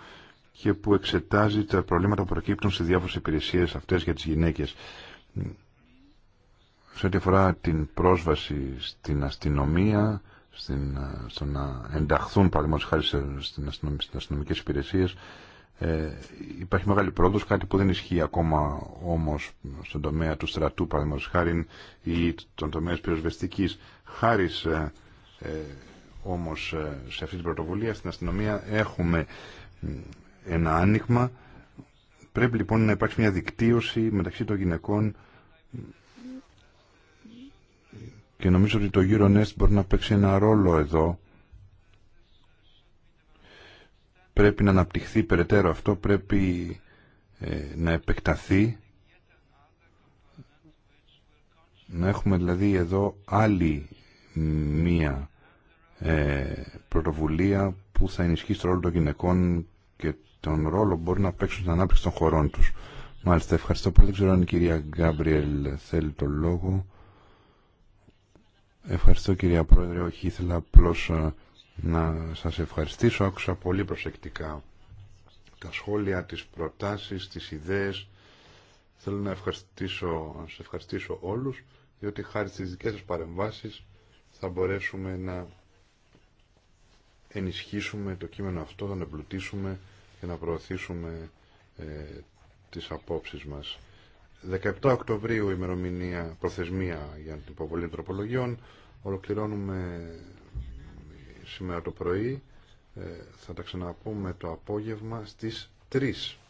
και που εξετάζει τα προβλήματα που προκύπτουν σε διάφορες υπηρεσίες αυτές για τις γυναίκες. Σε ό,τι αφορά την πρόσβαση στην αστυνομία, στην, ε, στο να ενταχθούν παραδείγματος χάρη στην στις αστυνομικές υπηρεσίες, ε, υπάρχει μεγάλη πρόοδο, κάτι που δεν ισχύει ακόμα όμω στον τομέα του στρατού, παραδείγματο χάρη, ή τον τομέα τη πυροσβεστική. Χάρη ε, ε όμω ε, σε αυτή την πρωτοβουλία στην αστυνομία έχουμε ένα άνοιγμα. Πρέπει λοιπόν να υπάρξει μια δικτύωση μεταξύ των γυναικών και νομίζω ότι το Euronest μπορεί να παίξει ένα ρόλο εδώ πρέπει να αναπτυχθεί περαιτέρω αυτό, πρέπει ε, να επεκταθεί. Να έχουμε δηλαδή εδώ άλλη μία ε, πρωτοβουλία που θα ενισχύσει τον ρόλο των γυναικών και τον ρόλο μπορεί να παίξουν στην ανάπτυξη των χωρών τους. Μάλιστα, ευχαριστώ πολύ. Δεν ξέρω αν η κυρία Γκάμπριελ θέλει τον λόγο. Ευχαριστώ κυρία Πρόεδρε. Όχι, ήθελα απλώς ε, να σας ευχαριστήσω. Άκουσα πολύ προσεκτικά τα σχόλια, τις προτάσεις, τις ιδέες. Θέλω να, ευχαριστήσω, να σας ευχαριστήσω όλους, διότι χάρη στις δικές σας παρεμβάσεις θα μπορέσουμε να ενισχύσουμε το κείμενο αυτό, να εμπλουτίσουμε και να προωθήσουμε ε, τις απόψεις μας. 17 Οκτωβρίου ημερομηνία προθεσμία για την υποβολή τροπολογιών. Ολοκληρώνουμε σήμερα το πρωί. Ε, θα τα ξαναπούμε το απόγευμα στις 3.